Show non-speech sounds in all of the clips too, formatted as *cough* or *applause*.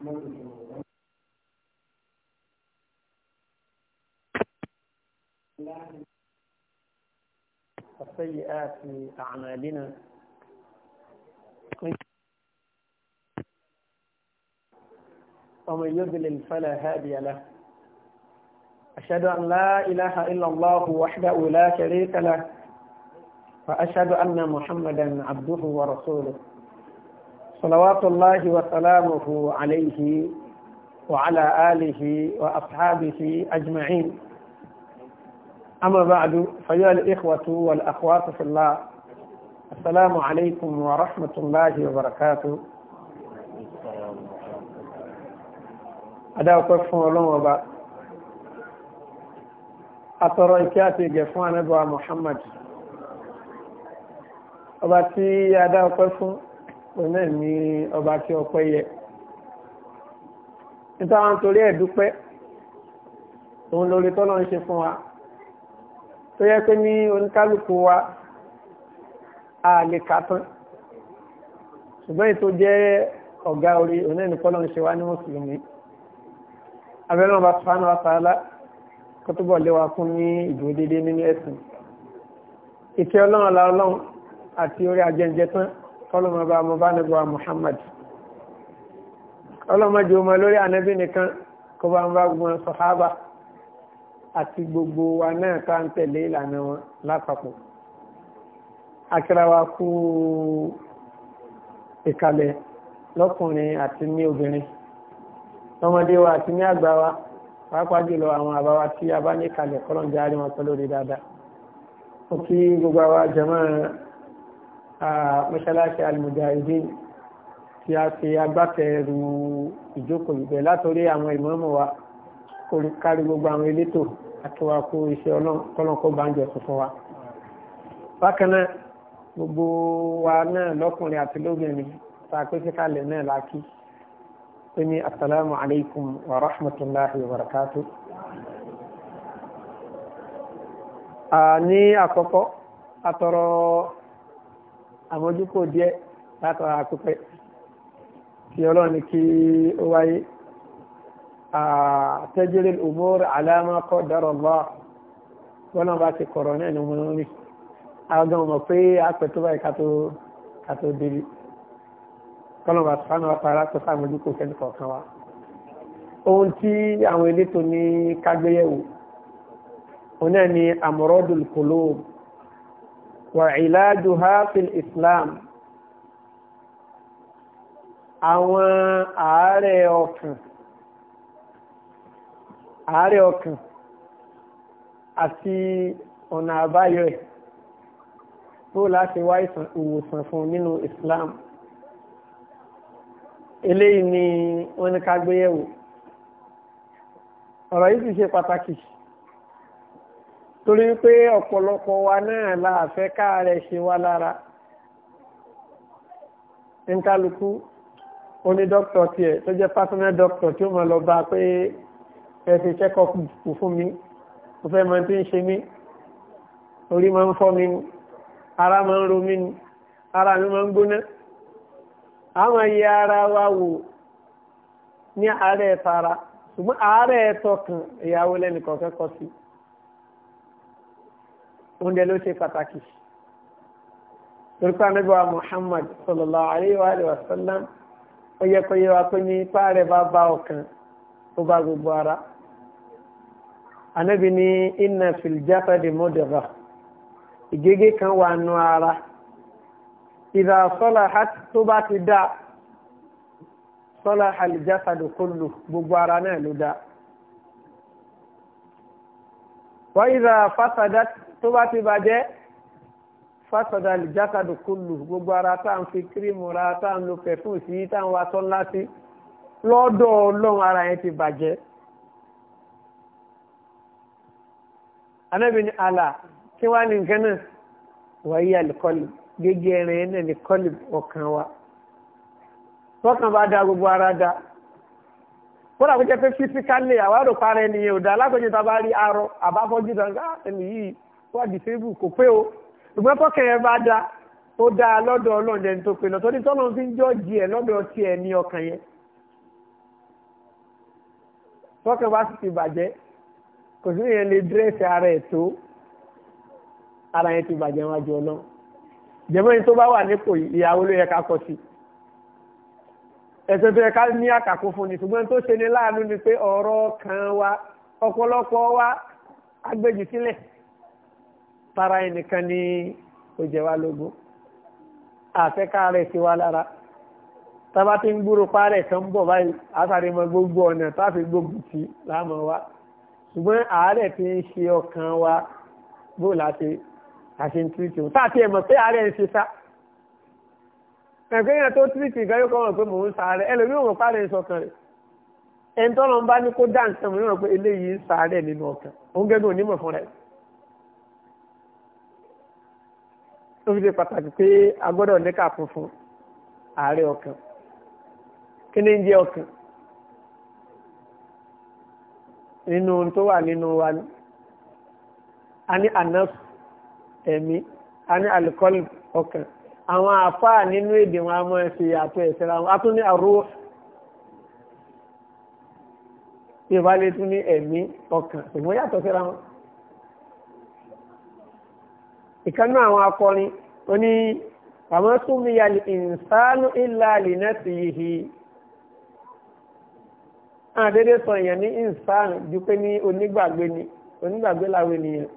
وسيئات أعمالنا ومن يضلل فلا هادي له أشهد أن لا إله إلا الله وحده لا شريك له وأشهد أن محمدا عبده ورسوله صلوات الله وسلامه عليه وعلى آله وأصحابه أجمعين أما بعد فيا الإخوة والأخوات في الله السلام عليكم ورحمة الله وبركاته أدعوكم الله وبركاته atọrọ ìkẹ́ àti ìgẹ̀ محمد anábọ̀ Muhammad ọba tí adá òun náà ní ọba tí ọpẹ́ yẹ nítorí àwọn torí ẹ̀ dúpẹ́ òun lórí tọ́lọ́ ń ṣe fún wa tó yẹ pé ní oníkálukú wa a lè kà tán ṣùgbọ́n ètò jẹ́ ọ̀gá orí òun náà ní tọ́lọ́ ń ṣe wá ní mùsùlùmí abẹ́rẹ́ ọba sùfánù wa sàálà kó túbọ̀ lé wa fún ní ìdúró déédéé nínú ẹ̀sìn ìkẹ́ ọlọ́run la ọlọ́run àti orí ajẹ́njẹ tán kọlọmọ bá mo bá nígbà Muhammad kọlọmọ jẹ ọmọ lórí ànábì nìkan kó bá ń bá gbọn sọhábà àti gbogbo wa náà ká ń tẹ̀lé ìlànà wọn lápapọ̀ akírawa kú ìkàlẹ̀ lọ́kùnrin àti ní obìnrin lọ́mọdé wa àti ní àgbà wa pàápàá jùlọ àwọn àbáwá tí a bá ní ìkàlẹ̀ kọ́lọ́njá wọn pẹ́ lórí dáadáa ó kí gbogbo àwa jẹ́mọ́ mọ́ṣáláṣí almujahideen tí a fi agbátẹrù ìjókòó ìbẹ̀ látòrí àwọn ìmọ̀ọ́mọ̀ wa kárí gbogbo àwọn elétò àtiwákú iṣẹ́ ọlọ́nkọ́ bá ń jọ fún wa. bákan náà gbogbo wa náà lọ́kùnrin àti lóbìnrin tá a pèsè kalẹ̀ àkọ́kọ́ atọ́rọ̀ àmójúkò díẹ̀ látara àkópẹ́ kí ọlọ́run ní kí ó wáyé tajri al-umur ala ma qaddara Allah bọ́nà bá ti kọ̀rọ̀ náà ni wọ́n rí àwọn ọmọ pé àpẹ tó báyìí ká tó débi kọ́nà bá sọ́nà wá para tó sàmójúkò fẹ́ni kọ̀ọ̀kan wa ohun tí àwọn elétò ní kágbéyẹ̀wò òun náà ni amradul qulub وعلاجها في الإسلام àwọn àárẹ̀ ọkàn àárẹ̀ ọkàn àti ọ̀nà àbáyọ ẹ̀ tó láti wá ìwòsàn fún nínú Islam eléyìí ni wọ́n ní ká gbéyẹ̀wò ọ̀rọ̀ yìí ti ṣe pàtàkì torí pé ọ̀pọ̀lọpọ̀ wa náà la fẹ́ káàrẹ̀ ṣe wá lára nkálukú oní dókítà tiẹ̀ tó jẹ́ personal dókítà tí ó máa lọ bá pé ẹ ṣe check up kù fún mi mo fẹ́ mọ tí ń ṣe mí orí máa ń fọ́ mi ni ara máa ń ro mí ni ara mi máa ń gbóná àwọn iye ara wa wò ní àárẹ̀ tara ṣùgbọ́n àárẹ̀ tọkàn ìyàwó lẹ́nìkọ̀ọ́kẹ́ kọ́ sí i oúnjẹ ló ṣe pàtàkì torípa nígbà Muhammad sallallahu alayhi wa alayhi wa sallam ó yẹ kó yẹ wa pé ní ipá rẹ̀ bá bá ọkàn ó bá gbogbo ara anabi ní inna fil jasadi mudghah ìgégé kan wà nù ara ìdá sọ́lá tó bá ti dá sọ́lá al-jasadu kullu gbogbo ara náà ló dá wa ìdá fasadat tó bá ti bàjẹ́ fásọdà lìjákàdù kúlù gbogbo ara tá à ń fi kírímù ra tá à ń lo pẹ̀fún sí tá à ń wa tán láti lọ́dọ̀ ọlọ́run ara yẹn ti bàjẹ́. anábì ní àlà kí wàá ní nǹkan náà wàyí àlìkọ́lì gẹ́gẹ́ ẹran yẹn náà ní kọ́lì ọkàn wa tọ́kàn bá da gbogbo ara da kódà kó jẹ́ pé fisikálì àwárò parẹ́ nìyẹn ò dá alákòjì tá bá rí arọ àbáfọ́jú tán ká ẹni yìí wọ́n dìfébù kò pé o ìgbọ́n tọ́kẹ̀ yẹn bá da ó dáa lọ́dọ̀ ọlọ́run ẹni tó pe lọ torí tọ́lọ́run fi ń jọ́ọ̀jì ẹ̀ lọ́dọ̀ ọtí ẹ̀ ní ọkàn yẹn tọ́kẹ̀ bá sì ti bàjẹ́ kò sí yẹn lè dírẹ́sì ara ẹ̀ tó ara yẹn ti bàjẹ́ wájú ọlọ́run jẹ́mọ́ yìí tó bá wà nípò ìyàwó ló yẹ ká kọ sí ẹ̀sẹ̀ tó yẹ ká ní àkàkó fún ni ṣùgbọ́n tó ṣe ni láàánú ni pé ọ̀rọ̀ kan wa ọ̀pọ̀lọpọ̀ wa agbèjì sílẹ̀ para ẹnìkan ní ó jẹ wá lógún àfẹ́ká rẹ̀ sí wá lára tábà tí ń gbúrò parẹ̀ kan bọ̀ báyìí àtàrí mọ gbogbo ọ̀nà táfi gbogbo tì láàmú wa ṣùgbọ́n àárẹ̀ ti ń ṣe ọkàn wa bó láti àṣẹ tìrìtì òun táàtì ẹ̀ mọ̀ pé àárẹ̀ ń ṣe sá ẹ̀kọ́ yẹn tó tìrìtì nǹkan yóò kọ́ wọn pé mò ń sàárẹ̀ ẹlòmíì ò mọ̀ parẹ̀ ń sọkàn rẹ̀ ẹni tọ́lọ́ ń bá ní kó dáǹtẹ̀ mọ̀ pé eléyìí ń sàárẹ̀ nínú ọkàn òun gẹ́gẹ́ onímọ̀ fúnra ẹ̀ tó fi ṣe pàtàkì pé a gbọ́dọ̀ níkà funfun ààrẹ ọkàn kí ni ń jẹ́ ọkàn nínú tó wà nínú wa ni a ní anas ẹ̀mí a ní alikọ́lì ọkàn àwọn àfáà nínú èdè wọn a máa ṣe àtọ̀ ẹ̀sẹ̀ra wọn a tún ní àrùwọ̀ ìbálẹ̀ tún ní ẹ̀mí ọkàn ṣùgbọ́n yàtọ̀ síra wọn ìkànnì àwọn akọrin ó ní àmọ́ súnmi ya ìnsánú ìlà àlìná sí yìí àdédé sọ èèyàn ní ìnsánú ju pé ní onígbàgbé ni onígbàgbé làwọn ènìyàn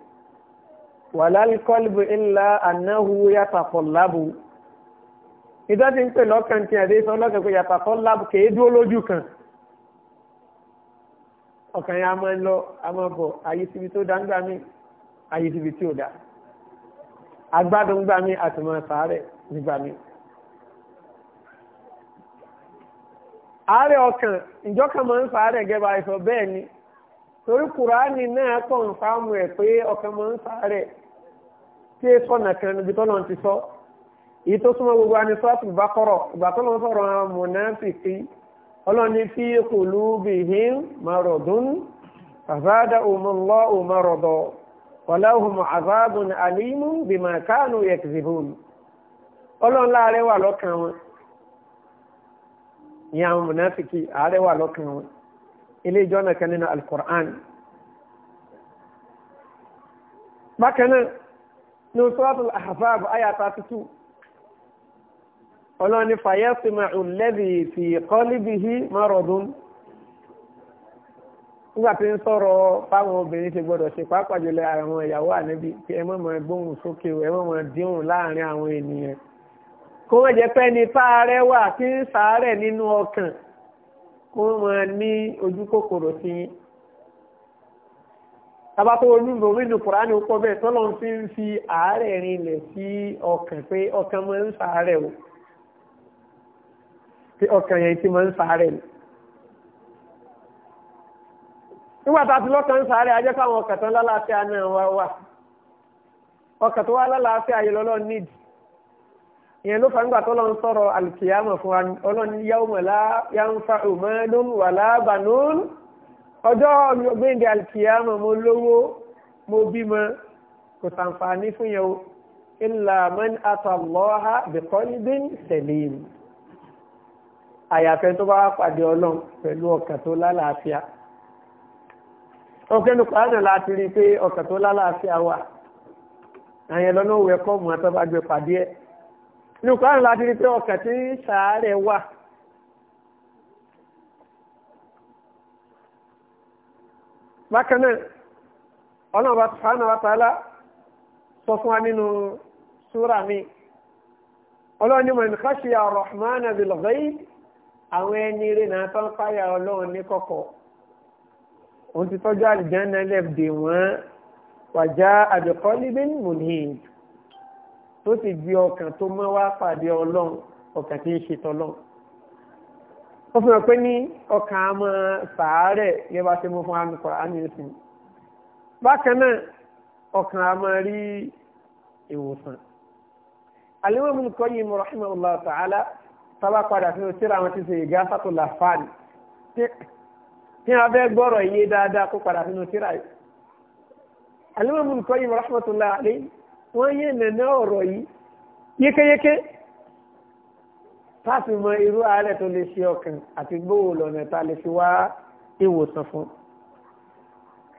wàlálìkọ́lùbù ìlà ànáhu yàtàkọ̀ lábù ìdájí ń pè lọ́kàn tí àdé sọ lọ́kàn pé yàtàkọ̀ lábù kèé dúró lójú kan ọkàn yẹn a máa ń lọ a máa bọ̀ àyè síbi tó dá ń gbà mí àyè síbi tí ò dáa. agbádùn gbà mí àtìmọ̀ sàárẹ̀ nígbà mí. àárẹ̀ ọkàn ìjọkàn máa ń sàárẹ̀ gẹ́gẹ́ bá bẹ́ẹ̀ ni torí kùránì náà kọ̀ ń fáàmù ẹ̀ pé ọkàn máa ń sàárẹ̀ tí é sọ̀nà kan níbi tọ́nà ti sọ èyí tó súnmọ́ gbogbo àni bá kọ̀rọ̀ ìgbà tó lọ́n sọ̀rọ̀ ọlọ́ni fi ọ̀làhùn àbáàbùn àlímú bìmọ̀ káànù yẹ̀kìzìbùn ọlọ́run láàrẹ̀ wà lọ́kàn wọn ìyá àwọn mùnáfìkì àárẹ̀ wà lọ́kàn wọn ilé ìjọ náà kan nínú alukur'an bákan náà ní sọ́ọ̀tù àhàfáàbù àyà tààtì tù ọlọ́run ní fi kọ́líbìhì márọ̀dún nígbà tí ń sọ̀rọ̀ fáwọn obìnrin ṣe gbọ́dọ̀ ṣe pàápàá jùlọ àwọn ìyàwó ànábì ẹ má máa gbóhùn sókè ẹ má máa díhùn láàrin àwọn ènìyàn kó wọ́n jẹ́ pé ní fáàrẹ́ wà tí ń sàárẹ̀ nínú ọkàn kó wọ́n máa ní ojú kòkòrò sí yín. tabatọ́ olúmọ nínú kùránì pọ̀ bẹ́ẹ̀ tọ́lọ́ ti ń fi àárẹ̀ rinlẹ̀ sí ọkàn pé ọkàn máa ń sàárẹ̀ o pé ọkàn yẹn ti máa ń sàárẹ̀ o. nígbàtà tí lọ́kàn sáré ajẹ́ káwọn ọkàn tán lálàáfíà náà wá wà ọkàn tó wá lálàáfíà yìí lọ́lọ́ níd ìyẹn ló fà nígbà tó lọ́n sọ̀rọ̀ alìkìyàmọ̀ fún wa ọlọ́ni yawma la yanfa'u malun wala banun ọjọ́ gbẹ̀ndẹ̀ alìkìyàmọ̀ mo lówó mo bímọ kò sàǹfààní fún yẹn o illa man atallaha biqalbin salim àyàfẹ́ tó bá pàdé ọlọ́run pẹ̀lú ọkàn tó lálàáfíà ọ̀kẹ́nu pàdé láti rí i pé ọkàn tó lálàáfíà wà àyẹn lọ́nà òwe ẹ̀kọ́ mọ́ àtọ́ bá gbé pàdé ẹ̀ nínú pàdé láti rí i pé ọkàn tí sàárẹ̀ wà. bákan náà ọlọ́ọ̀bá sàánà wa tààlà sọ fún wa nínú súrà mi ọlọ́ọ̀ni mọ̀ ní khashiya rahman bil àwọn ẹni rẹ̀ náà tán fáyà ọlọ́ọ̀ kọ̀kọ̀ òun ti tọ́jú àlìjáná lẹ́bdè wọ́n wàjá àdìkọ́ níbẹ̀ ní mùnìhìn tó ti di ọkàn tó mọ́ wá pàdé ọlọ́run ọkàn tí ń ṣe tọ́lọ́run. ó fi hàn pé ní ọkàn àmọ́ sàárẹ̀ yẹ bá ṣe mú fún àmìkọ́ àmìsìn. bákan náà ọkàn àmọ́ rí ìwòsàn. àlẹ́wọ̀n mi kọ́ yìí rahimahullah ta'ala sábà padà sínú tíra àwọn ti ṣe ìgáfàtò làfáàní tí wọ́n fẹ́ gbọ́rọ̀ iye dáadáa kó padà sínú tíra yìí. alimami nǹkan yìí rahmatullah alayhi wọ́n yé nẹ̀nẹ́ ọ̀rọ̀ yìí yékéyéké láti mọ irú àárẹ̀ tó lè ṣe ọkàn àti gbówó lọ́nà tá a lè fi wá ìwòsàn fún.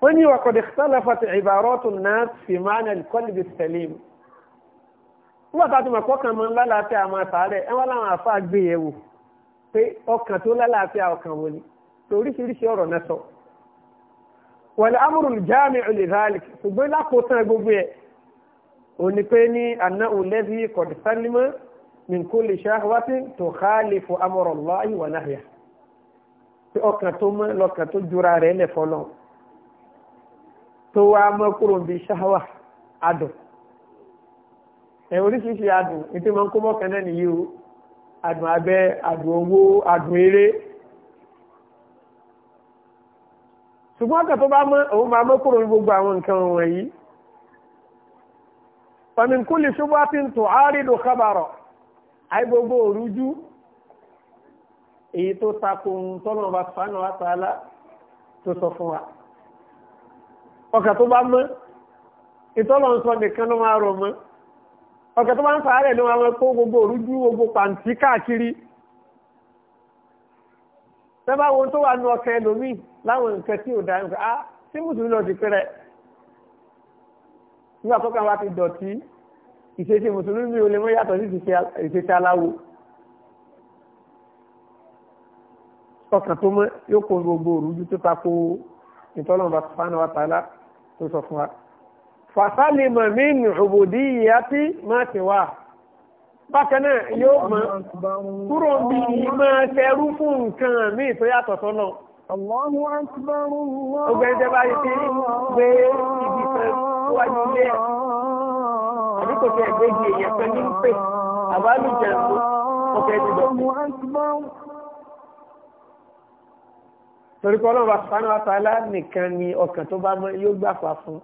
wọ́n ní wàkọ̀dé sálàfàtì ìbárọ̀tù náà fi máa nà kọ́lìbì sẹ́lẹ̀m. nígbà tá a ti mọ̀ pọ́kàn mọ́ lálàáfíà máa sàárẹ̀ ẹ wá láwọn àfáà gbé yẹ̀wò pé ọkàn tó lálàáfíà ọkàn wọlé oríṣiríṣi ọ̀rọ̀ náà sọ wal amru al-jami'u li dhalik ṣùgbọ́n lákòótán gbogbo ẹ̀ òní pé ní àná òlẹ́bí kọ̀dísánimọ́ min kulli shahwatin tukhalifu amra Allahi wa nahyahu pé ọkàn tó mọ́ lọ́kàn tó jura rẹ̀ lẹ̀ fọlọ́ tó náà nìyí ṣùgbọ́n ọkàn tó bá mọ́ òun máa mọ́ kúrò ní gbogbo àwọn nǹkan wọ̀nyí famin kulli shubatin tu'aridu khabara àì gbogbo òrújú èyí tó takò ń tọ́nà bá sánà wá sàálà tó sọ fún wa ọkàn tó bá mọ́ ìtọ́lọ̀ ń sọ nìkan ló máa rọ̀ mọ́ ọkàn tó bá ń sàárẹ̀ ló máa kó gbogbo òrújú gbogbo pàǹtí káàkiri tẹ́bá tó wà nù ọkàn ẹlòmíì láwọn nǹkan tí ò dá nǹkan á ah, tí mùsùlùmí lọ sí pẹ́rẹ́ nígbà tó kàn wá ti dọ̀tí ìṣesí mùsùlùmí mi ò lè mọ yàtọ̀ sí ìṣesí aláwo ọkàn tó mọ yóò kó gbogbo òrùjú tó tako ìtọ́lọ́mọba sùpánà wa tààlà tó sọ fún wa fàsálìmọ̀ mí nù òbòdì ìyá tí má ti wà bákanáà yóò mọ̀ kúrò bí máa tẹrú fún nǹkan míì tó sọ́nà Allahu akbar Allah. Obìnrin tẹ́ bá rí pé gbé ibi kan wájú ilé ẹ̀. Àbí kò fẹ́ gbé di èèyàn kan ní pé àbálù jẹ̀ǹkó kò fẹ́ ti dọ̀. Torí pé ọlọ́run bá sánú àtàlá nìkan ni ọkàn tó bá mọ́ yóò gbàfà fún.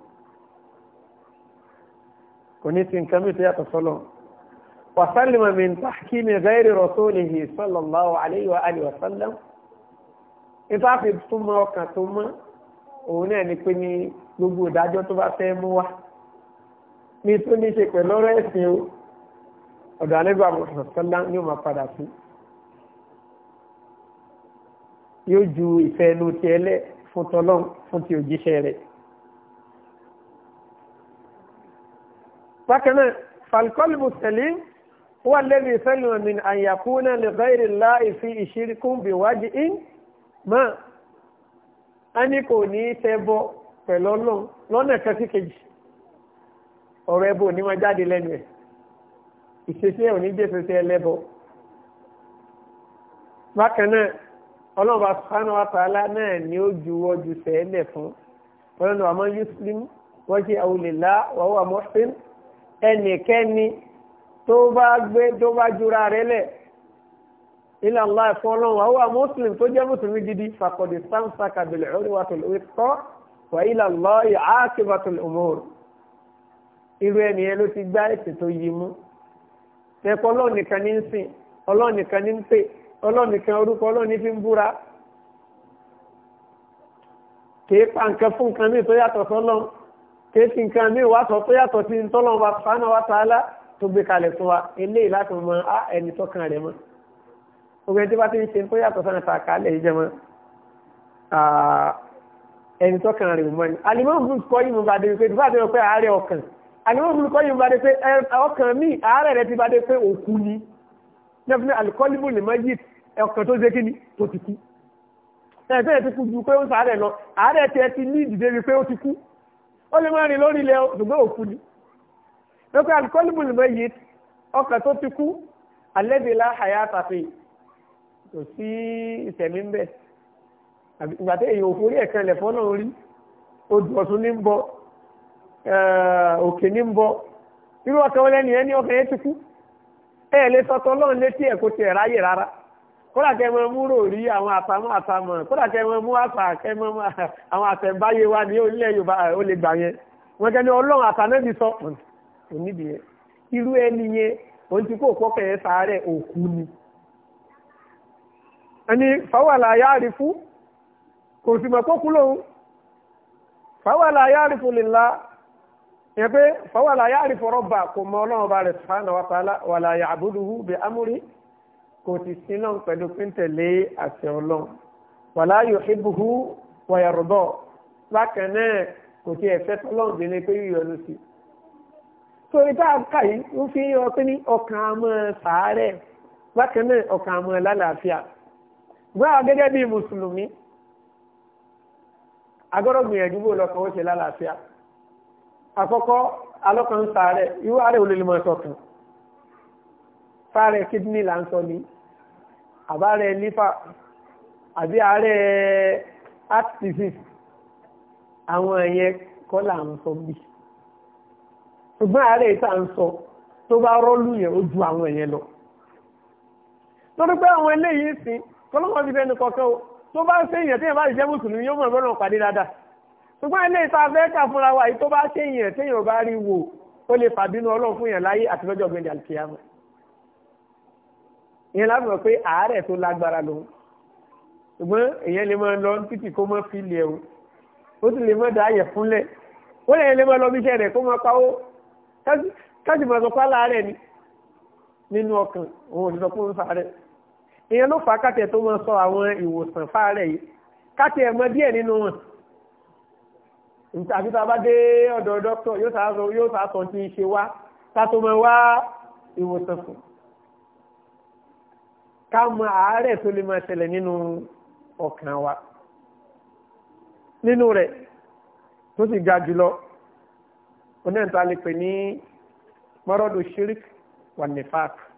Kò ní ti nǹkan mi tó yàtọ̀ sọ́lọ̀. Wàsálìmọ̀ mi ń tàkí mi gẹ́rì rọ̀ tó lè yè sallallahu alayhi wa alihi wa sallam ìtàfi tó mọ ọkàn tó mọ òun náà ni pé ní gbogbo ìdájọ́ tó bá fẹ́ mú wá ní tó ní ṣe pẹ̀lú ọ̀rọ̀ ẹ̀sìn o ọ̀dọ̀ àlẹ́gbà mọ̀sán sọ́lá ni ó máa padà sí yóò ju ìfẹ́ ẹnu ti ẹlẹ́ fún tọlọ́n fún ti òjíṣẹ́ rẹ̀. bákan náà falkol musalim wà lẹ́bi sẹ́lẹ̀ min àyàkú náà lè bẹ́ẹ̀rẹ̀ láì fi ìṣirikún bí wájú in ma a ní kò ní í fẹ́ bọ́ pẹ̀lú ọlọ́run lọ́nà kan sí kejì ọ̀rọ̀ ẹbọ ò ní máa jáde lẹ́nu ẹ̀ ìṣesí ẹ̀ ò ní jẹ́ ṣẹṣẹ ẹlẹ́bọ bákan náà ọlọ́run bá sánú àtàlá náà ni ó juwọ́ ju sẹ́ẹ̀lẹ̀ fún ọlọ́run àmọ́ yuslim wọ́n ṣe àwòlélá wàhùn àmọ́sìn ẹnìkẹ́ni tó bá gbé tó bá jura rẹ̀ lẹ̀ ilà ńlá ẹ̀fọ́ ọlọ́run àwọn muslim tó jẹ́ mùsùlùmí gidi fàkọ̀dé sáńsà kàbìlẹ̀ òrìwà tó lórí tọ́ wà ilà ńlá ìhàkìbà tó lè mọ̀ irú ẹnìyẹn ló ti gbá ètò tó yí mú ẹ̀kọ́ ọlọ́run nìkan ní ń sìn ọlọ́run nìkan ní ń pè ọlọ́run nìkan orúkọ ọlọ́run ní fi ń búra kìí pa nǹkan fún nǹkan míì tó yàtọ̀ sọ́lọ́run kìí fi nǹkan míì wá sọ tó yàtọ̀ sí tọ́lọ́run wa sàánà wa tààlà tó gbé kalẹ̀ fún wa eléyìí láti mọ ẹni tọ́kàn rẹ̀ mọ́ gbogbo ẹni tó bá ti ń ṣe kó yàtọ̀ sọ́nà sàkálẹ̀ yìí jẹmọ́ ah, ẹni tó kàn rè mọ́ ni alimọ́n bùn kọ́ yìí mo bá dé pé tó bá ti rọ pé àárẹ̀ ọkàn alimọ́n bùn kọ́ yìí mo bá dé pé ọkàn mi àárẹ̀ rẹ ti bá dé pé òkú ni nẹ́fúnẹ́ alikọ́líbù lè má yí ọkàn tó ṣe kí ni tó ti kú ẹ̀ tẹ́lẹ̀ ti kú ju pé ó ń sàárẹ̀ lọ àárẹ̀ tiẹ̀ ti ní ìdìde rí pé ó ti kú ó lè má rìn lórí ilẹ̀ ṣùgbọ́n òkú ni lọ́pẹ́ alikọ́líbù lè má yí ọkàn tó ti kú alẹ́bí lá àyà àtàfẹ́ yìí kò sí ìtẹ̀mí ń bẹ̀ ìgbà tí èyí òfin orí ẹ̀kan ilẹ̀ fọ́nà orí odò ọ̀tún ní ń bọ eh, òkè ní ń bọ irú ọkàn wọn lẹ́nu yẹn ní ọkàn yẹn ti kú ẹ lè sọtọ lọ́run létí ẹ̀ kó tiẹ̀ ráyè rárá kódà kẹ́ mọ mú ròrí àwọn àtàmọ́ àtàmọ́ kódà kẹ́ mọ mú àṣà kẹ́ mọ àwọn àtẹ̀báyé wa ní orílẹ̀ Yorùbá ó lè gbà yẹn wọn kẹ́ ní Ọlọ́run àtànẹ́bí sọ onídìí yẹn irú ẹni yẹn òun ti kó òkú ọkàn sàárẹ̀ òkú ni ẹni fáwọlà ayáàrí fún kò sì mọ̀ pókú lòun fáwọlà ayáàrí fún lìlá ìyẹn pé fáwọlà ayáàrí fún rọ́bà kò mọ ọlọ́run bá rẹ̀ subhanahu wa ta'ala wàlà ya'buduhu bi amri kò sì sí náà pẹ̀lú píntẹ̀lé àti ọlọ́run wàlà yuhibbuhu wa yarda bákan náà kò tiẹ̀ fẹ́ tọ́lọ́run délé pé yíyọnu sí torí tá a kà yìí ń fi ọpẹ́ ní ọkàn àmọ́ sàárẹ̀ bákan ọkàn àmọ́ lálàáfíà gbọ́dọ̀ gẹ́gẹ́ bíi mùsùlùmí agbọ́dọ̀ gbìyànjú bò lọ́kàn ó ṣe lálàáfíà àkọ́kọ́ alọ́kàn ń sàárẹ̀ irú àárẹ̀ olólùmọ̀ sọ̀tún fáàrẹ̀ kidney là ń sọ ní àbárẹ̀ liver àbí àárẹ̀ heart disease àwọn ẹ̀yẹn kọ́ là ń sọ bí ṣùgbọ́n àárẹ̀ ìta ń sọ tó bá rọ́ọ̀lù yẹn ó ju àwọn ẹ̀yẹn lọ lórí pé àwọn eléyìí sìn kọ́lọ́mọ́ ti fẹ́ kọ̀ọ̀kan o tó bá ṣe èèyàn téèyàn bá jẹ́ mùsùlùmí yóò mọ̀ ẹ̀ bọ́lọ̀ pàdé dáadáa ṣùgbọ́n ilé ìta fẹ́ kà fúnra wa yìí tó bá ṣe èèyàn téèyàn bá rí wò ó lè fàbínú ọlọ́run fún yàn láyé àti lọ́jọ́ gbẹ̀dẹ̀ àlùkìyàmù ìyẹn láti mọ̀ pé àárẹ̀ tó lágbára lòun ṣùgbọ́n èèyàn lè máa lọ títì kó mọ́ fílì ẹ̀ o ó sì lè máa dáàyè fúnlẹ̀ ó lè lè máa lọ bíṣẹ́ rẹ̀ kó máa pawó káṣí máa sọ pálá rẹ̀ ni nínú ọkàn òun ò ti sọ pé ó ìyẹn ló fà á kàtẹ́ tó mọ sọ àwọn ìwòsàn fáàrẹ̀ yìí kàtẹ́ ẹ̀ mọ díẹ̀ nínú wọn àfi tá a bá dé ọ̀dọ̀ dókítà yóò sá sọ yóò sá sọ tí ń ṣe wá ká tó mọ wá ìwòsàn fún ká mọ àárẹ̀ tó lè máa ṣẹlẹ̀ nínú ọkàn wa nínú rẹ̀ tó sì ga jùlọ oníyàntà pè ní mọ́rọ́dù shirik wà nífàkì.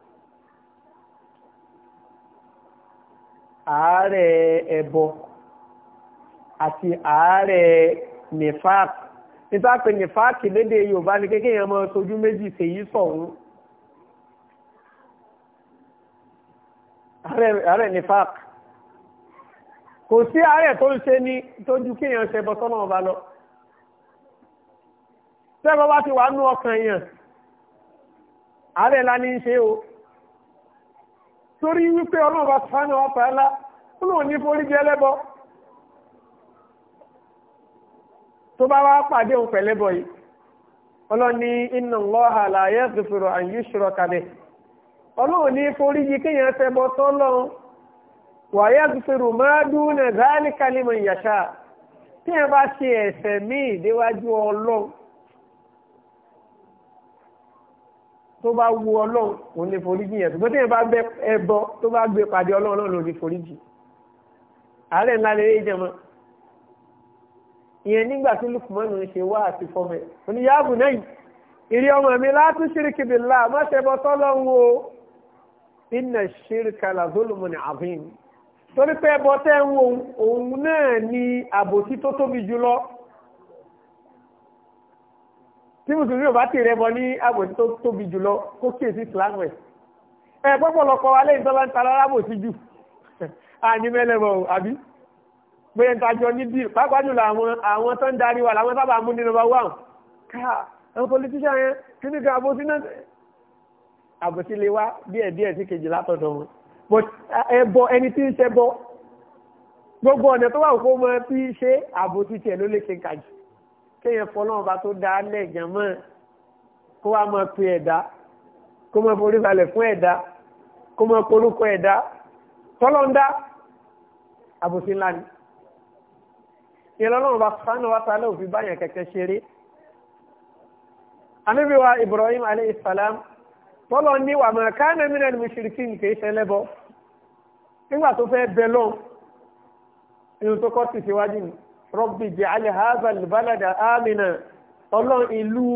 àárẹ̀ ẹbọ àti àárẹ̀ nifak nípa pé nifak lédè yorùbá ni kékeré yẹn máa sojú méjì ṣèyí sọ̀hún àárẹ̀ nifak kò sí àárẹ̀ tó ń ṣe ní tójú kéèyàn ṣe bọ́ sọ́nà ọba lọ tẹ́gbọ́n bá ti wà nú ọkàn yẹn àárẹ̀ la ní í ṣe o torí wípé ọlọ́run bá sánú ọ̀tà ńlá ọlọ́run ní forí jẹ́ lẹ́bọ tó bá wá pàdé òun pẹ̀lẹ́bọ yìí ọlọ́run ní inna Allaha la yaghfiru an yushraka bihi ọlọ́run ní forí jì kéèyàn fẹ́ bọ́ tọ́lọ́run wa yaghfiru ma duna dhalika liman yasha tí ẹ bá ṣe ẹ̀ṣẹ̀ míì déwájú ọlọ́run tó bá wu ọlọ́run òun lè foríjì yẹn ṣùgbọ́n téèyàn bá bẹ ẹbọ tó bá gbé pàdé ọlọ́run náà ló lè foríjì àárẹ̀ ńlá lè rí jẹmọ ìyẹn nígbà tí lukumanu ń ṣe wá àti fọmẹ oníyàbù náà ìrí ọmọ mi látún ṣíríkì bìlá má ṣe bọ tọ́lọ́run iná ṣíríkà làzólùmọ̀ ní torí pé ẹbọ tẹ́ ń wo òun náà ní àbòsí tó tóbi jùlọ tí mùsùlùmí ò bá tì rẹ bọ ní àbòsí tó tóbi jùlọ kó kíyèsí islam rẹ ẹ pọpọlọpọ alẹ ìtọ́lá ń ta lára àbòsí jù àní *laughs* mẹlẹbọ àbí bóyá níta jọ ní bíi pàápàá jùlọ àwọn àwọn tó ń darí wa làwọn sábà mú nínú wa wà ká àwọn politician yẹn kí ni kan àbòsí náà àbòsí lè wá díẹ̀ díẹ̀ sí kejì látọ̀dọ̀ wọn but ẹbọ ẹni tí ń ṣẹbọ gbogbo ọ̀nà tó wà kó mọ tí ṣe àbòsí tiẹ̀ ló lè ṣe kàjù kéèyàn fọlọ́run bá tó dá alẹ́ ìjàmọ́ kó wá máa pe ẹ̀dá kó máa forí balẹ̀ fún ẹ̀dá kó máa porúkọ ẹ̀dá tọ́lọ́ ń dá àbòsí ńlá ni ìlọ́lọ́run bá sánú wá sálẹ̀ òfin báyàn kẹ̀kẹ́ ṣeré anábì wa Ibrahim alayhi salam tọ́lọ́ ní wà máa ká náà mìíràn mi ṣìrìkì nìkẹ́ iṣẹ́ lẹ́bọ nígbà tó fẹ́ bẹ lọ́n inú tó kọ́ sì síwájú ni rọ́bì jẹ́ alẹ́ hazal balada amina ọlọ́run ìlú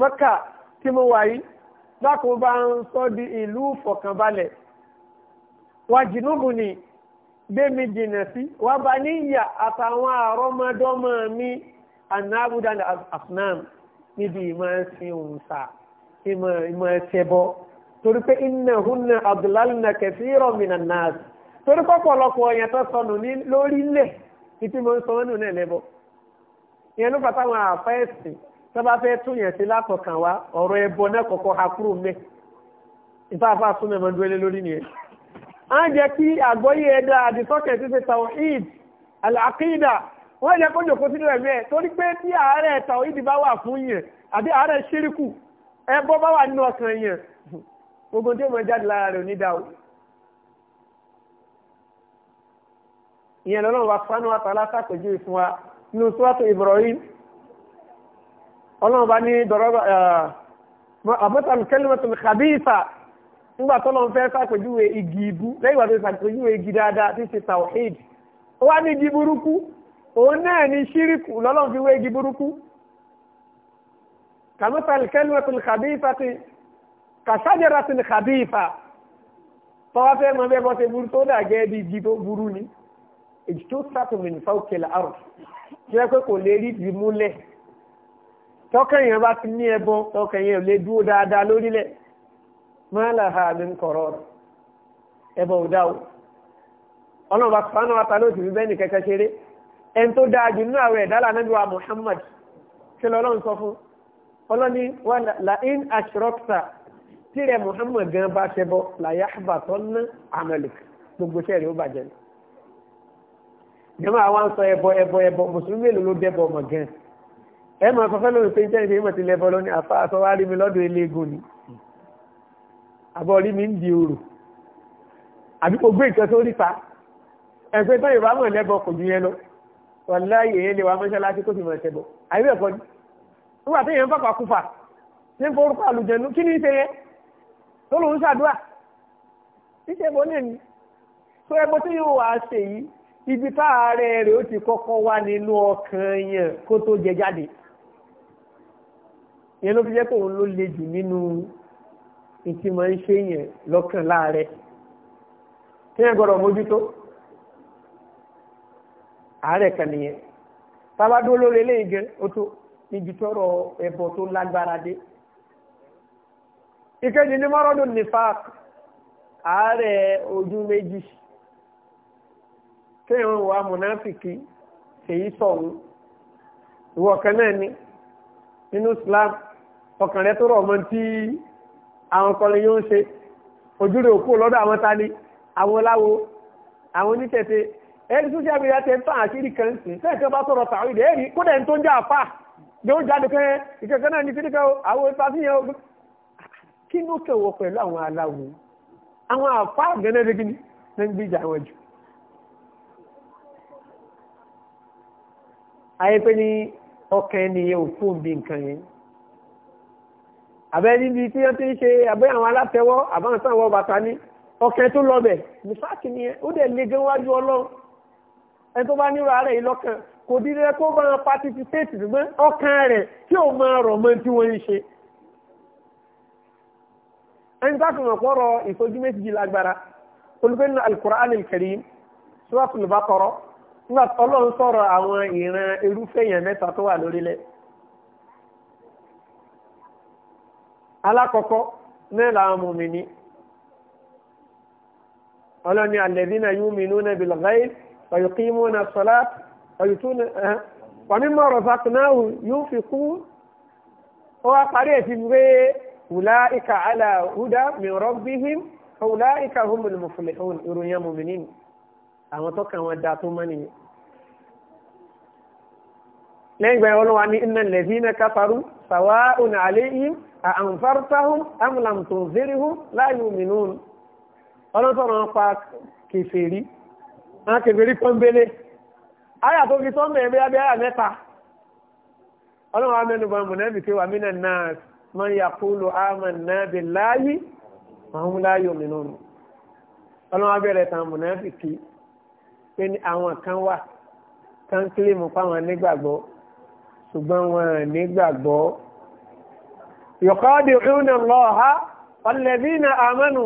mẹ́kà tí mo wà yìí bákan bá ń sọ di ìlú fọ̀kànbalẹ̀ wàjìnúbù ni gbémi jìnà sí wàá bá níyà àtàwọn àrọ́mọdọ́mọ mi anábùdá afnam níbi ìmọ̀ ẹ̀sìn òǹsà ìmọ̀ ẹ̀sẹ̀ bọ́ torí pé iná na kẹfì rọmìnà náà torí pọ́pọ̀lọpọ̀ ọ̀yàn tó sọnù lórílẹ̀ e mo ń sọ wọn náà lẹ́bọ̀ ìyẹn ló fàtà àwọn àfẹ́ẹ̀sì tó bá tún yẹn sí látọ̀kàn wá ọ̀rọ̀ ẹbọ náà kọ̀kọ́ ha kúrò mẹ́ ìfáàfáà súnmọ́ ẹ̀mọ́ dúró lórí nìyẹn. a ń jẹ́ kí ẹ̀dá àdìsọ́kẹ̀ ṣe al-aqida wọ́n jẹ́ kó jòkó sínú ẹ̀mí ẹ̀ torí pé tí bá wà fún yẹn àbí ṣíríkù bá wà nínú ọkàn yẹn gbogbo tí ó mọ jáde lára ò ní dáa ìyẹn lọ́nà wa fanu wa tààlà sàpèjú ìfún wa nínú sọ́wọ́tò Ibrahim ọlọ́run bá ní dọ̀rọ́bà àbọ̀tàn kẹlẹ́mọ̀tàn kàbíyìfà nígbà tó lọ́n fẹ́ sàpèjúwe igi ibú lẹ́yìn wà tó sàpèjúwe igi dáadáa tí ṣe tawhid ó wá ní igi burúkú òun náà ní ṣíríkù lọ́lọ́run fi wé igi burúkú kàmọ́tàn kẹlẹ́mọ̀tàn kàbíyìfà ti kàṣájẹ́ra ti kàbíyìfà tọ́wọ́ fẹ́ mọ bẹ́ẹ̀ bọ́ ṣe burú tó dà gẹ́ bí igi ètò sátòmìn fáwọkẹlẹ àrùn tí wọ́n pẹ́ kò lè rí ìdí múlẹ̀ tọ́kàn yẹn bá ti ní ẹbọ tọ́kàn yẹn ò lè dúró dáadáa lórílẹ̀ máa là ha mi ń kọ̀rọ̀ rẹ̀ ẹbọ ò dá o ọlọ́run bá sọ́nà wàtà lóòtù bí bẹ́ẹ̀ ni kẹ́kẹ́ ṣeré ẹni tó dáa jù nínú àwẹ̀ ẹ̀dá lànà bíi wa Muhammad ṣe lọ sọ fún ọlọ́ni wa la in tí rẹ̀ Muhammad gan bá ṣẹbọ la yahbatanna amaluk gbogbo ṣẹ́ẹ̀rì ó bàjẹ́ ni jẹ́mọ́ àwọn sọ ẹbọ ẹbọ ẹbọ mùsùlùmí èlò ló dẹ́bọ ọmọ gan ẹ máa sọ fẹ́lẹ́ òṣèlú tẹ́lẹ̀ tẹ́lẹ̀ mọ̀tí lẹ́bọ lọ́ní àfa àsọ wá rí mi lọ́dọ̀ eléegun ni àbọ̀ rí mi ń di òrò àbí kò gbé ìtọ́ tó rí pa ẹgbẹ́ tó ìwà mọ̀ lẹ́bọ kò ju yẹn lọ wàláyé èyí lè wà mọ́ṣáláṣí tó fi mọ̀ ẹ̀ṣẹ̀ bọ̀ àyè ẹ̀kọ́ ni nígbà tó yẹn ń pàpà kúfà ní forúkọ àlùjẹnu kí ni í ṣe yẹ tó lòún ṣàdúrà ṣíṣe bọ́ náà ni tó ẹbọ tó yóò wá ṣe yìí ibi táàrẹ rẹ̀ ó ti kọ́kọ́ wá nínú ọkàn yẹn kó tó jẹ jáde yẹn ló fi jẹ́ pé òun ló le jù nínú ìtì máa ń ṣe yẹn lọ́kàn láàrẹ tí yẹn gbọ́dọ̀ mójútó àárẹ̀ kan nìyẹn tábàdúró lórí eléyìí gẹ ó tó níbi tọrọ ẹbọ tó lágbára dé ìkejì ní mọ́rọ́dún nífà àárẹ̀ ojú méjì téèyàn wà mùnáfìkì èyí sọ̀rọ̀ ìwọ ọ̀kan náà ni nínú Islam ọkàn rẹ tó rọ̀ mọ́ tí àwọn kọrin yóò ń ṣe ojú rẹ̀ òkú lọ́dọ̀ àwọn tani àwọn láwo àwọn onítẹ̀tẹ̀ ẹni social media tẹ̀ ń tàn àṣírí kan sí sẹ́ẹ̀kan bá sọ̀rọ̀ tàwọn ìdẹ́ èrí kó dẹ̀ ń tó ń jẹ́ àfà yóò jáde kan ìkẹ̀kẹ́ náà ní kíníkẹ́ àwọn ìfàfihàn ogun kí ló kẹwọ pẹ̀lú àwọn aláwo àwọn àfà gẹ́nẹ́rẹ́gí ní ń àwọn jù ayé pé ní ọkàn ẹnìyẹn ò fún bí nǹkan yẹn àbẹ́ níbi tí wọ́n ti ń ṣe àbẹ́ àwọn alátẹ̀wọ́ àbáwọn sáwọn bàtà ní ọkàn tó lọ bẹ̀ nífàkì nìyẹn ó dẹ̀ le gan wájú ọlọ́run ẹni tó bá nírò ara yìí lọ́kàn kò dídí rẹ kó máa patisipéètì ṣùgbọ́n ọkàn rẹ̀ tí ò máa rọ̀ mọ́ tí wọ́n ń ṣe ẹni bá fìmọ̀ pọ̀rọ̀ ìfojú méjì lágbára olùgbẹ́nu Al-Qur'an Al-Karim Suratul Baqara nígbà ọlọ́run sọ̀rọ̀ àwọn ìran irúfẹ́ èèyàn mẹ́ta tó wà lórílẹ̀ alákọ̀ọ́kọ́ náà làwọn mùmìnì ọlọ́ni alladhina yu'minuna bil ghaib wa yuqimuna as-salat wa yutuna eh, wa mimma razaqnahum yunfiqun ó wá parí ẹ̀ sí pé ulaika àwọn tọ́ka wọn da tó mọ́ nìyẹn lẹ́yìn ìgbà ìwọ́n wa ní iná lẹ́bí iná káfàrú sàwá ònà àlẹ́ yìí àǹfàrútàhùn amúlàmùtò zérihùn láàyò mìíràn ọlọ́sọ̀rọ̀ wọn pa kèfèrí wọn kèfèrí pọ́nbélé ayà tó fi tọ́ mẹ́rin bíi abẹ́yà mẹ́ta ọlọ́wọ́ amẹ́nu bá mọ̀nẹ́bí pé wàmí náà náà mọ̀ yà kúlù àmà náà láàyè àwọn láàyò mìíràn ọlọ́wọ́ abẹ́rẹ́ tàn mọ̀nẹ́bí pé pé àwọn kan wà kan kílímù fáwọn nígbàgbọ́ ṣùgbọ́n wọn nígbàgbọ́ yukhadi'una Allaha na amanu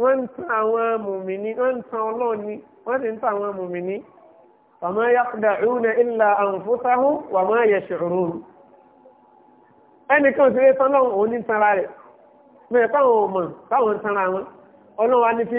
wọ́n ń tan àwọn mùmìnì wọ́n ń ọlọ́ọ̀ni wọ́n sì ń tan àwọn wa ma yakhda'una illa anfusahum wa ma yash'urun ẹnìkan sì lè tán lọ́wọ́ òun ní tanra rẹ̀ mẹ́ẹ̀ká àwọn ọmọ táwọn tanra wọn ní fi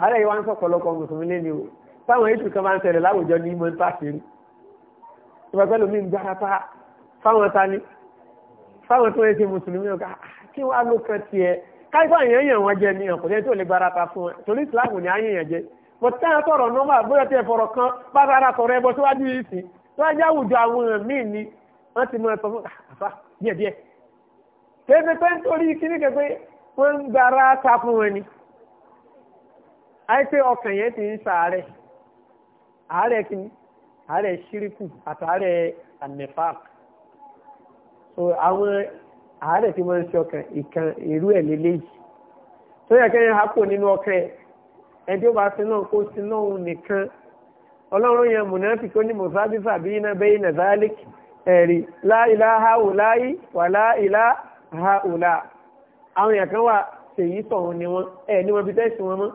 ààrẹ yìí wá ń sọ̀pọ̀lọpọ̀ mùsùlùmí lẹ́ni o táwọn ètò kan máa ń ṣẹlẹ̀ láwùjọ ní ìmọ̀ nípa ṣe rí ìpàgbẹ́ lómi ń gbára pa fáwọn ta ni fáwọn tó ń ṣe mùsùlùmí ọ̀gá kí wàá ló kàn tiẹ̀ káyọ̀ àyàn yàn wọ́n jẹ nìyàn kò jẹ́ tó lè gbára pa fún wọn torí ìsìláàmù ni àyàn yàn jẹ bó tá a sọ̀rọ̀ nọ́mbà bóyá tẹ fọ̀rọ̀ kan bá ara sọ̀rọ̀ ẹbọ síwájú wọ́n ń gbára ta fún wọn ni àìpé ọkàn yẹn ti ń sàárẹ̀ àárẹ̀ kí àárẹ̀ ṣíríkù àtàárẹ̀ anifak so àwọn àárẹ̀ tí wọ́n ń ṣe ọkàn ìkan irú ẹ̀ lélẹ́yìí tó yẹ kẹ́yìn hapò nínú ọkàn ẹ̀ ẹni tí ó bá sin náà kó sin náà nìkan ọlọ́run yẹn mùnàfi kó ní mùsàbífà bí iná bẹ́yìn nàzálíkì ẹ̀rí láìlá haùláyí wà láìlá haùlá àwọn èèyàn wà ṣèyí sọ̀rọ̀ ni wọ́n ẹ̀ ní wọ́n fi tẹ́sí wọn mọ́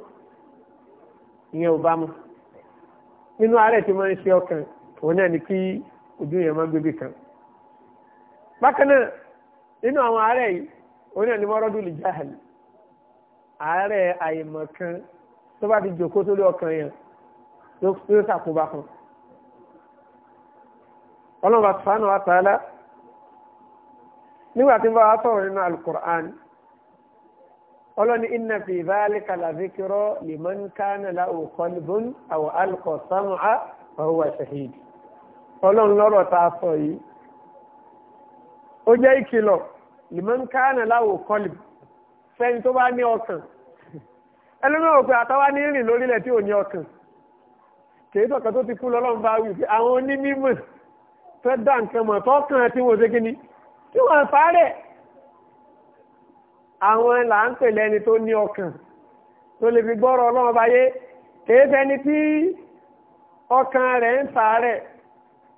ìyẹn ò mu nínú àárẹ̀ tí wọ́n ń ṣe ọkàn òun náà ni kí ojú yẹn máa gbébì kan bákan náà nínú àwọn àárẹ̀ yìí òun náà ni mọ́rọ́dù lè jáhàlì àárẹ̀ àyèmọ̀ kan tó bá ti jòkó sórí ọkàn yẹn ṣàkóbá kan ọlọ́run bá wa nígbà tí wọ́n bá ọlọ́ni iná fi ìbáàlì kàlàzíkírọ́ lèmọ́n kánà láwù kọlbùn àwọ̀ alkọ̀ sámúà ọ̀húwà ṣahid ọlọ́run lọ́rọ̀ tá a sọ yìí ó jẹ́ ìkìlọ̀ lèmọ́n kánà láwù kọlbù fẹ́ni tó bá ní ọkàn ẹlẹ́mọ̀ òpin àtàwá ní rìn lórílẹ̀ tí ò ní ọkàn kìí tọ̀kọ̀ tó ti kú lọ́lọ́run bá wí pé àwọn onímọ̀ fẹ́ dá nǹkan mọ̀ tọ́kàn tí wọ́n ṣe kí ni tí wọ́n fàárẹ̀ àwọn là ń pè lẹ́ni tó ní ọkàn tó lè fi gbọ́rọ̀ ọlọ́run báyé kèé fẹ́ni tí ọkàn rẹ̀ ń ta rẹ̀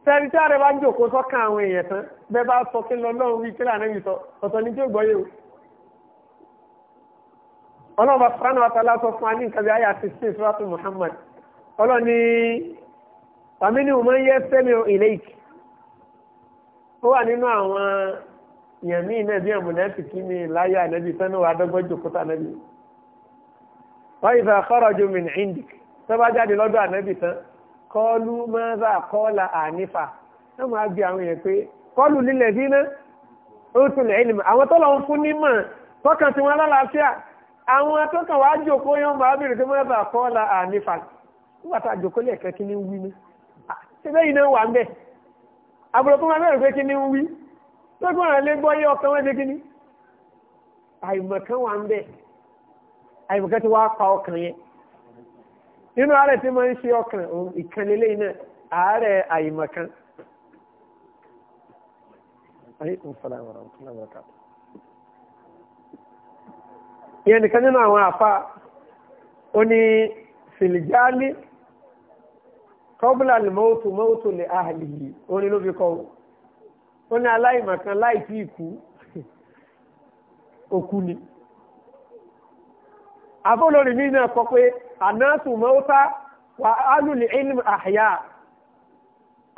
sẹ́ni tí ààrẹ bá ń jòkó sọ́kàn àwọn èèyàn tán bẹ́ bá sọ kí lọ́lọ́run wí kí lànà ìsọ ọ̀tọ̀ ni tí ó gbọ́yé o ọlọ́run bá fúnra náà tọ́lá sọ fún wa nǹkan bí ayé àti sí ìfúrásù Muhammad ọlọ́run ni wàmí ni mo máa ń yẹ sẹ́mi ìlẹ́yìí ó wà nínú àwọn èèyàn míì náà bí mùnáfìkí ni láyé ànábì sẹ́nu wà dọ́gbọ́jò kúta ànábì wọ́n ìfẹ́ kharaju min indik tó bá jáde lọ́dọ̀ ànábì tán kọ́ọ̀lù mọ́ra kọ́ọ̀là ànífà ẹ máa bí àwọn èèyàn pé kọ́ọ̀lù lílẹ̀ sí iná ó tún lẹ̀ ẹ̀lìmọ̀ àwọn tó lọ́n fún nímọ̀ tọ́kàn tí wọ́n lálàáfíà àwọn tọ́kàn wàá jòkó yẹn máa bèrè pé mọ́ra kọ́ọ̀là ànífà nígbà tá àbúrò tó máa bẹ̀rẹ̀ pé kí ni wí tọ́gbọ́n rẹ̀ lé gbọ́yé ọkàn wọn ṣe kíní àìmọ̀kan wà ń bẹ̀ àìmọ̀kan ti wá pa ọkàn yẹn nínú àárẹ̀ tí máa ń ṣe ọkàn ìkànnìlẹ̀ iná àárẹ̀ àìmọ̀kan ìyẹn nìkan nínú àwọn àfa ó ní fìlìjáálí kọ́bùlà lè mọ́tò mọ́tò lè áhàlì yìí ó ní ló fi ó ní aláìmọ̀kan láì tí ìkú òkú ni àbólórí mi náà kọ pé ànáàtù mọ́ta wà álùlì ilm àhíyá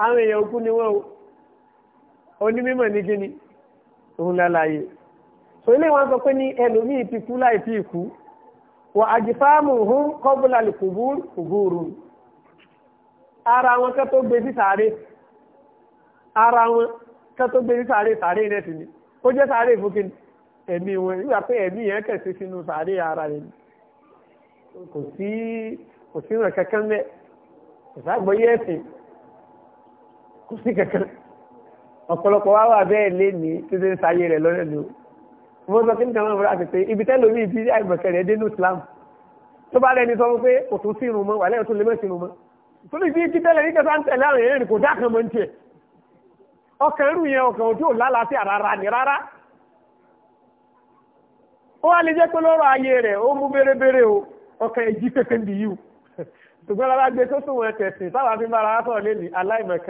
àwọn èèyàn òkú ni wọ́n onímọ̀ ní gíní òun so ilé wọn sọ pé ní ẹlòmíì ti kú láì tí ìkú wà àjìfáàmù hún kọ́bùlà kùbúrú ara wọn kẹ́ tó gbé sí sáré ara wọn kẹ́ tó gbé ní sàárè sàárè náà sì ni ó jẹ́ sàárè fún kí ẹ̀mí wọn nígbà pé ẹ̀mí yẹn kẹ̀sí sínú sàárè ara rẹ̀ kò sí kò sí ìrìn kankan mẹ́ kò ságbọ́yé ẹ̀sìn kò sí kankan ọ̀pọ̀lọpọ̀ wá wà bẹ́ẹ̀ lé ní títí ń sáyé rẹ̀ lọ́rẹ̀ ló mo sọ kí n kàn máa fi ibi tẹ́lẹ̀ omi ìdí àìmọ̀kẹ́ rẹ̀ dénú Islam tó bá lẹ́ni sọ pé kò tún sírun mọ́ wà lẹ́yìn tó lè mọ́ sírun mọ́ torí bí títẹ́lẹ̀ ní kẹsàn-án tẹ̀lé àwọn èèyàn kò dá kan mọ́ ní tiẹ̀ ọkàn irú yẹn ọkàn ojú òlálàáfíà rárá ni rárá ó wá lè jẹ́ pé lọ́rọ̀ ayé rẹ̀ ó mú bérebére o ọkàn èjì pépé ń yìí o *laughs* ṣùgbọ́n lára gbé tó sùn wọn tẹ̀sìn táwa fi bára sọ̀rọ̀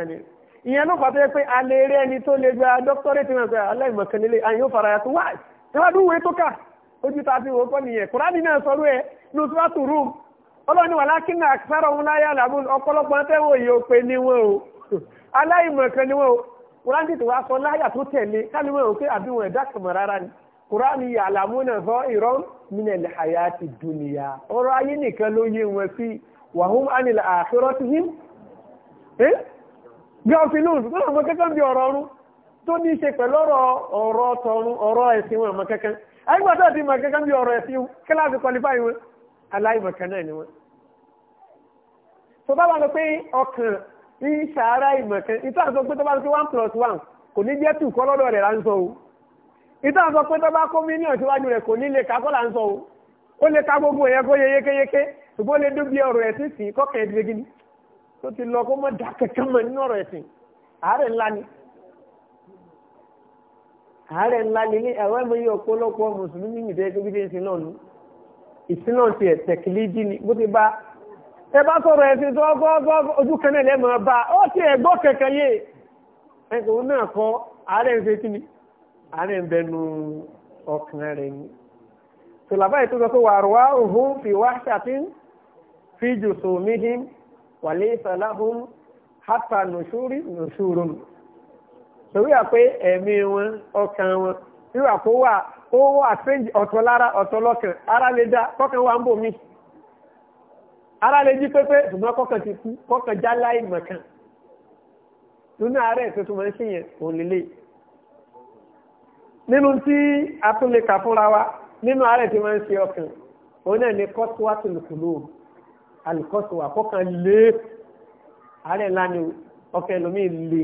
ni ìyẹn ló fà tó yẹ pé a lè ẹni tó lè gba dọ́kítọ́rẹ́tì wọn pé aláìmọ̀kan nílé àyìn ó fara yàtọ̀ wáì ìwádìí tó kà ojú ta nìyẹn kùránì náà sọ̀rọ̀ ẹ̀ ní oṣù ọlọ́ni wàlá láyà kúránì tó wá sọ láyà tó tẹ̀lé kálíwọ̀ òkè àbíwọ̀n ẹ̀dá kàmọ̀ rárá ni kúránì yàlámúnà fọ́ ìrọ́n minal hayati dunya ọ̀rọ̀ ayé nìkan ló yé wọn sí wàhùn anil akhiratihim bí ọ̀fin lóhùn tó lọ́mọ kẹ́kẹ́ bí ọ̀rọ̀ ọ̀run tó ní í ṣe pẹ̀lú ọ̀rọ̀ ọ̀rọ̀ tọ̀run ọ̀rọ̀ ẹ̀sìn wọn ọ̀mọ̀ kẹ́kẹ́ àyíkpàtà ti mọ̀ kẹ́kẹ́ bí ọ̀rọ̀ ẹ̀sìn kíláàsì kọlifáì wọn aláìmọ̀kẹ́ náà ni wọn. tó bá wà lọ pé ọkàn ìṣàárá ìmọ̀kan ìtàn sọ pé tó bá ń pé one plus one kò ní jẹ́ two kọ́ rẹ̀ là o ìtàn sọ pé tó bá kó mílíọ̀nù síwájú rẹ̀ kò ní lè kakọ́ o ó lè ka gbogbo yẹn kó yẹ yékéyéké ṣùgbọ́n lè dúbi ọ̀rọ̀ ẹ̀sìn sí kọ́kẹ́ tó ti lọ kó ni àárẹ̀ ńlá ni ní ọ̀pọ̀lọpọ̀ mùsùlùmí nìdẹ́gbẹ́gbẹ́ ìsìn náà ìsìn ẹ bá sọ̀rọ̀ ẹ̀sìn tó gbọ́gbọ́ ojú kan náà lẹ́mọ̀ bá ó ti ẹ̀gbọ́ kẹ̀kẹ́ yé ẹ̀sìn náà kọ́ ààrẹ ń ṣe kí ni ààrẹ ń bẹnu ọkàn rẹ̀ ni. tòlábà yìí tó sọ pé wàrúwá òhun fi wá ṣàfihàn fi jùsù mihim wàlẹ́ ìsàláhùn hátà nùsúrì nùsúrùn. torí à ẹ̀mí wọn ọkàn wọn irú àpò wà ó wà ọ̀tọ̀ lára ọ̀tọ̀ lọ́kàn ara lè dá kọ́kàn wà ń bò mí ara lè jí pépé ṣùgbọ́n kọ́kàn ti kú kọ́kàn já láì mọ̀kàn nínú ààrẹ tó tún máa ń ṣe yẹn òun lélẹ̀ nínú tí a tún lè kà fúnra wa nínú ààrẹ tí máa ń ṣe ọkàn òun náà ni kọ́sùwà tó lè kúlò alùkọ́sùwà kọ́kàn lé ààrẹ ńlá ni ọkàn ẹlòmíì lè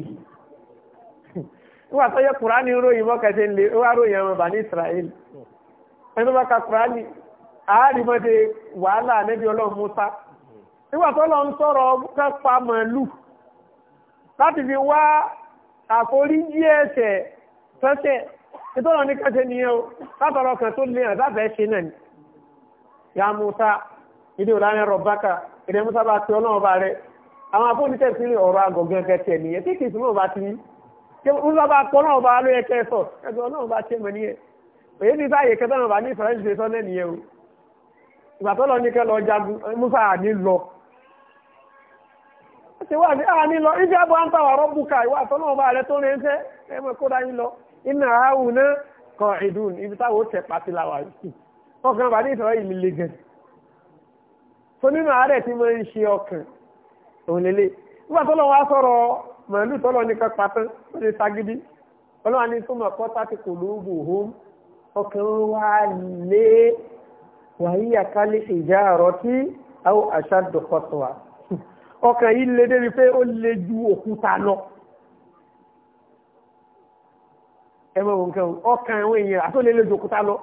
wọ́n àtọ́jọ́ kùránì ròyìn mọ́kàtí lè wọ́n ròyìn ọmọ bàní Israel ẹni wọ́n bá ka kùránì àárìmọ́dé wàhálà nẹ́bí ọlọ́run Mùsá nígbà tó lọ ń sọ̀rọ̀ kápá màálù láti fi wá àforíjì ẹ̀ṣẹ̀ tẹ́ṣẹ̀ ìtọ́nà ní kẹ́ṣẹ̀ nìyẹn o látọ̀rọ̀ kan tó lè hàn láfẹ́ ṣe náà ni ya Mùsá ìdí òlà ní rọ̀bákà ìdí Mùsá bá ti ọlọ́run bá rẹ àwọn afọ́nitẹ́ sí ọ̀rọ̀ agọ̀gán kẹ́ṣẹ̀ nìyẹn tí kì í súnmọ́ bá ti ní ìgbà tó lọ ní kẹ́ lọ jagun Musa àní lọ ṣe wà ní àní lọ ibi àbọ̀ à ń tàwà rọ́bù ká ìwà àtọ́nà ọba rẹ tó rẹ̀ ń tẹ́ ẹ mọ̀ kó dání lọ iná àáwù náà kọ ìdùn ibi táwọn ó tẹ̀ pàtí làwà ọkàn bàdí ìtọ́rọ yìí lè gẹ̀. tó nínú àárẹ̀ tí mo ń ṣe ọkàn òun lélẹ̀ nígbà tó sọ̀rọ̀ màálù tó ní tó wàhíyà kálí ìjà àrọ́tí àwọn àṣàdùkọ̀tọ̀ wa ọkàn yìí lè débi pé ó lè ju òkúta lọ ẹ mọ̀ nǹkan ọkàn àwọn èèyàn àti ó lè lè ju òkúta lọ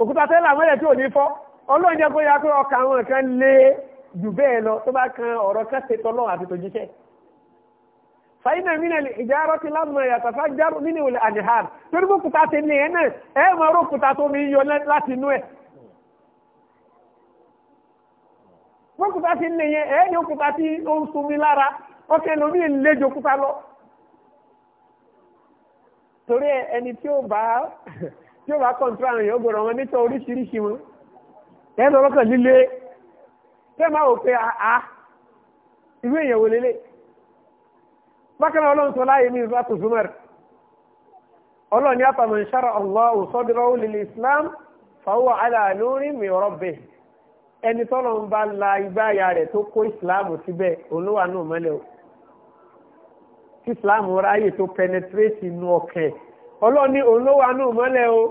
òkúta tẹ́lẹ̀ àmọ́lẹ̀ tí ò ní fọ́ ọlọ́run jẹ́ kó yá pé ọkàn àwọn nǹkan lè jù bẹ́ẹ̀ lọ tó bá kan ọ̀rọ̀ kan ṣe tọ́lọ́ àti tòjíṣẹ́ fàyínà mí nàlẹ ìjárọ ti lámà yàtọ̀ fàjárọ mí ni wòlé torí bó ti ní ẹ náà ẹ mọ̀ ọ́rọ́ tó mi yọ láti inú ẹ̀ kókùtà ti lè yẹn ẹ̀ ní òkúta tí ó ń sunmi lára ọkẹ́ lómi ìlejò òkúta lọ. torí ẹni tí ó bá tí ó bá kọ̀ǹtúrà àwọn èèyàn gbọ́dọ̀ wọn nítorí oríṣiríṣi wọn ẹ̀ ń lọ́kàn líle tẹ́ máa wò pé àá ah, ìwé ah, èèyàn wò lélẹ̀ bákan náà ọlọ́run sọ láàyè mi ìlú àtòzúmọ́rì ọlọ́run ní àtàmọ̀ ìṣàrà ọ̀lọ́ òṣọ́dúnrún lílẹ̀ Islam fàwọ́ àdàlórí mi ọ̀rọ̀ ẹni tọ́lọ̀ ń bá la ìgbáyà rẹ̀ tó kó ìsìláàmù síbẹ̀ olówà náà mọ́lẹ̀ o tí ìsìláàmù ráyè tó penetrate inú ọkàn ọlọ́ni olówà náà mọ́lẹ̀ o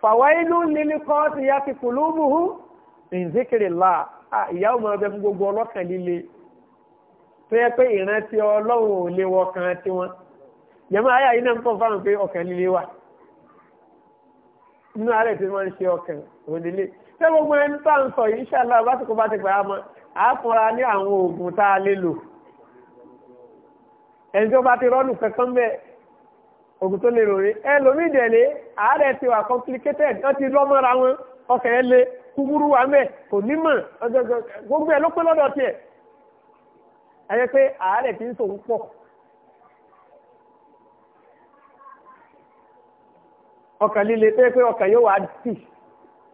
fàwáìlú lílí kọ́ ti yá ti kùlùmùhù ìzíkìrìlá ìyá ọmọ ọbẹ̀ fún gbogbo ọlọ́kàn líle tó yẹ pé ìrántí ọlọ́run ò lè wọkàn tiwọn yẹmọ́ ayé àyínà ń pọ̀ fáwọn pé ọkàn líle wà nínú ààrẹ tí wọ́n ń ṣe ọkàn òdìlé ṣé gbogbo ẹni tá ń sọ yìí ṣàlá bá ti ní àwọn oògùn tá a lè lò ẹni tó bá ti kankan bẹ́ẹ̀ oògùn tó lè dẹ̀lé ààrẹ ti wà complicated wọ́n ti lọ́ mọ́ra wọn ọkẹ́ ẹ lé kúburú wa mẹ́ kò ní mọ̀ gbogbo ló pé lọ́dọ̀ tiẹ̀ pé ti ń pọ̀. ọkàn líle pé pé ọkàn yóò wá tì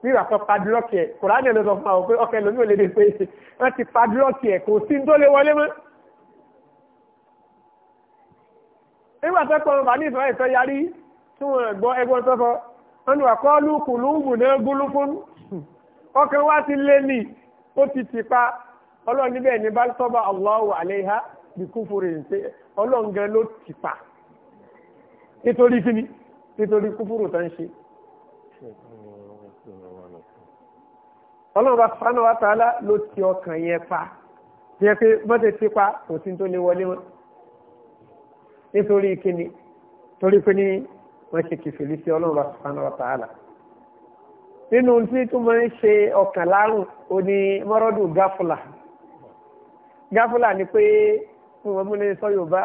nígbà tó padlọ́ọ̀kì ẹ̀ kò rájẹ̀ ló sọ fún àwọn pé ọkẹ lómi ò lè dé pé wọ́n ti padlọ́ọ̀kì ẹ̀ kò sí tó lè wọlé mọ́. nígbà tó kọ́ bá ní ìsọ̀rọ̀ ìsọ yarí tí wọ́n gbọ́ ẹgbọ́n tó sọ wọ́n ní àkọ́ọ́lù kùlùmù náà gúlú fún ọkàn wá sí lé nì ó ti ti pa ọlọ́run níbẹ̀ ní bá tọ́ba Allahu alayha bí kúfúrì ń ṣe ọlọ́run gan ló ti pa nítorí kíni nítorí ọlọ́run bá fánà wá tààlà ló ti ọkàn yẹn pa tí yẹ pé mọ́tẹ́ ti pa kò sí tó lè wọlé wọn nítorí kíni torí pé ní wọ́n ṣe kìfìlì sí ọlọ́run bá fánà tààlà nínú tí tó máa ń ṣe ọkàn lárùn ó ní mọ́rọ́dù gáfúlà gáfúlà ni pé fún wọn múlẹ̀ sọ yorùbá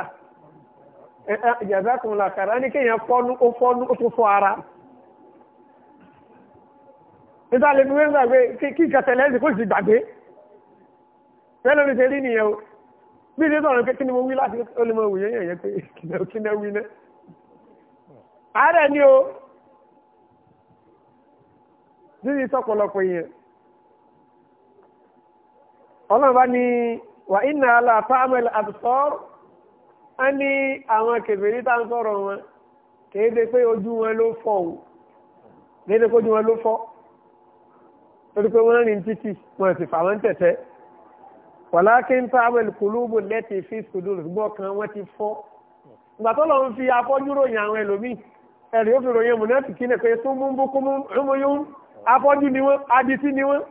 ìjàdá kan làkàrà ní kéèyàn fọ́nú ó fọ́nú ó tún fọ́ ara níta lè fi wéńgbà pé kí kẹsẹ̀lẹ́ ẹ̀sìn kò sì gbàgbé pẹ́lú ní ṣe rí nìyẹn o bí ṣe sọ̀rọ̀ pé kí ni mo wí láti ó lè mọ òwúyẹ́ yẹn yẹn pé kí ni wí náà. àárẹ̀ ni o níbi sọ̀pọ̀lọpọ̀ yẹn ọlọ́run bá wà iná alá fámẹ́lì àbùsọ́rọ̀ á ní àwọn kèfèrí tá ń sọ̀rọ̀ wọn kèéde pé ojú wọn ló fọ́ o kèéde pé ojú wọn ló fọ́ o torí pé wọ́n rìn títì wọ́n sì fà wọ́n tẹ̀tẹ́ wàlákì ń táwẹ̀lì kùlùbù lẹ́tì fi sùdùn gbọ́ kan wọ́n ti fọ́ ìgbà tó lọ́n fi afọ́jú ròyìn àwọn ẹlòmíì ẹ̀rí ó fi ròyìn mùnáfìkì náà pé tó mú bú kú mú yún afọ́jú ni wọ́n adití ni wọ́n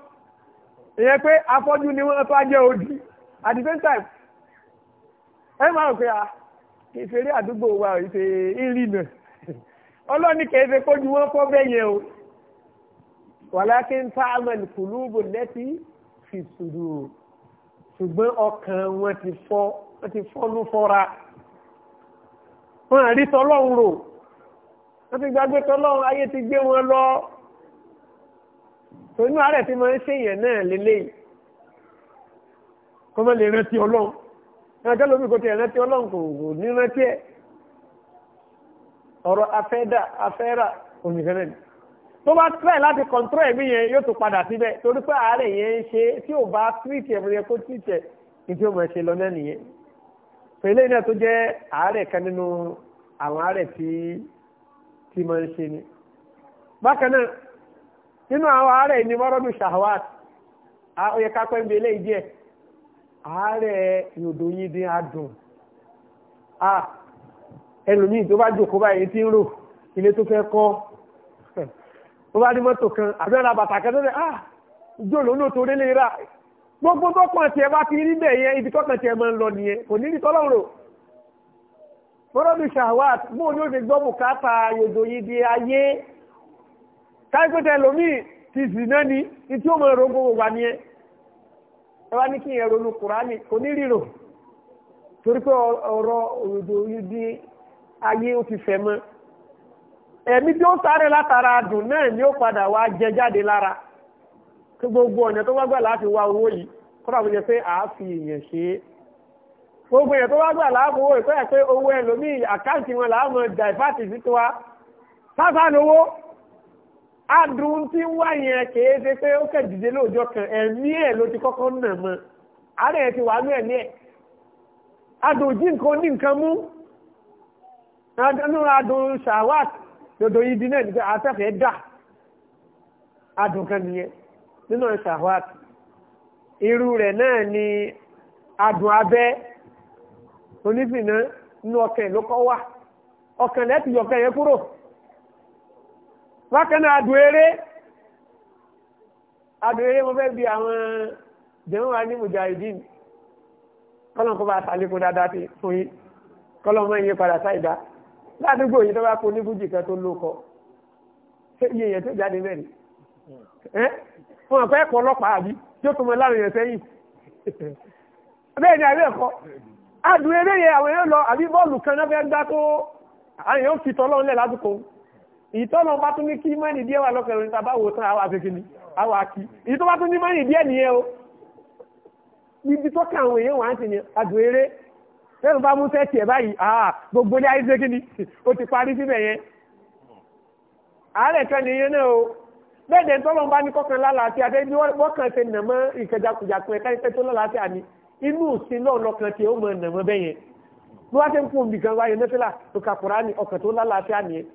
ìyẹn pé afọ́jú ni wọ́n tó ajẹ́ odi at the same time ẹ máa rò pé a ah, ìfèrè àdúgbò wa ìfèrè ìrìnà ọlọ́ni kẹ̀ẹ́fẹ́ kójú wọn fọ́ bẹ́yẹn o wàlákín táàmàlì kùlùbù lẹ́tí fi sùdù ṣùgbọ́n ọkàn wọn ti fọ́ wọn ti fọ́nú fọ́ra wọn àrí tọlọ́run rò wọn ti gbàgbé tọlọ́run ayé ti gbé wọn lọ tòun ààrẹ ti máa ń ṣèyàn náà lélẹ́yìí kọ́ mọ́ lè rántí ọlọ́run ẹ̀ka lómi kò tiẹ̀ rántí ọlọ́run kò ní rántí ẹ̀ ọ̀rọ̀ afẹ́dà afẹ́rà òmìnira ni tó bá try láti control ẹ̀mí yẹn yóò tún padà síbẹ̀ torí pé àárẹ̀ yẹn ń ṣe tí ò bá treat ẹ̀ bóyá kó treat ẹ̀ ní tí ó mọ̀ ṣe lọ náà nìyẹn pẹ̀lẹ́ náà tó jẹ́ àárẹ̀ kan nínú àwọn àárẹ̀ tí tí máa ń ṣe ni. bákan náà nínú àwọn àárẹ̀ ni mọ́rọ́dù shahwat ó yẹ ká pẹ́ ń bi eléyìí díẹ̀ àárẹ̀ yòdò yìí dín adùn ẹlòmíì tó bá jòkó báyìí ti ń rò ilé tó fẹ́ kọ́ tó bá ní mọ́tò kan àbẹ́rẹ́ bàtà kan lórí ah ìjọ lòun náà torí lè ra gbogbo tó kàn tiẹ̀ bá ti rí bẹ́ẹ̀ yẹn ibi tó kàn tiẹ̀ máa ń lọ nìyẹn kò ní ní tọ́lọ́rọ̀ mọ́rọ́bì shahwat bó ni ó gbọ́ bùkátà yòdò yìí di ayé káyipẹ́tẹ̀ lómìn ti zì náà ni ní ó mọ̀ ẹ̀rọ gbogbo wà nìyẹn ẹ wá ní kí ìyẹn ronú kùránì kò ní rírò torí pé ọ̀rọ̀ yòdò yìí di ayé ó ti fẹ́ mọ́ ẹ̀mí tí ó sáré látara dùn náà ni ó padà wá jẹ jáde lára kí gbogbo ọ̀nà tó wá gbà láti wá owó yìí kọ́nà fún yẹ pé àáfi ìyẹn ṣe é gbogbo èèyàn tó wá gbà láàbòwò ìpẹ́ ẹ̀ pé owó ẹlòmíì àkáǹtì wọn làwọn dàìfàtì sí tiwa sáfà lówó adùn tí wá yẹn kèé ṣe pé ó kẹ̀dìdé lóòjọ́ kan ẹ̀mí ẹ̀ ló ti kọ́kọ́ nà mọ́ àárẹ̀ ẹ̀ ti wà ní ẹ̀mí ẹ̀ adùn jí nǹkan ní nǹkan mú adùn ṣàwàtì dodo yìí di náà nígbà afẹ́fẹ́ dà adùn kan nìyẹn nínú ṣahwat irú rẹ̀ náà ni adùn abẹ́ onífìnà nínú ọkàn ló kọ́ wà ọkàn lẹ́tì yọkàn yẹn kúrò wákan náà adùn eré adùn eré mo fẹ́ bi àwọn jẹun wa ní mujahideen kọ́lọ́n kó bá a sàlékún dáadáa fún yín kọ́lọ́n mọ́ iye padà sáì dáa. ládùúgbò yìí tó bá kó kan tó lóko ṣé iye yẹn tó jáde mẹ́rin ẹ́ wọn àpẹ́ ẹ̀kọ́ ọlọ́pàá àbí tí ó mọ láàrin yẹn sẹ́yìn bẹ́ẹ̀ ni àbí ẹ̀kọ́ adùn eré yẹn àwọn lọ àbí bọ́ọ̀lù kan náà fẹ́ gbá tó àwọn fi tọ́lọ́ ńlẹ̀ ládùúgbò ìtọ́nà bá tún ní kí díẹ̀ wà tán àwọn àwọn ìtọ́ bá tún ní díẹ̀ nìyẹn o ibi tó kí àwọn èèyàn wà lẹ́nu bá mú sẹ́ẹ̀tì ẹ̀ báyìí àá gbogbo ní ayé ṣégi ni *laughs* ó ti parí síbẹ̀ yẹn. àárẹ̀ kan nìyẹn náà o bẹ́ẹ̀ dẹ̀ tọ́lọ́ bá ní kọ́kàn lálàáfíà àti ẹni wọ́n kàn ṣe nà mọ́ ìkẹjàkùjàkùn ẹ̀ka ìfẹ́ tó lálàáfíà ni inú ìsìn náà lọ́kàn tí ó mọ̀ nà mọ́ bẹ́yẹn. bí wọ́n ti ń kún nìkan wáyé nẹ́fẹ́lá tó kàkùrá ní ọkàn tó lálàáfíà nìyẹn.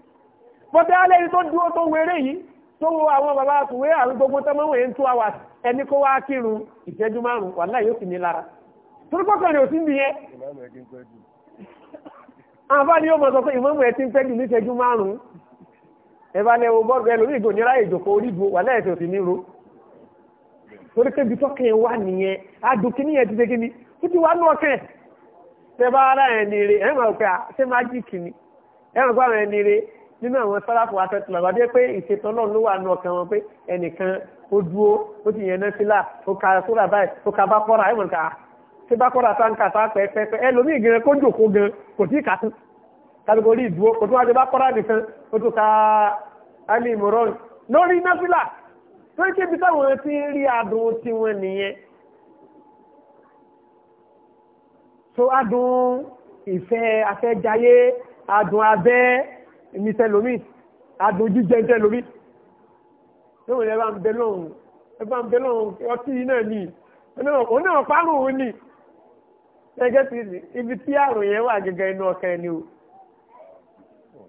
bọ́tẹ́ alẹ́ yìí tó dúró tó wéré yìí tó wo àwọn bàbá àtúwé àwọn gbogbo tọ́mọ́wé ń tú àwà ẹni kó wá kírun ìṣẹ́jú márùn-ún wàláhì yóò sì ní lára torípọ̀kàn rẹ̀ ò sí nìyẹn àǹfààní yóò mọ̀ sọ pé ìmọ̀mù ẹ̀ ti ń pẹ́jù níṣẹ́jú márùn-ún ẹ̀bá lẹ́wọ̀ bọ́ọ̀lù ẹlòmí ìgò níra ìjòkó oríbo wà lẹ́ẹ̀tẹ̀ òsì níro torí pé ibi tọ́kàn wà ni ẹ̀ máa gbọ́ ẹ̀ nìire nínú àwọn sáláfù afẹ́tù làwọn adé pé ìṣètò náà ló wà nù ọkàn wọn pé ẹnìkan ó dúró ó ti yẹn náà sílà ó ka sóra báyìí ó ka bá kọ́ra ẹ̀ mọ̀ tí bá kọ́ra táǹkà tá pẹ́ẹ́pẹ́ẹ́pẹ́ ẹlòmíì gan kó jòkó gan kò tí kà tún kàtàkùn ìdúró kò tún wájú bá kọ́ra nìkan ó tún ka ali imran lórí náfìlà tó ń kébi táwọn ti ń rí adùn tiwọn nìyẹn so adùn ìfẹ́ afẹ́jayé adùn abẹ́ ìmísẹ́lómi adùn jíjẹ ìtẹ́lómi lóòrùn ẹ bá ń bẹ lóhùn ẹ bá ń bẹ lóhùn ọtí náà ni òun náà pàrọ̀ òun ni. ti ibi tí àrùn yẹn wà gẹ́gẹ́ inú ọkàn ẹni o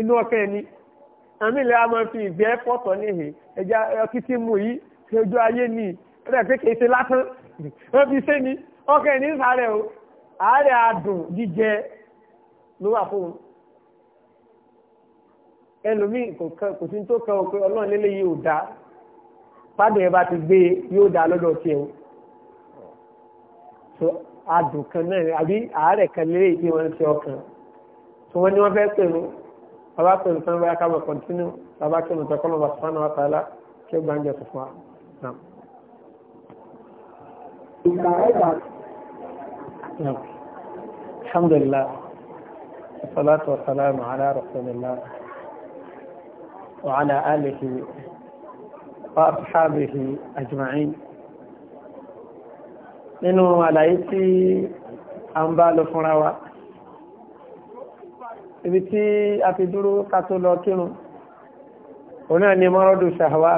inú ọkàn ẹni àmì ilẹ̀ a máa fi ìgbẹ́ pọ̀tọ̀ níhìn ẹja ọkì mú yìí ṣe ayé ni rẹ̀ pé ṣe wọ́n fi ni ọkàn ẹni sáré o àárẹ̀ adùn jíjẹ ló wà fún un ẹlòmíì kò sí tó o pé ọlọ́run ò pàdé ẹ bá ti gbé yóò o. adùn kan náà àbí àárẹ̀ kan lé èyí wọn ṣe ọkàn tí wọ́n ní wọ́n fẹ́ pèrò bàbá pèrò tán bóyá ká máa kọ̀ntínú bàbá pèrò tán kọ́nà bàtà náà wàtà lá kí ó gbàǹjọ tó fún wa. alhamdulillah salatu wa salamu ala rasulillah wa ala alihi wa ashabihi ajma'in nínú àlàyé tí a ń bá lọ fúnra wa ibi tí a fi dúró ká tó lọ kírun òun náà ni mọ́rọ́dù ṣàwá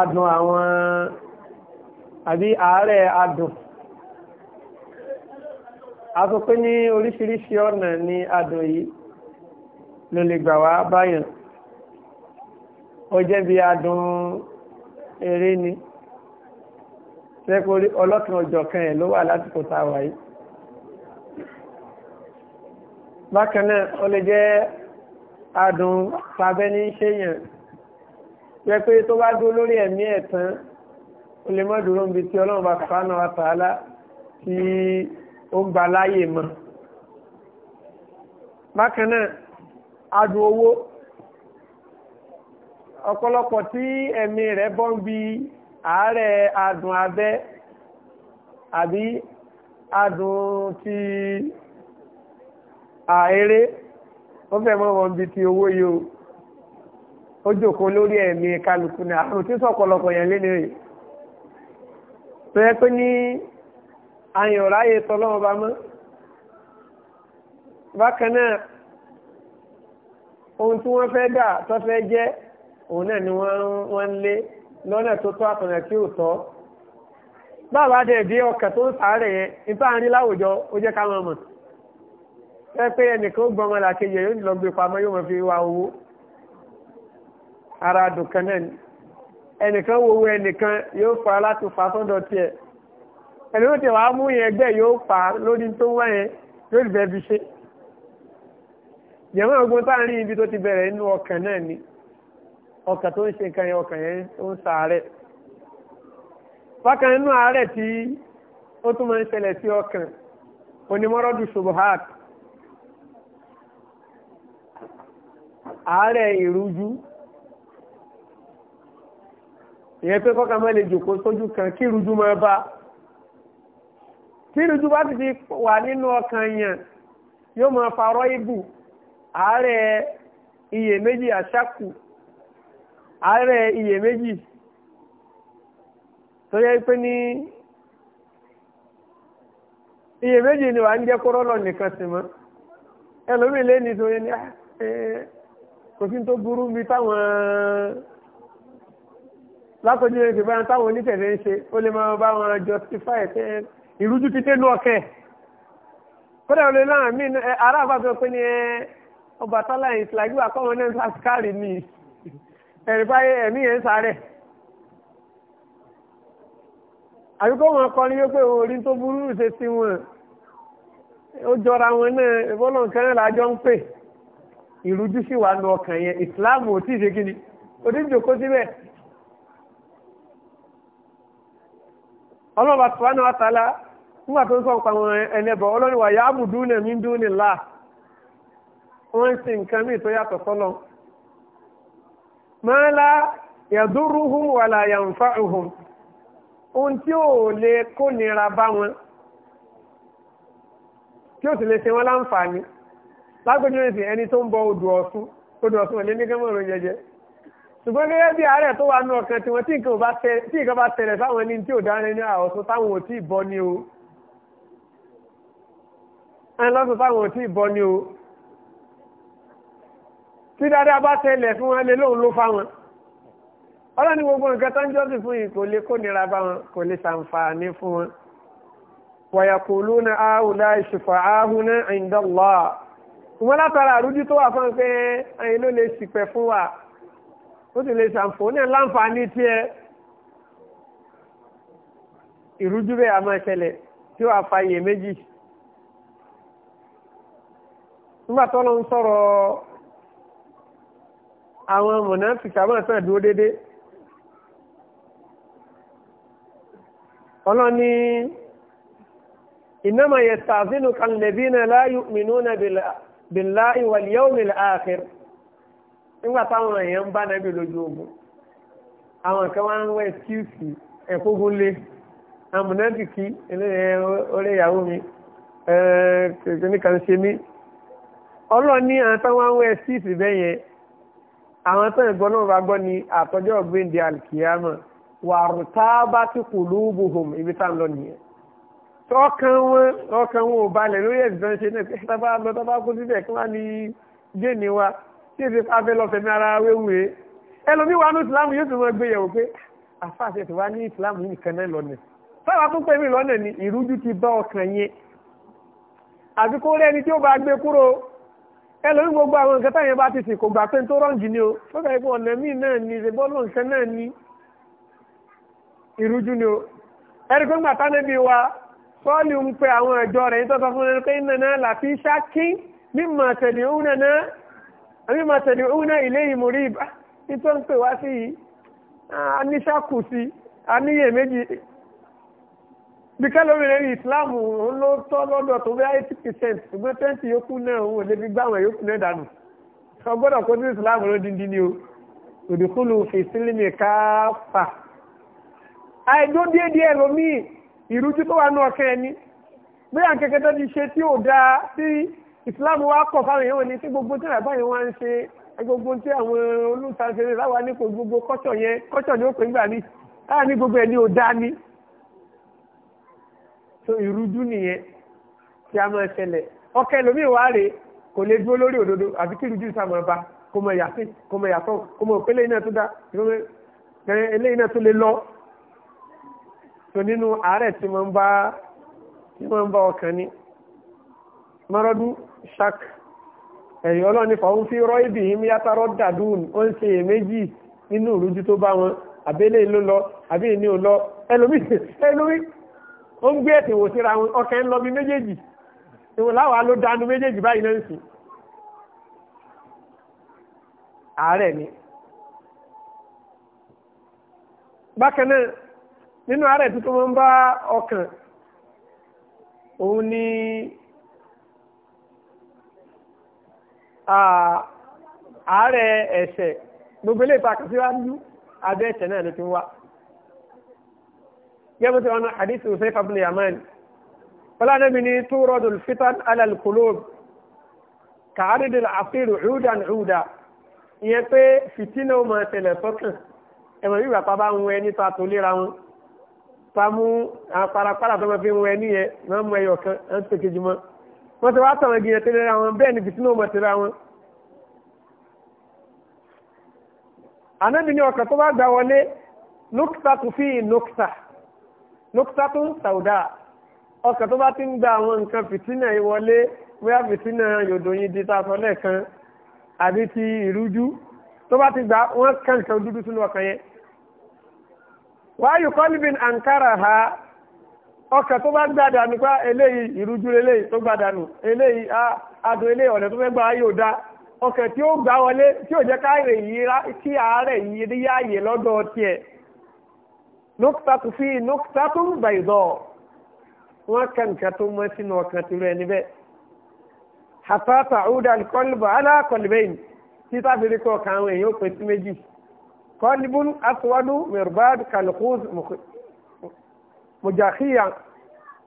adùn àwọn àbí ààrẹ adùn a sọ pé ní oríṣiríṣi ọ̀nà ni adùn yìí ló lè gbà wá báyàn ó jẹ́ bí adùn eré ni sẹ́kórí ọlọ́kan ọjọ́ kan ẹ̀ ló wà lásìkò tá a wà yìí. bákan náà ó lè jẹ́ adùn tàbẹ́ ní ṣéyàn jẹ́ pé tó bá dúró lórí ẹ̀mí ẹ̀ tán ó lè mọ́ dúró níbi tí ọlọ́run bá fàánà wa tààlà tí ó gba láàyè mọ́. bákan náà adùn owó ọ̀pọ̀lọpọ̀ tí ẹ̀mí rẹ̀ bọ́ ń bi àárẹ̀ adùn abẹ́ àbí adùn ti àéré ó fẹ́ mọ́ wọn bí ti owó yìí ó jòkó lórí ẹ̀mí kálukú ní àrùn tí sọ̀pọ̀lọpọ̀ yẹn lé nìyí tó yẹ pé ní ayọ̀ráyè tọ́lọ́wọ́ bá mọ́ bákan náà ohun tí wọ́n fẹ́ dà tó fẹ́ jẹ́ òun náà ni wọ́n ń lé lọ́nà tó tọ́ àtọ̀nà tí ò tọ́ báwa dẹ̀ dé ọkà tó ń sàárẹ̀ yẹn nípa àárín láwùjọ ó jẹ́ káwọn mọ̀ pé ẹnìkan ó gbọmọ làkejì yóò lọ gbé pamọ́ yóò mọ̀ fi wá owó ara dùnkan náà ni ẹnìkan wo owó ẹnìkan yóò fa láti fa sọ́dọ̀ tiẹ̀ ẹni ti mú yẹn ẹgbẹ́ yóò fa lórí tó wá yẹn bẹ́ẹ̀ fi ṣe táà ọkàn tó ń ṣe nǹkan yẹn ọkàn yẹn ó ń ṣàárẹ̀ bákan inú àárẹ̀ tí ó tún máa ń ṣẹlẹ̀ sí ọkàn onímọ̀rọ̀dù ṣubuhat àárẹ̀ ìrújú ìyẹn pé kọ́kàn máa lè jòkó sójú kan kí ìrújú máa bá tí ìrújú bá ti wà nínú ọkàn yẹn yóò máa farọ́ ibù àárẹ̀ iyèméjì àṣàkù ààrẹ iye tó yẹ pé ni wà ń jẹ́ kórọ́lọ̀ nìkan sì mọ́ ẹlòmíì ní tó yẹ ní ah, kò sí tó burú bí táwọn lákòójú ẹni tìbá táwọn ń ṣe ó lè máa bá wọn justify ẹ̀ ìrújú ti tẹ́nu ọ̀kẹ́ kódà olè láàrin mí pé ní ẹ̀rí báyé ẹ̀mí yẹn sáré àbíkó wọn kọ ní pé orí tó burú ṣe sí wọn ó jọra wọn náà ìbọ́lọ̀ nǹkan ń pè ìrújú sí wà nù ọkàn yẹn ìsìláàmù ò tí ì ṣe kí ni nígbà tó ń sọ àwọn ọlọ́run wà yáàbù dúnẹ̀ mí dúnẹ̀ wọ́n ń sin nǹkan ma la yadurruhum wala yanfa'uhum ohun tí ò lè kó nira bá wọn tí ó sì lè ṣe wọn láǹfààní lágbèjì rẹ̀ sí ẹni tó ń bọ odò ọ̀sùn odò ọ̀sùn ẹ̀lẹ́ ní kẹ́mọ̀ òròyìn jẹjẹ ṣùgbọ́n gẹ́gẹ́ ẹni tí tí dáadáa bá tẹ̀lẹ̀ fún wọn lé lóun ló fáwọn ọlọ́ni gbogbo nǹkan tó ń fún yìí kò lè bá wọn kò lè ṣàǹfààní fún wọn. wàyàkùlù na àhùlá ìṣùfà àhùnà wọn látara àrújú tó wà fún pé ẹyin ló lè ṣìpẹ̀ fún wa ó sì lè ṣàǹfààní láǹfààní tiẹ̀ ìrújú bẹ́ẹ̀ a máa ṣẹlẹ̀ tí wàá fa iyèméjì nígbà tó lọ ń sọ̀rọ̀. àwọn mọ̀nàfíkà máa sàn dúró déédéé ọlọ́ni ìnáma yẹ tààzínú kalẹ̀bí náà láàyò mìínú náà bìlá ìwàlẹ̀ yóò mìlẹ̀ ààkìr nígbà táwọn èèyàn ń bá nàbí lójú ogun àwọn kan wá ń wá ẹ̀kíùsì ẹ̀kógún lé amúnábìkí orí ìyàwó mi kìkìnì kan ṣe mí ọlọ́ni àtàwọn wá ẹ̀kíùsì bẹ́yẹn àwọn tó ìgbọ́n náà bá gbọ́ ni àtọ́jọ́ ọ̀gbìndì alkiyama wà rùtábà tí kò lóòbùhùn ibi tá ń lọ nìyẹn tọ́kàn wọn ọkàn wọn ò balẹ̀ lórí ẹ̀sìn ṣe náà pé tábà lọ tábà kó síbẹ̀ kí wọ́n ní géènì wa tí èsì fáfẹ́ lọ fẹ̀mí ara wéwúre ẹlòmí wa ní ìsìlámù yóò tún mọ gbé yẹ̀wò pé àfàṣẹ tó wá ní ìsìlámù yìí nìkan náà lọ́nà sábà ni ìrújú ti ẹ lórí gbogbo àwọn nǹkan táyẹn bá ti sìn kò gbà pé tó rọ́ǹgì ni o ó fẹ́ pé ọ̀nà míì náà ni ìṣèbọ́lù nǹkan náà ni ìrújú ni o ẹni pé gbàtà níbi wa sọ́ọ̀lì ń pe àwọn ẹ̀jọ́ rẹ̀ yìí tó sọ fún ẹni pé iná náà làfi ṣákí mímọ̀ mímọ̀ tẹ̀lé òun náà ilé ìmúrí ìbá ní tó ń pè wá sí yìí a níṣàkù sí a níyèméjì bí kẹ́lómi rẹ̀ ní ìsìláàmù ló tọ́ lọ́dọ̀ tó bí eighty percent ṣùgbọ́n twenty yòókù náà òun ò lè fi gbá àwọn yòókù náà dànù ọgbọ́dọ̀ kó ní ìsìláàmù ló dín dín ní o òdìkúlù fèsìlímì káfà àìdó déédéé ẹlòmíì ìrújú tó wà ní ọkàn ẹni bóyá kẹ̀kẹ́ tó ti ṣe tí ò dáa sí ìsìláàmù wa kọ̀ fáwọn èèyàn ní tí gbogbo tí àbá yẹn wá ń ṣe gbogbo tí àwọn olùtàṣe láwa ní kò gbogbo kọ́ṣọ̀ yẹn kọ́ṣọ̀ ni ó pè ń gbà ní láwa ní gbogbo ẹni ò dáa ní so ìrújú nìyẹn tí a máa ṣẹlẹ̀ ọkẹ́ lómi ìwà rèé kò lè dúró lórí òdodo àfi kí ìrújú sáà máa bá kó mọ yàtọ̀ kó mọ yàtọ̀ kó mọ òpélé iná tó dá ilé eh, iná tó lè lọ tó nínú àárẹ̀ tí máa ń bá tí máa ń bá ọkàn ni mọ́rọ́dún ṣak ẹ̀yìn ọlọ́ni fàwọn fi rọ́ ibì yìí yàtọ̀ rọ́ dàdún ó ń ṣe èméjì nínú ìrújú tó bá wọn àbẹ́lẹ̀ ló lọ àbí ìní ò lọ ẹlòmíì *laughs* ẹlòmíì ó ń gbé ẹ̀sìn wò síra wọn ọkàn ń lọ méjèèjì ìwò ló dánú méjèèjì báyìí ni bákan náà nínú ààrẹ tuntun bá ọkàn ni ààrẹ gbogbo ilé abẹ́ náà gẹ́gẹ́ tí wọn hadith Usayf ibn Yaman fọlá nàbí ní túrọ̀dù fitan alal qulub kàádìdì àfihàn ọ̀dàn ọ̀dà ìyẹn pé fìtínà ó máa tẹ̀lẹ̀ sọ́kàn ẹ̀mọ̀ yìí bàtà bá ń wọ ẹni ta tó léra wọn ta mú àwọn parapara tó máa fi ń wọ ẹni yẹn máa mú ẹyọ kan ẹ̀ ń tẹ̀kejì mọ́ wọ́n ti wá tàwọn igi yẹn wọn bẹ́ẹ̀ ni fìtínà ó máa wọn. ànábì ní ọkàn tó bá gbà wọlé nukta tó fi nukta nukutatun sauda ọkàn tó bá ti ń gba àwọn nǹkan fìtínà yìí wọlé bóyá fìtínà yòdò yìí di ta sọ lẹ́ẹ̀kan àbí ti ìrújú tó bá ti gbà wọ́n kàn nǹkan dúdú sínú ọkàn yẹn. wáyù kọ́líbìn ankara ha ọkàn tó bá gbàdà nípa ah, eléyìí ìrújú eléyìí tó gbàdà nù eléyìí adùn eléyìí ọ̀nà tó fẹ́ gbà yóò dá ọkàn tí ó gbà wọlé tí ò jẹ́ káàrẹ̀ yìí kí àárẹ̀ yìí rí ààyè lọ́dọ̀ tiẹ̀ nukutatu fi nukutatu bayidọ wọn kà nǹkan tó mọ sínú ọkàn tó rẹ níbẹ̀ hata ta'uda alikọlibọ alakọlibẹyin títà fèrè kọ kàn àwọn èèyàn pèsè méjì kọlibun aswadu mirbad kalkuz mujahiya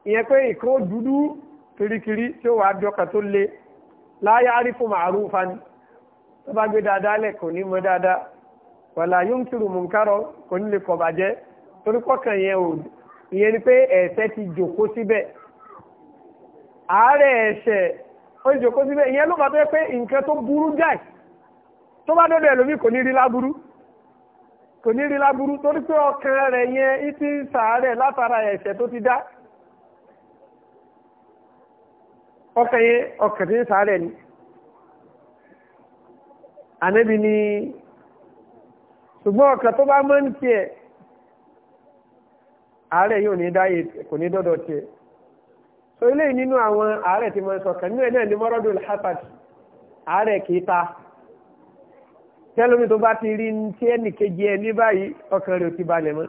ìyẹn pé ìkó dúdú kirikiri tí ó wàá dọkà tó le láyé àrífò màrúfa ni tó bá gbé kò ní mọ dáadáa wàlá yóò ń kò ní lè kọ bàjẹ́ torí kọ́kàn yẹn ò ìyẹn ni pé ẹ̀ṣẹ̀ ti jòkó síbẹ̀ àárẹ̀ ẹ̀ṣẹ̀ ó ti jòkó síbẹ̀ ìyẹn ló bá tó yẹ pé nǹkan tó burú jáì tó bá dọ́dọ̀ ẹlòmí kò ní rí láburú kò ní rí láburú torí pé ọkàn rẹ̀ yẹn ìtì sàárẹ̀ látara ẹ̀ṣẹ̀ tó ti dá ọkàn yẹn ọkàn tí ń sàárẹ̀ ni ànábi ni ṣùgbọ́n ọkàn tó bá mọ́ ní tiẹ̀ àárẹ̀ yóò ní dáyé kò ní dọ́dọ̀ tiẹ̀ so eléyìí nínú àwọn àárẹ̀ tí mo sọ kàn nínú ẹ̀ náà ní mọ́rọ́dún alhapad àárẹ̀ kìí ta tẹ́lómi tó bá ti rí tí ẹnì kejì ẹ ní báyìí ọkàn rẹ̀ ti balẹ̀ mọ́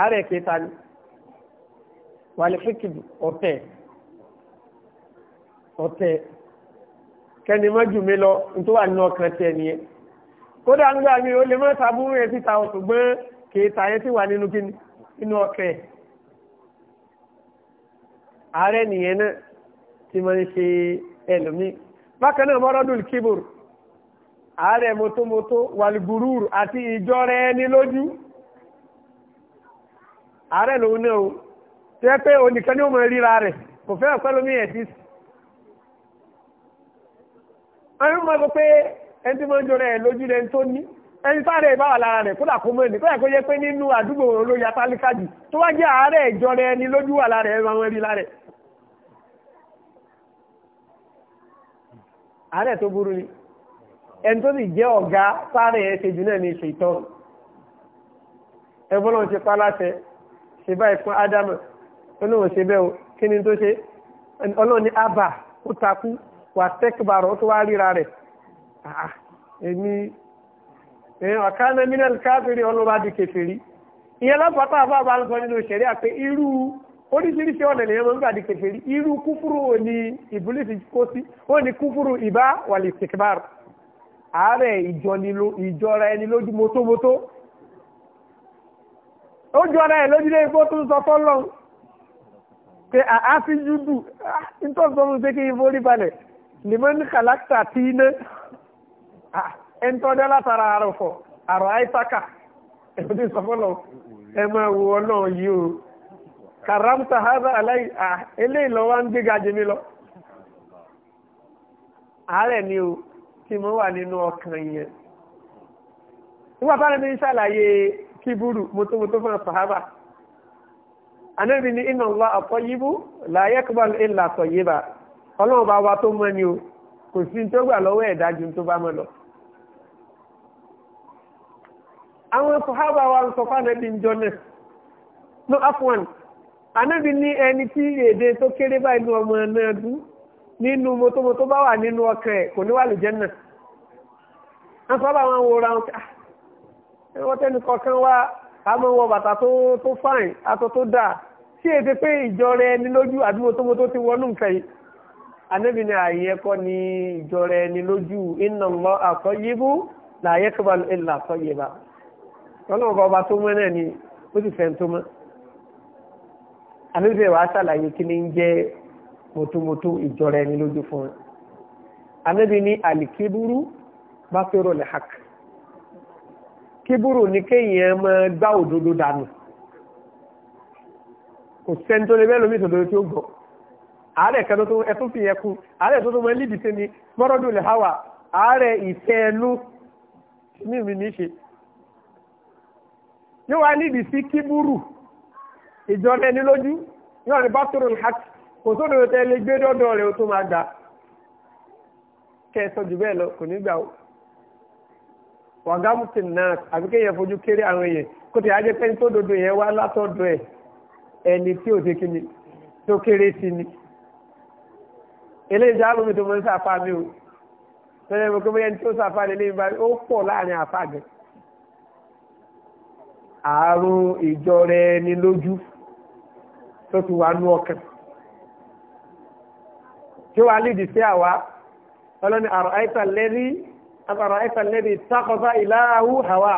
àárẹ̀ kìí ta ni wàlífíkì ọ̀tẹ̀ ọ̀tẹ̀ kẹni mọ́jú mi lọ nítorí wà nínú ọkàn tiẹ̀ nìyẹn kódà ń gbà mí lè mọ́ sábúrú ẹ kèéta yẹn ti wà nínú kíni nínú ọkẹ ààrẹ nìyẹn náà ti máa ń ṣe ẹlòmíì bákan náà mọ́rọ́dún kíbor ààrẹ mọ́tòmọ́tò wàlúgbùrúurù àti ìjọ rẹ ní lójú ààrẹ lòun náà o tí wọ́n pé onìkan ní òun ríra rẹ̀ kò fẹ́ ọ̀pẹ́ lómi ẹ̀ sí. àwọn ọmọ ẹgbẹ́ pé ẹni tí wọ́n ń jọra ẹ̀ lójú rẹ̀ ń tó ní. ẹni sáré ìbáwà lára rẹ̀ kódà kó mọ́ ẹni kódà kó yẹ pé nínú àdúgbò olóyè atálíkàjù tó wá jẹ́ àárẹ̀ rẹ̀ ẹni lójú wà lára ẹ̀rọ àwọn ẹ̀rí lára ẹ̀. àárẹ̀ tó burú ni ẹni tó sì jẹ́ ọ̀gá sáré ẹ̀ ṣe jù náà ṣe ìtọ́ náà pa láṣẹ ṣe báyìí fún ádámù ṣe bẹ́ẹ̀ o kí ni tó ẹ̀yìn ọ̀kánà mínẹ́lì káfíìrì ọlọ́ba di kẹfìrí ìyẹn lápapọ̀ àbá bá ń sọ nínú ìṣẹ̀rí àpé irú oríṣiríṣi ọ̀nà lèyàn máa ń gbà di kẹfìrí irú kúfúrú ò ní ìbúlísì kó sí ó ní kúfúrú ìbá wàlì sìkìbár àárẹ̀ ìjọra ẹni lójú mótómótó ó jọra ẹ̀ lójú lẹ́yìn fún tó ń sọ fọ́lọ́ pé àáfi júdù nítorí tó ń ṣe ẹni tó dé látara àròfọ̀ àrò àìsákà ẹ̀mọ́ ti sọ fọ́lọ́ ẹ máa wo ọlọ́run yìí o kàrámtà hábà aláì à eléyìí lọ wá ń gbéga jẹ mí lọ àárẹ̀ ni o tí mo wà nínú ọkàn yẹn nígbà táwọn ẹni ṣàlàyé kíburu mọ́tòmọ́tò fún sàhábà anábì ní inna Allaha tayyibun la yaqbalu illa tayyiba ọlọ́run bá wa tó mọ́ ni o kò sí ní tó gbà lọ́wọ́ ẹ̀dá ju tó bá mọ́ lọ. àwọn sọ̀hábà wa ń sọ fánàbí ń jọ náà no afwan anábì ní ẹni tí èdè tó kéré báyìí ní ọmọ náà dún nínú mọ́tòmọ́tò bá wà nínú ọkàn ẹ̀ kò ní wà lójẹ́ náà wọ́n sọ bá wọn wo ra ah, wọn ká wọ́n tẹ́nu kọ̀ọ̀kan wá a máa wọ bàtà tó fáìn aṣọ tó dáa tí èdè pé ìjọ rẹ ní lójú àdúgbò tó ti wọnú nǹkan yìí anabi ni ààyè ẹ̀kọ́ ní ìjọ rẹ ní lójú inna Allaha tayyibun la yaqbalu illa tayyiba ọlọ́run ọba tó mọ́ náà ni ó sì fẹ́ tó mọ́ àbíbẹ̀ wàá ṣàlàyé kí ni ń jẹ́ mọ̀tòmọ̀tò ìjọra ẹni lójú fún wọn àbíbẹ̀ ní àlìkébúrú bá fẹ́rọ̀ lè hàk kíbúrú ni kéèyàn máa gbá òdodo dànù kò sẹ́ni tó lè bẹ́ẹ̀ lómi ìṣòdodo tí ó gbọ́ àárẹ̀ kan tó ẹtún fi yẹn kú àárẹ̀ tó tó mọ ẹlídìí sí ni mọ́rọ́dún lè háwà àárẹ̀ ìfẹ́ ẹnu ní ìmì ní ṣe yóò wá nídìí sí kíbúrù ìjọba ẹni lójú yóò ní bátòrò hàt kò sódò tẹ lè gbé dọ́dọ̀ rẹ̀ tó máa gbà kẹ́ ẹ sọ jù bẹ́ẹ̀ lọ kò ní gbà ó wàgámùtì náà àbí kéèyàn fojú kéré àwọn èèyàn kó tẹ̀ ajẹ́ pẹ́ni tó dodo yẹn wá látọ̀dọ̀ ẹ̀ ẹni tí ò ṣe kí ni tó kéré sí ni eléyìí jáàmù mi tó mọ ní sàfà mi o tẹ́lẹ̀ mo kí wọ́n yẹn tó sàfà lélẹ́yìn báyìí ó pọ̀ láàrin àfà gẹ̀ẹ́ ààrùn ìjọra ẹni lójú tó ti wà nú ọkàn tí wàá lìdí sí àwa ọlọ́ni àrùn àìsàn lẹ́rí àbàrùn àìsàn lẹ́rí tákọ́sá ìlàáhù hàwà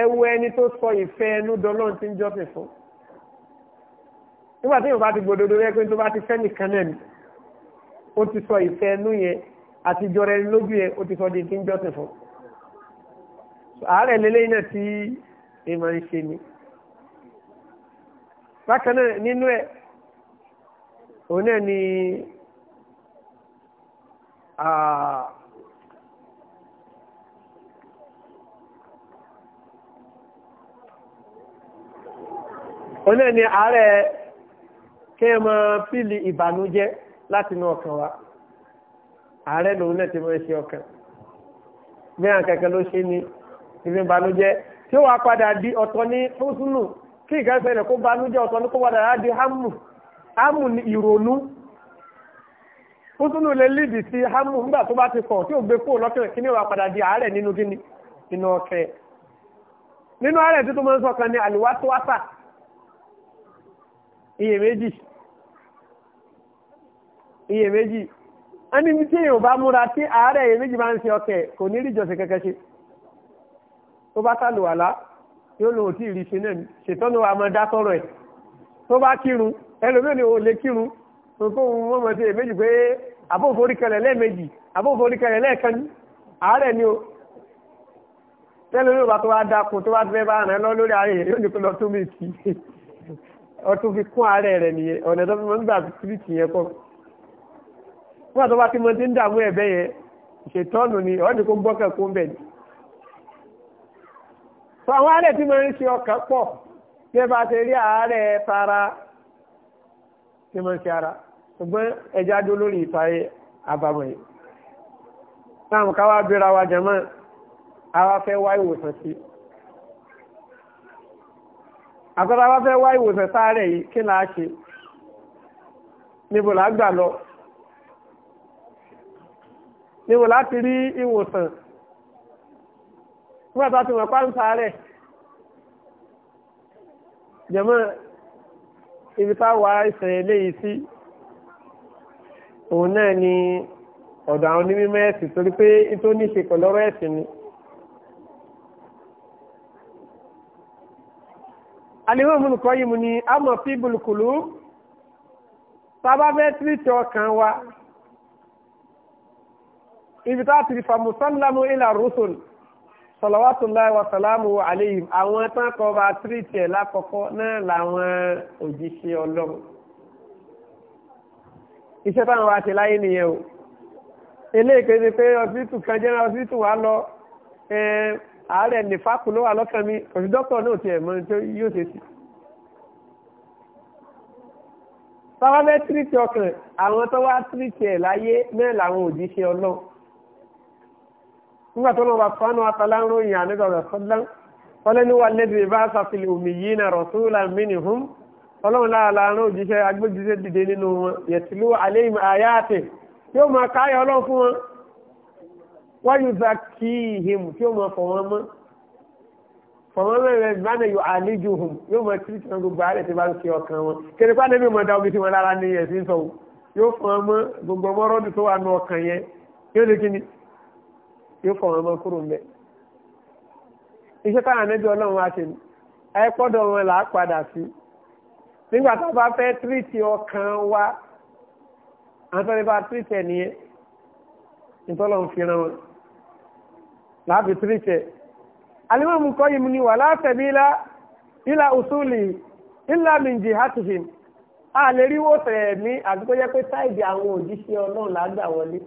ẹwu ẹni tó sọ ìfẹ́ ẹnu dọ́lọ́n ti ń jọ́sìn fún nígbà tí yorùbá ti gbòdodo rẹ pé tó bá ti fẹ́ nìkan náà ni ó ti sọ ìfẹ́ ẹnu yẹn àti ìjọra ẹni lójú yẹn ó ti sọ di ti ń jọ́sìn fún ààrẹ lélẹ́yìn náà ti ní máa ń ṣe ni bákan náà nínú ẹ̀ òun náà ni òun náà ni ààrẹ kí ẹ máa fíìlì ìbànújẹ́ láti inú ọkàn wa ààrẹ lòun náà ti máa ń ṣe ọkàn bí àwọn ló ṣe ni ìbànújẹ́ tí ó wà padà di ọ̀tọ̀ ní húsùnù kí ìgbésẹ̀ rẹ̀ kó banújẹ́ ọ̀tọ̀ ní kó padà á di hamu hamu ni ìrònú húsùnù lè lídì sí hamu nígbà tó bá ti kọ̀ tí ó gbé kúrò lọ́kẹ̀rẹ̀ kí ni ó wà padà di àárẹ̀ nínú gíní nínú nínú àárẹ̀ tó ní méjì. ẹni tí èèyàn múra tí àárẹ̀ ń kò ní rí ìjọsìn tó bá sàlùwàlá yóò lòun tí ìrì ṣe náà ṣètọ́nù wa máa dá sọ̀rọ̀ ẹ̀ tó bá kírun ẹlòmíràn ò lè kírun kókó wọn mọ̀ sí èméjì pé àbóforíkẹlẹ̀ lẹ́ẹ̀mejì àbóforíkẹlẹ̀ lẹ́ẹ̀kan àárẹ̀ ni o tẹ́lẹ̀ ló bá tó wá dákun tó wá fẹ́ bá rẹ̀ lọ lórí ààrẹ yóò ní kó lọ tún mí ọtún fi kún ààrẹ rẹ̀ nìyẹn ọ̀nà tó fi mọ́ nígbà tìrìtì yẹn kọ́ nígbà tó bá ti mọ ti ń dààmú ẹ̀bẹ́ yẹn ìṣètọ́nù ni ọ̀ọ́nì kó gbọ́kẹ̀ kó ń bẹ̀ ni fún àwọn àárẹ̀ tí mo ń ṣe ọkàn pọ̀ bí ẹ bá ṣe rí àárẹ̀ tara tí mo ń ṣe ara ṣùgbọ́n ẹja dó lórí ìtayé àbàmọ̀ yìí táwọn ká wá bíra wa jẹ̀mọ́ àwa fẹ́ wá ìwòsàn sí i àkọ́tà wa fẹ́ wá ìwòsàn sáré yìí kí là á ṣe níbo là á gbà lọ níbo láti rí ìwòsàn nígbà tó a ti mọ̀ pa ń fa rẹ̀ jẹ̀mọ́ ibi tá a wà ìṣẹ̀lẹ̀ eléyìí sí òun náà ni ọ̀dọ̀ àwọn onímọ̀ ẹ̀sìn torí pé tó ní ṣe ẹ̀sìn ni. alimọ̀ mu nìkan yìí mu ni a mọ̀ fi bulukulu sábà ọkàn wa ibi tá a ti fa musalamu ila rusul sọlọ́wọ́tòláì wàsálàmù àlẹ́yìn àwọn tán kọ́ bá tírìtì ẹ̀ lákọ̀ọ́kọ́ náà làwọn òjíṣẹ́ ọlọ́run iṣẹ́ táwọn wa ṣe láyé nìyẹn o eléèké ni pé ọsibítù kan jẹ́ ọsibítù wa lọ ààrẹ nífàkù ló wà lọ́kàn mi òsì dókítà náà tiẹ̀ mọ tó yóò ṣe sí. sábà bẹ́ẹ̀ tírìtì ọkàn àwọn tó wá tírìtì ẹ̀ láyé náà làwọn òjíṣẹ́ ọlọ́run nígbà tó lọ́wọ́ fánú àtàlá ń ròyìn àníbà rẹ̀ sọ́dán ọlẹ́ ní wà lẹ́dí bá sàfilẹ̀ omi yìí na rọ̀súlà mínì hùm ọlọ́run láàlá ń rán òjíṣẹ́ agbójíṣẹ́ dìde nínú wọn yẹ̀tìlú àléhìm àyáàtì yóò máa káyọ̀ ọlọ́run fún wọn wáyù zakihim tí yóò máa fọ̀ wọn mọ́ yóò fọ àwọn ọmọ kúrò ń bẹ iṣẹ́ táwọn ànábì Ọlọ́run wá ṣe ni ẹ pọ́dọ̀ wọn là á padà sí nígbà tá a bá fẹ́ tírìtì ọkàn wa àtọ́ni bá tírìtì ẹ̀ nìyẹn nítorí wọn láàbì tírìtì ẹ̀ alimami kọ́ yìí mu ni wà láfẹ̀mí la ilà usuli ilà min jihatihim a lè rí wọ́sẹ̀ ní àdúgbò yẹ pé táìdì àwọn òjíṣẹ́ Ọlọ́run là á gbà wọlé.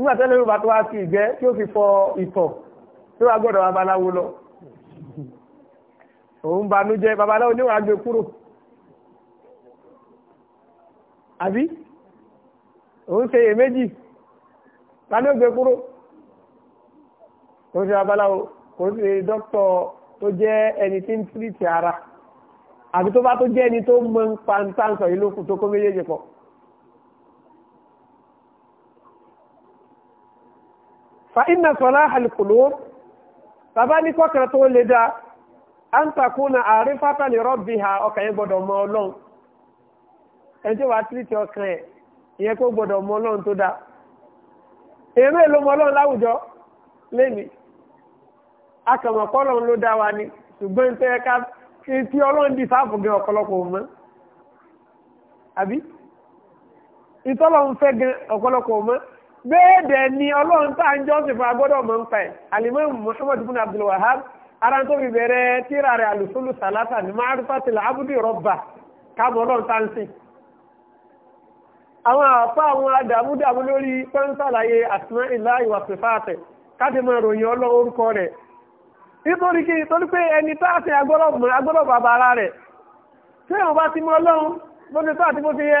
nígbà tẹ́lẹ̀ yóò bá tó wá sí ìgbẹ́ tí ó fi fọ ìtọ̀ tí wàá gbọ́dọ̀ babaláwo lọ òun banújẹ́ babaláwo ni wàá gbé kúrò àbí òun ṣe iyèméjì ta ni ó gbé kúrò kò ṣe babaláwo kò ṣe dókítọ̀ tó jẹ́ ẹni tí ń tírìtì ara àbí tó bá tó jẹ́ ẹni tó mọ ń pa ń tó kó méjèèjì pọ̀. fa inna salahal qulub bàbá ní kọ́kàn tó lè dá an takuna arifata li rabbiha ọkàn yẹn gbọ́dọ̀ mọ ọlọ́run ẹni tí wàá tìrìtì ọkàn ẹ̀ ìyẹn kó gbọ́dọ̀ mọ ọlọ́run tó dáa èrè ló mọ ọlọ́run láwùjọ lẹ́ni akàmọ̀kọ́ ọlọ́run ló dá wa ni ṣùgbọ́n ní tẹ́yẹ ká tí ọlọ́run dì sáàfù gan ọ̀pọ̀lọpọ̀ mọ́ àbí ìtọ́lọ́run fẹ́ gan ọ̀pọ̀lọpọ̀ mọ́ bẹ́ẹ̀ ni ọlọ́run tá à ń jọ́sìn fún agbọ́dọ̀ mọ̀ ń pa ẹ̀ alimami muhammadu bin abdul wahab ara tó fi bẹ̀rẹ̀ tíra rẹ̀ alùsùlù sàlátà ní ọlọ́run tá à ń sìn. àwọn àwọn adàmúdàmú lórí pẹ́ńsàlàyé asma'illahi máa ròyìn ọlọ́run orúkọ rẹ̀. nítorí kí pé ẹni tá a sin agbọ́dọ̀ bàbá ara rẹ̀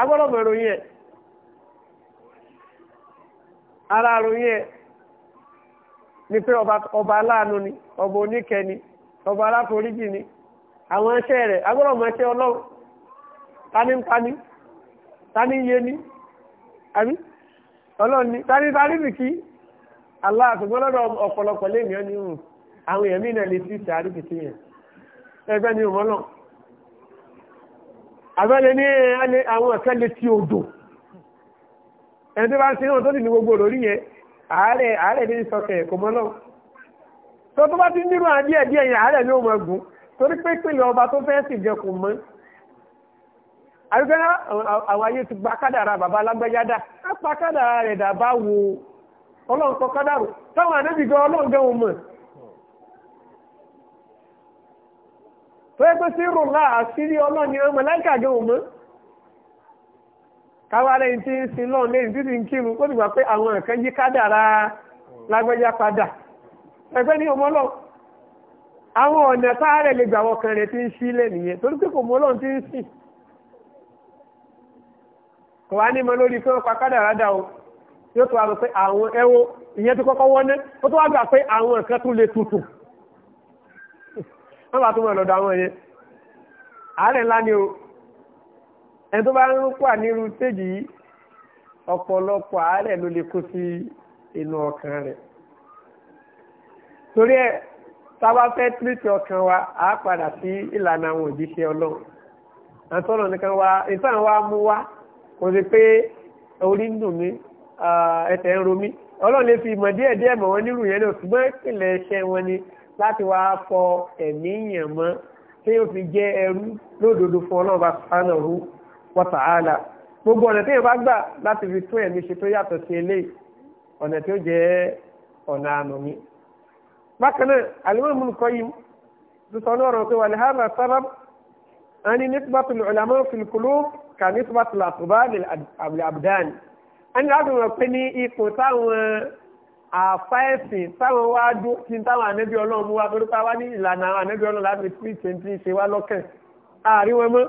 agbọ́dọ̀ mọ̀ ìròyìn ẹ̀ ara ìròyìn ẹ̀ ni pé ọba aláàánú ni ọba ni ọba aláforíjì ni àwọn ẹṣẹ́ rẹ̀ agbọ́dọ̀ mọ̀ ọlọ́run tani ń ni àbí ọlọ́run ni tani tani aláàtúgbọ́n lọ́dọ̀ ọ̀pọ̀lọpọ̀ lẹ́yìn ọ́ àwọn èèyàn mí náà lè fi ṣe àríkìtì yẹn ẹgbẹ́ ni àbẹ́lẹ̀ ní àwọn ẹ̀kẹ́lẹ̀ tí odò ẹni tó bá ń náà tó sì ní gbogbo lórí yẹn ààrẹ ààrẹ ní sọkẹ̀ kò mọ́ tó tó bá ti nírú àdíẹ̀ díẹ̀ yẹn ààrẹ ní òun ọgbùn torí pé ọba tó fẹ́ sì jẹ kò mọ́ àwọn ayé ti gba kádàrà bàbá á pa kádàrà rẹ̀ dà bá wo kádàrò táwọn wọn mọ̀ fẹ́ pé sí àṣírí ọlọ́ni ọmọ láìka gan òmọ káwá lẹ́yìn tí ń sin lọ́n lẹ́yìn tí ń kírun ó dìgbà pé àwọn nǹkan yí kádàrá lágbẹ́já padà ẹgbẹ́ ní ọmọlọ́ àwọn ọ̀nà lè gbà rẹ̀ ti ń nìyẹn torí pé kò ti ń sìn kò wá ní mọ lórí dà wọ́n bá tó mọ̀ lọ́dọ̀ àwọn yẹn àárẹ̀ ńlá ni o ẹni tó bá ń wà nírú stéèjì yìí ọ̀pọ̀lọpọ̀ àárẹ̀ ló lè kó sí inú ọkàn rẹ̀ torí ẹ sábà fẹ́ tírìtì ọkàn wa á padà sí ìlànà àwọn òjíṣẹ́ ọlọ́run àtọ́nà nìkan wa ìtàn wa mú wa kò sí pé orí ń dùn mí ẹsẹ̀ ń ọlọ́run lè fi ìmọ̀ díẹ̀díẹ̀ mọ̀ wọ́n nírú yẹn láti wá fọ ẹ̀mí yàn mọ́ tí yóò fi jẹ́ ẹrú lódodo fún ọlọ́run bá subhanahu wa ta'ala gbogbo ọ̀nà tí yóò bá gbà láti fi tún ẹ̀mí ṣe tó yàtọ̀ sí eléyìí ọ̀nà tí ó jẹ́ ọ̀nà àná ni. bákan náà alimami Qayyim tuntun ní ọ̀rọ̀ pé wà ní sábà a ní nisbatul ulama fil qulub ka nisbatul àtùbá lil abdan a ní láti mọ̀ pé ní ipò táwọn àfáẹ̀sìn táwọn wá dún tí táwọn ànẹ́bí ọlọ́run mú wá pẹ̀lú táwa ní ìlànà àwọn ànẹ́bí ọlọ́run láti pín ìtẹ̀ntì ṣe wá lọ́kàn àárín wọn mọ́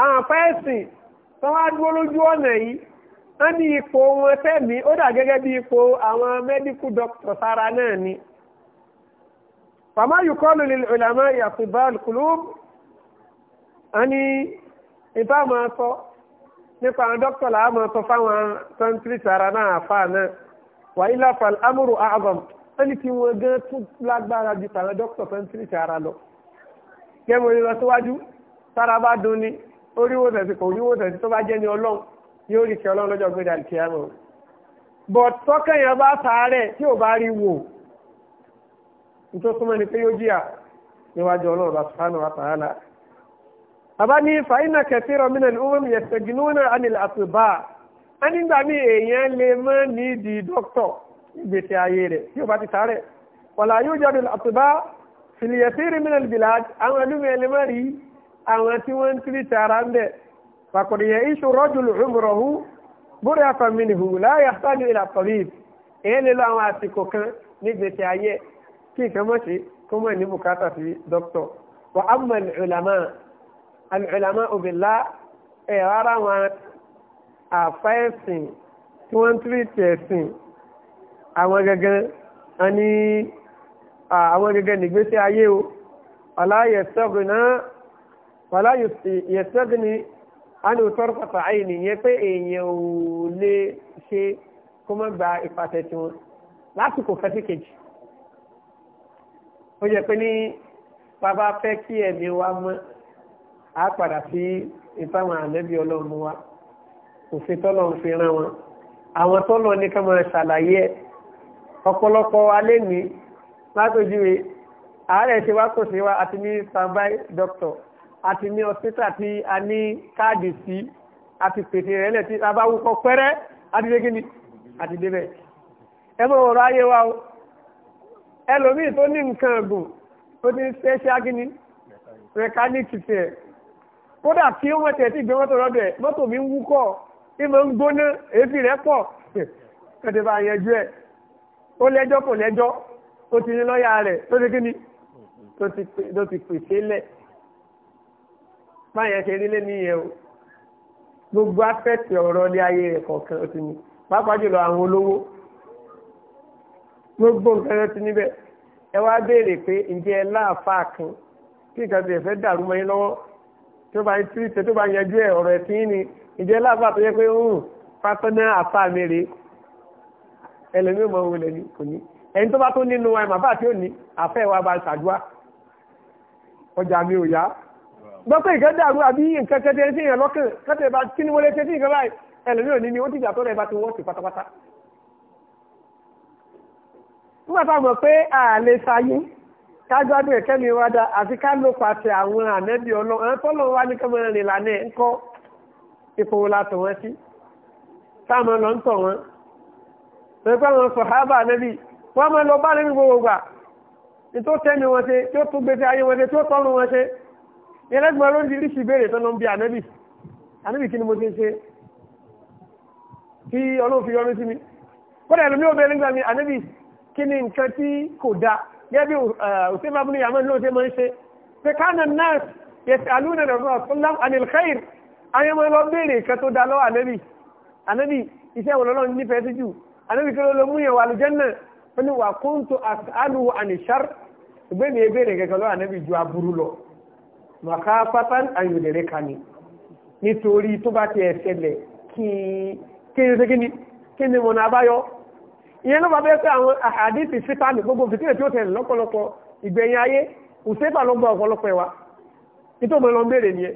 àwọn àfáẹ̀sìn tó wá dúró lójú ọ̀nà yìí wọ́n ní ipò wọn tẹ̀mí ó dà gẹ́gẹ́ bí ipò àwọn mẹ́díkù dọ́kítọ̀ sára náà ni. fama yukọ́lù lil ulama yaqbal qulub wọ́n ní ìbá máa sọ nípa àwọn dọ́kítọ̀ làá máa sọ fáwọn tọ́ńtírì sára náà àfáà náà wàhálà fal amúrù àgọm ẹni tí wọn gan tún lágbára ju tàwọn dókítà tó ń tiri ti ara lọ gẹ́gẹ́ bí wọ́n síwájú tára bá dun ni oríwó tẹ̀sí kò oríwó tẹ̀sí tó bá jẹ́ ní ọlọ́run yóò rí kí ọlọ́run lọ́jọ́ gbé kí á mọ̀ bọ̀ tọ́kẹ́yìn bá sàárẹ̀ tí ò bá rí wò nítorí ni pé yóò jìyà níwájú ọlọ́run bá sùpánù wa tààlà. bàbá ní fàyínà kẹfì rọmìnà ní mi yẹsẹ̀ a nígbà mí èèyàn lè mọ́ nídìí dókítọ̀ ìgbésẹ̀ ayé rẹ̀ tí ó bá ti sáré wàlá yóò jáde àtúbá fìlìyẹ̀sìrì mìíràn bìlà àwọn ẹlúmi ẹni má rí àwọn tí wọ́n ń tiri tààrà ń bẹ̀ fàkùrìyẹ iṣu rọ́jùlù ìmùrọ̀hù bórí afẹ́mìnìhù láyà sáájú ìlà tọ̀lìb èyí lè lọ àwọn àsìkò kan ní gbèsè ayé kí nǹkan mọ̀ sí kó mọ̀ ní bùkátà sí dókítọ̀ wà á mọ̀ ìlàmà ìlàmà òbílà àfa ẹ̀sìn tí wọ́n ń tírìtì ẹ̀sìn àwọn gẹ́gẹ́ ẹni àwọn gẹ́gẹ́ nìgbésí ayé o wàláyẹ̀sẹ́gùn ní anìtọ́rọ̀pàtà àìní yẹn pé èèyàn ò lè ṣe kó mọ́ gba ìpàtẹ tí wọn lásìkò fẹ́tí kejì ó jẹ́ pé ní bàbá fẹ́ kí ẹ̀mí wa mọ́ á padà sí ìtàwọn ànẹ́bí ọlọ́run wa òfin tọ́lọ̀ ń fi ran wọn àwọn tọ́lọ̀ ní ká máa ṣàlàyé ẹ̀ ọ̀pọ̀lọpọ̀ alẹ́ ní látòjúwe ààrẹ ṣe wá kò sí wa àti ní standby doctor àti ní hospital tí a ní káàdì sí àti pèsè rẹ̀ lẹ̀ tí a bá wúkọ́ pẹ́rẹ́ àti dé kíni àti débẹ̀ ẹ mọ̀ ọ̀rọ̀ ayé wa o ẹlòmíì tó ní nǹkan ọ̀gùn tó ní special kíni mẹkáníìkì tiẹ̀ kódà tí ó tẹ̀ tí gbé mọ́tò rọ́bẹ̀ mọ́tò mi ń wúkọ́ ní mo ń gbóná èéfì rẹ̀ pọ̀ kẹ̀tẹ̀ bá yanjú ẹ̀ ó lẹ́jọ́ kò lẹ́jọ́ ó ti ní lọ́ọ̀yà rẹ̀ tó ti kíni tó ti pèsè lẹ̀ báyẹn ṣe rí lẹ́nu yẹn o gbogbo afẹ́tẹ̀ ọ̀rọ̀ ní ayé rẹ̀ kọ̀ọ̀kan ó ti ní pàápàá jùlọ àwọn olówó gbogbo nǹkan rẹ̀ ti níbẹ̀ ẹ wá béèrè pé ǹjẹ́ ẹ láàfáà kan kí nǹkan ti ẹ̀fẹ́ dàrú mọ́ yín lọ́wọ́ tó bá ń tírìtẹ́ tó ìjẹ́ láàbà tó yẹ pé ń rùn pátánà àfa mi rè ẹlẹ́mìí mọ̀ ni kò ní ẹni tó bá tó nínú wa màbá tí ó ní àfẹ́ wa bá ṣàdúrà ọjà mi ò yá gbọ́ pé ìkẹ́ dàrú àbí nǹkan kẹtẹ sí èèyàn lọ́kàn kẹtẹ bá kí ni wọlé ṣe sí nǹkan báyìí ẹlẹ́mìí ò ní ni ó ti jà tó rẹ̀ bá ti wọ́ọ̀sì pátápátá nígbà tá a mọ̀ pé àlè sáyé kájọ́dún ẹ̀kẹ́ mi wá dá àfi ká ló pàṣẹ àwọn ànẹ́bí ọlọ́run àwọn tọ́lọ́ wa ní kọ́mọ ipò wo látọ̀ wọn sí táwọn lọ ń tọ̀ wọn pẹ̀lú àwọn sọ̀hábà nẹ́bí wọ́n máa lọ bá nẹ́bí gbogbo gbà tó tẹ́ni wọn ṣe tó tún gbèsè ayé wọn ṣe tó tọ́nu wọn ṣe ẹlẹ́gbọ̀n ló ń di ríṣì béèrè tó lọ ń bi ànẹ́bì ànẹ́bì kí ni mo ṣe ṣe kí ọlọ́run fi yọrí sí mi kódà ẹlòmí ò bẹ̀rẹ̀ nígbà mi ànẹ́bì kí ni nǹkan tí kò da gẹ́gẹ́ òṣèlú abúlé yàmọ́ ní lóòótọ́ máa ń ṣe pé káàna àwọn ọmọ lọ béèrè nǹkan tó da lọ́wọ́ ànábì ànábì iṣẹ́ wọn lọ́lọ́run nífẹ̀ẹ́ sí jù ànábì kí ló lọ mú yẹn wà àlùjánnà ó ní wà kóńtò àlù ànìṣàr ìgbé mi béèrè kankan lọ́wọ́ ànábì ju aburú lọ màkà pátán àyùnlẹ̀rẹ̀ kan ni nítorí tó bá ti ẹ̀ ṣẹlẹ̀ kí kí ni ṣe kí ni kí ni mọ̀nà àbáyọ ìyẹn ló bá bẹ́ẹ̀ pé àwọn àdìsí fítàmì gbogbo fìtílẹ̀ tí ó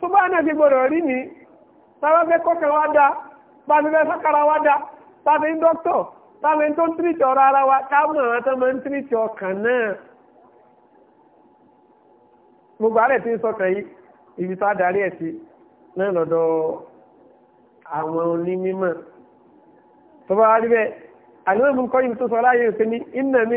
tó bá náà ti gbọ́dọ̀ rí mi táwa fẹ́ kọ́kẹ́ wá dá bá mi fẹ́ sákàrà wá dá bá mi ń dọ́kítọ̀ bá mi tó ń tírìtì ọ̀rọ̀ ara wa káwọn àwọn tó máa ń tírìtì ọkàn náà gbogbo ààrẹ tí ń sọkàn yìí ibi tó adarí ẹ̀ sí náà lọ́dọ̀ àwọn onímọ̀ tó bá wá rí bẹ́ẹ̀ àlùmọ́ọ̀mù kọ́ yìí tó sọ láyé òfin ní ìnà mi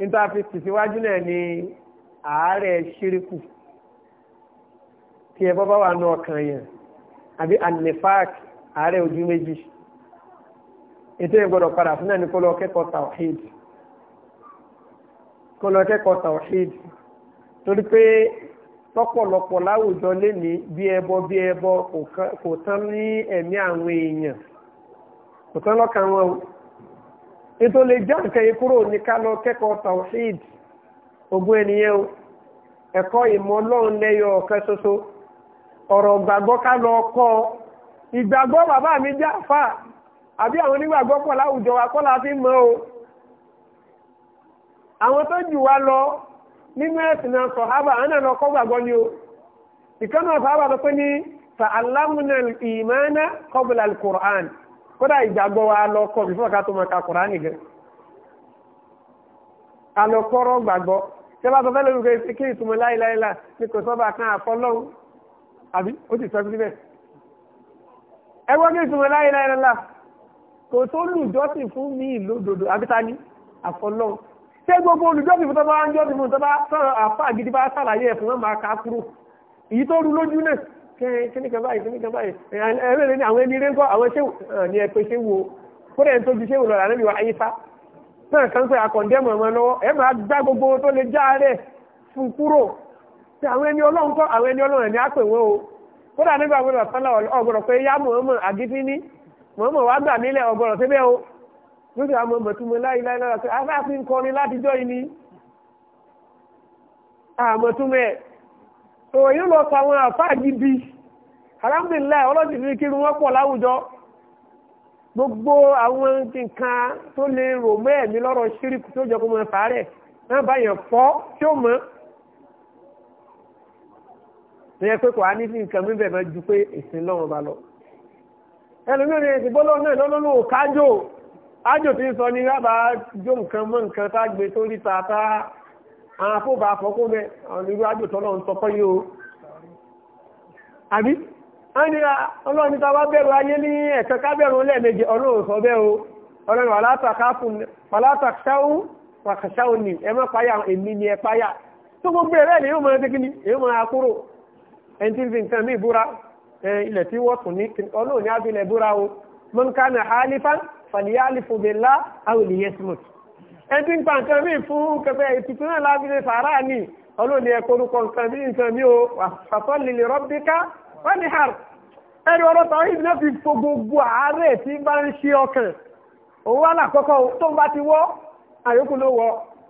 níta fi tìsíwájú náà ni àárẹ̀ ṣíríkù tí ẹ bọ́ bá wà ní ọkàn yẹn àbí anifak àárẹ̀ ojú méjì ètò ìgbọ́dọ̀ padà fún náà ní kó lọ kẹ́kọ̀ọ́ tawhid kó lọ kẹ́kọ̀ọ́ tawhid torí pé lọ́pọ̀lọpọ̀ láwùjọ lénìí bí ẹbọ bí ẹbọ kò tán ní ẹ̀mí àwọn èèyàn kò tán lọ́kàn wọn o ètò lè já nǹkan yìí kúrò ní ká lọ kẹ́kọ̀ọ́ tawhid ogún ènìyàn o ẹ̀kọ́ ìmọ̀ ọlọ́run lẹ́yọ ọ̀kan ṣoṣo ọ̀rọ̀ gbàgbọ́ ká lọ kọ́ ọ ìgbàgbọ́ bàbá mi jẹ́ àfà àbí àwọn onígbàgbọ́ pọ̀ láwùjọ wa kọ́ la fi mọ̀ o àwọn tó jù wá lọ nínú ẹ̀sìn náà sàhábà àwọn náà lọ kọ́ gbàgbọ́ ni o ìkànnà sàhábà tó pé ní fa alámúnà ìmánà kọ́bùlà kódà ìgbàgbọ́ wa lọ kọ́ bí fọ́ọ̀ká tó mọ ká Kùránì gan alọ́kọ́rọ́ gbàgbọ́ tí a bá sọ fẹ́lẹ́ lùgẹ́ kí ìtumọ̀ láìláìlá ní kò sọ́ba kan àfọlọ́hún àbí ó ti sọ síbẹ̀ ẹ gbọ́ kí ìtumọ̀ láìláìlá kò tó lùjọ́sìn fún mi lódodo àbí ta ni àfọlọ́hún ṣé gbogbo olùjọ́sìn fún tọ́ba ń jọ́sìn fún tọ́ba sọ̀rọ̀ àfa àgídí bá sàlàyé ẹ̀ fún wọn máa ká kúrò èyí tó rú lójú náà kíni kan báyìí kíni kan báyìí ẹ̀rọ ní àwọn ẹni rékọ́ àwọn ṣéwù ní ẹ̀pẹ́ ṣéwù o kódà ẹni tó ju ṣéwù lọ́la níbi wa ayífá náà kan pé akọ̀ndẹ́mọ̀ ọmọ lọ́wọ́ ẹ máa gbá gbogbo tó lè já rẹ̀ fún kúrò pé àwọn ẹni ọlọ́run kọ́ àwọn ẹni ọlọ́run ẹ̀mí á pè wọ́n o kódà níbi àwọn ọ̀gbọ̀dọ̀ sọ́lá ọ̀gbọ̀dọ̀ pé yá mọ̀ọ́mọ̀ àgífíní mọ̀ọ́mọ̀ wá gbà nílẹ̀ ọ̀gbọ̀dọ̀ síbẹ̀ o lórí àwọn ọmọ tó mọ láyé láyé lára pé afáàfin kọrin látijọ́ yìí ni àmọ̀túnmẹ́ òun yóò lọ sọ àwọn àfáà gidi alhamdulilayi ọlọ́dún ní kí wọ́n pọ̀ láwùjọ gbogbo àwọn nǹkan tó lè rò mẹ́ẹ̀mí lọ́rọ̀ ṣíríkù tó jọ kó mọ fàárẹ̀ náà báyẹn fọ́ tí ó mọ́ ìyẹn pé kò á ní sí nǹkan mi bẹ̀rẹ̀ ju pé ìsìn lọ́wọ́ bá lọ. ẹlòmíràn ní ìsìn bọ́lọ́ náà lọ́lọ́lọ́ kájò ájò tí ń sọ ní rábàá jó nǹkan mọ́ nǹkan tá gbé sórí ta tá àwọn afọ́bà afọ́kó bẹ àwọn irú àjò tọ́lọ́ ń sọpọ́ yìí o àbí wọ́n ní ọlọ́run níta wá bẹ̀rù ayé ní ẹ̀kan ká bẹ̀rù lẹ́ẹ̀mejì ọlọ́run sọ bẹ́ẹ̀ o ọlọ́run alátakàṣáwù pàkàṣáwù ni ẹ má páyà èmi ni ẹ páyà tó gbogbo ẹ̀rẹ́ ni yóò máa dégbé ni èyí máa kúrò ẹni tí ń fi nǹkan mí búra ilẹ̀ tí wọ́n tún ní ọlọ́run ní abilẹ̀ búra o mọ́nkánà hálífà fàlíyálífò bẹ̀lá àwọn ènìyàn smith ẹni tí ń pa nǹkan míì fún kẹfẹ ìtùtù náà lábílẹ sàárà ni ọlọ́ọ̀ni ẹ̀kọ́ orúkọ nǹkan míì nǹkan míì o àfọ́ lílẹ̀ rọ́bíkà wọ́n ní hàr ẹni ọ̀rọ̀ tàwọn yìí náà fi fo gbogbo àárẹ̀ tí bá ń ṣe ọkàn òun wà lákọ́kọ́ tó ń bá ti wọ́ àyókù ló wọ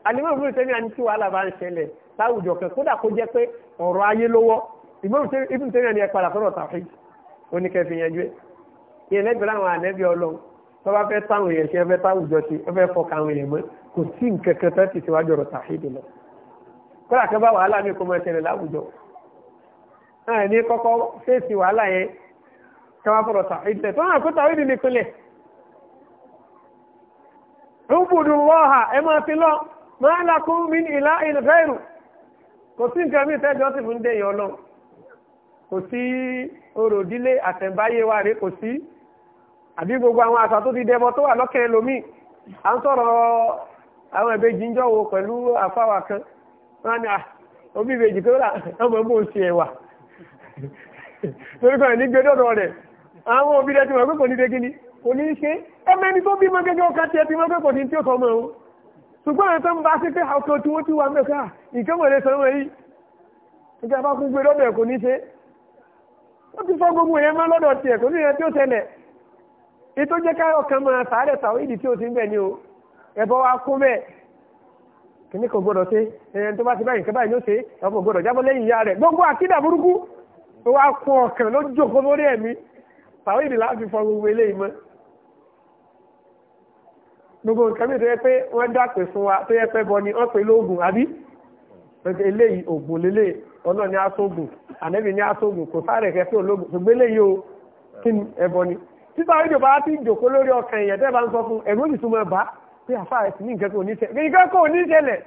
àlìmọ́ ìbúrú tẹ́mi àní tí wàhálà bá ń ṣẹlẹ̀ láwùjọ kan kódà kó jẹ́ pé ọ̀rọ̀ ayé ló wọ́ ìbúrú tẹ́mi àní ẹ̀ padà sọ̀rọ̀ kò sí nǹkan kan tó ti ṣèwádìí ọ̀rọ̀ tàhídì lọ kódà kan bá wàhálà ní kó máa ṣẹlẹ̀ láwùjọ náà ní kọ́kọ́ fèsì wàhálà yẹn kí wọ́n fọ̀rọ̀ tàhídì lẹ̀ tó hàn kó tàhídì ní ìpínlẹ̀ rúbùdù wọ́ọ̀hà ẹ máa fi lọ máa lakún mi ní ìlà ìlẹ̀fẹ́rù kò sí nǹkan mi ìfẹ́jọ́ sì fún déyìn ọlọ́run kò sí ọ̀rọ̀ àtẹ̀báyé wa rèé kò sí àbí gbogbo àwọn àṣà tó ti dẹbọ tó wà lọ́kẹ́ lomi à ń sọ̀rọ̀ àwọn ìbejì ń wo pẹ̀lú àfáwà kan wọ́n ní òbí ìbejì tó rà ọmọ bó ṣe ẹ̀wà lórí kan ní gbé dọ́dọ̀ rẹ̀ àwọn òbí rẹ̀ ti mọ̀ pé kò ní dé kíní kò ní ṣe tó gẹ́gẹ́ ọkà tiẹ̀ ti mọ̀ pé kò ní tí ó sọ ọmọ o ṣùgbọ́n àwọn tó ń bá sí pé ọkọ̀ tí wọ́n ti wà mẹ́ka nǹkan wọ̀lẹ̀ yìí ẹbọ wa kún bẹ́ẹ̀ kìnní kò gbọdọ ṣe ẹyẹn tó bá ti báyìí kẹbáyìí ló ṣe ọmọ gbọdọ jábọ lẹ́yìn ìyá rẹ̀ gbogbo àkídà burúkú ó wá kún ọkàn ló jókòó lórí ẹ̀mí tàwọn ìdìlá mi tó yẹ pé fún wa tó yẹ pé bọ ni pè lóògùn àbí eléyìí ògùn ni ni kò sáré o kí ni ẹbọ ni títà ìdìbò ti jòkó lórí ọkàn èèyàn tẹ́ bá ń sọ fún ẹ̀rú pé àfáà rẹ̀ sì ní nǹkan kò ní ṣẹlẹ̀ nǹkan kò ní ṣẹlẹ̀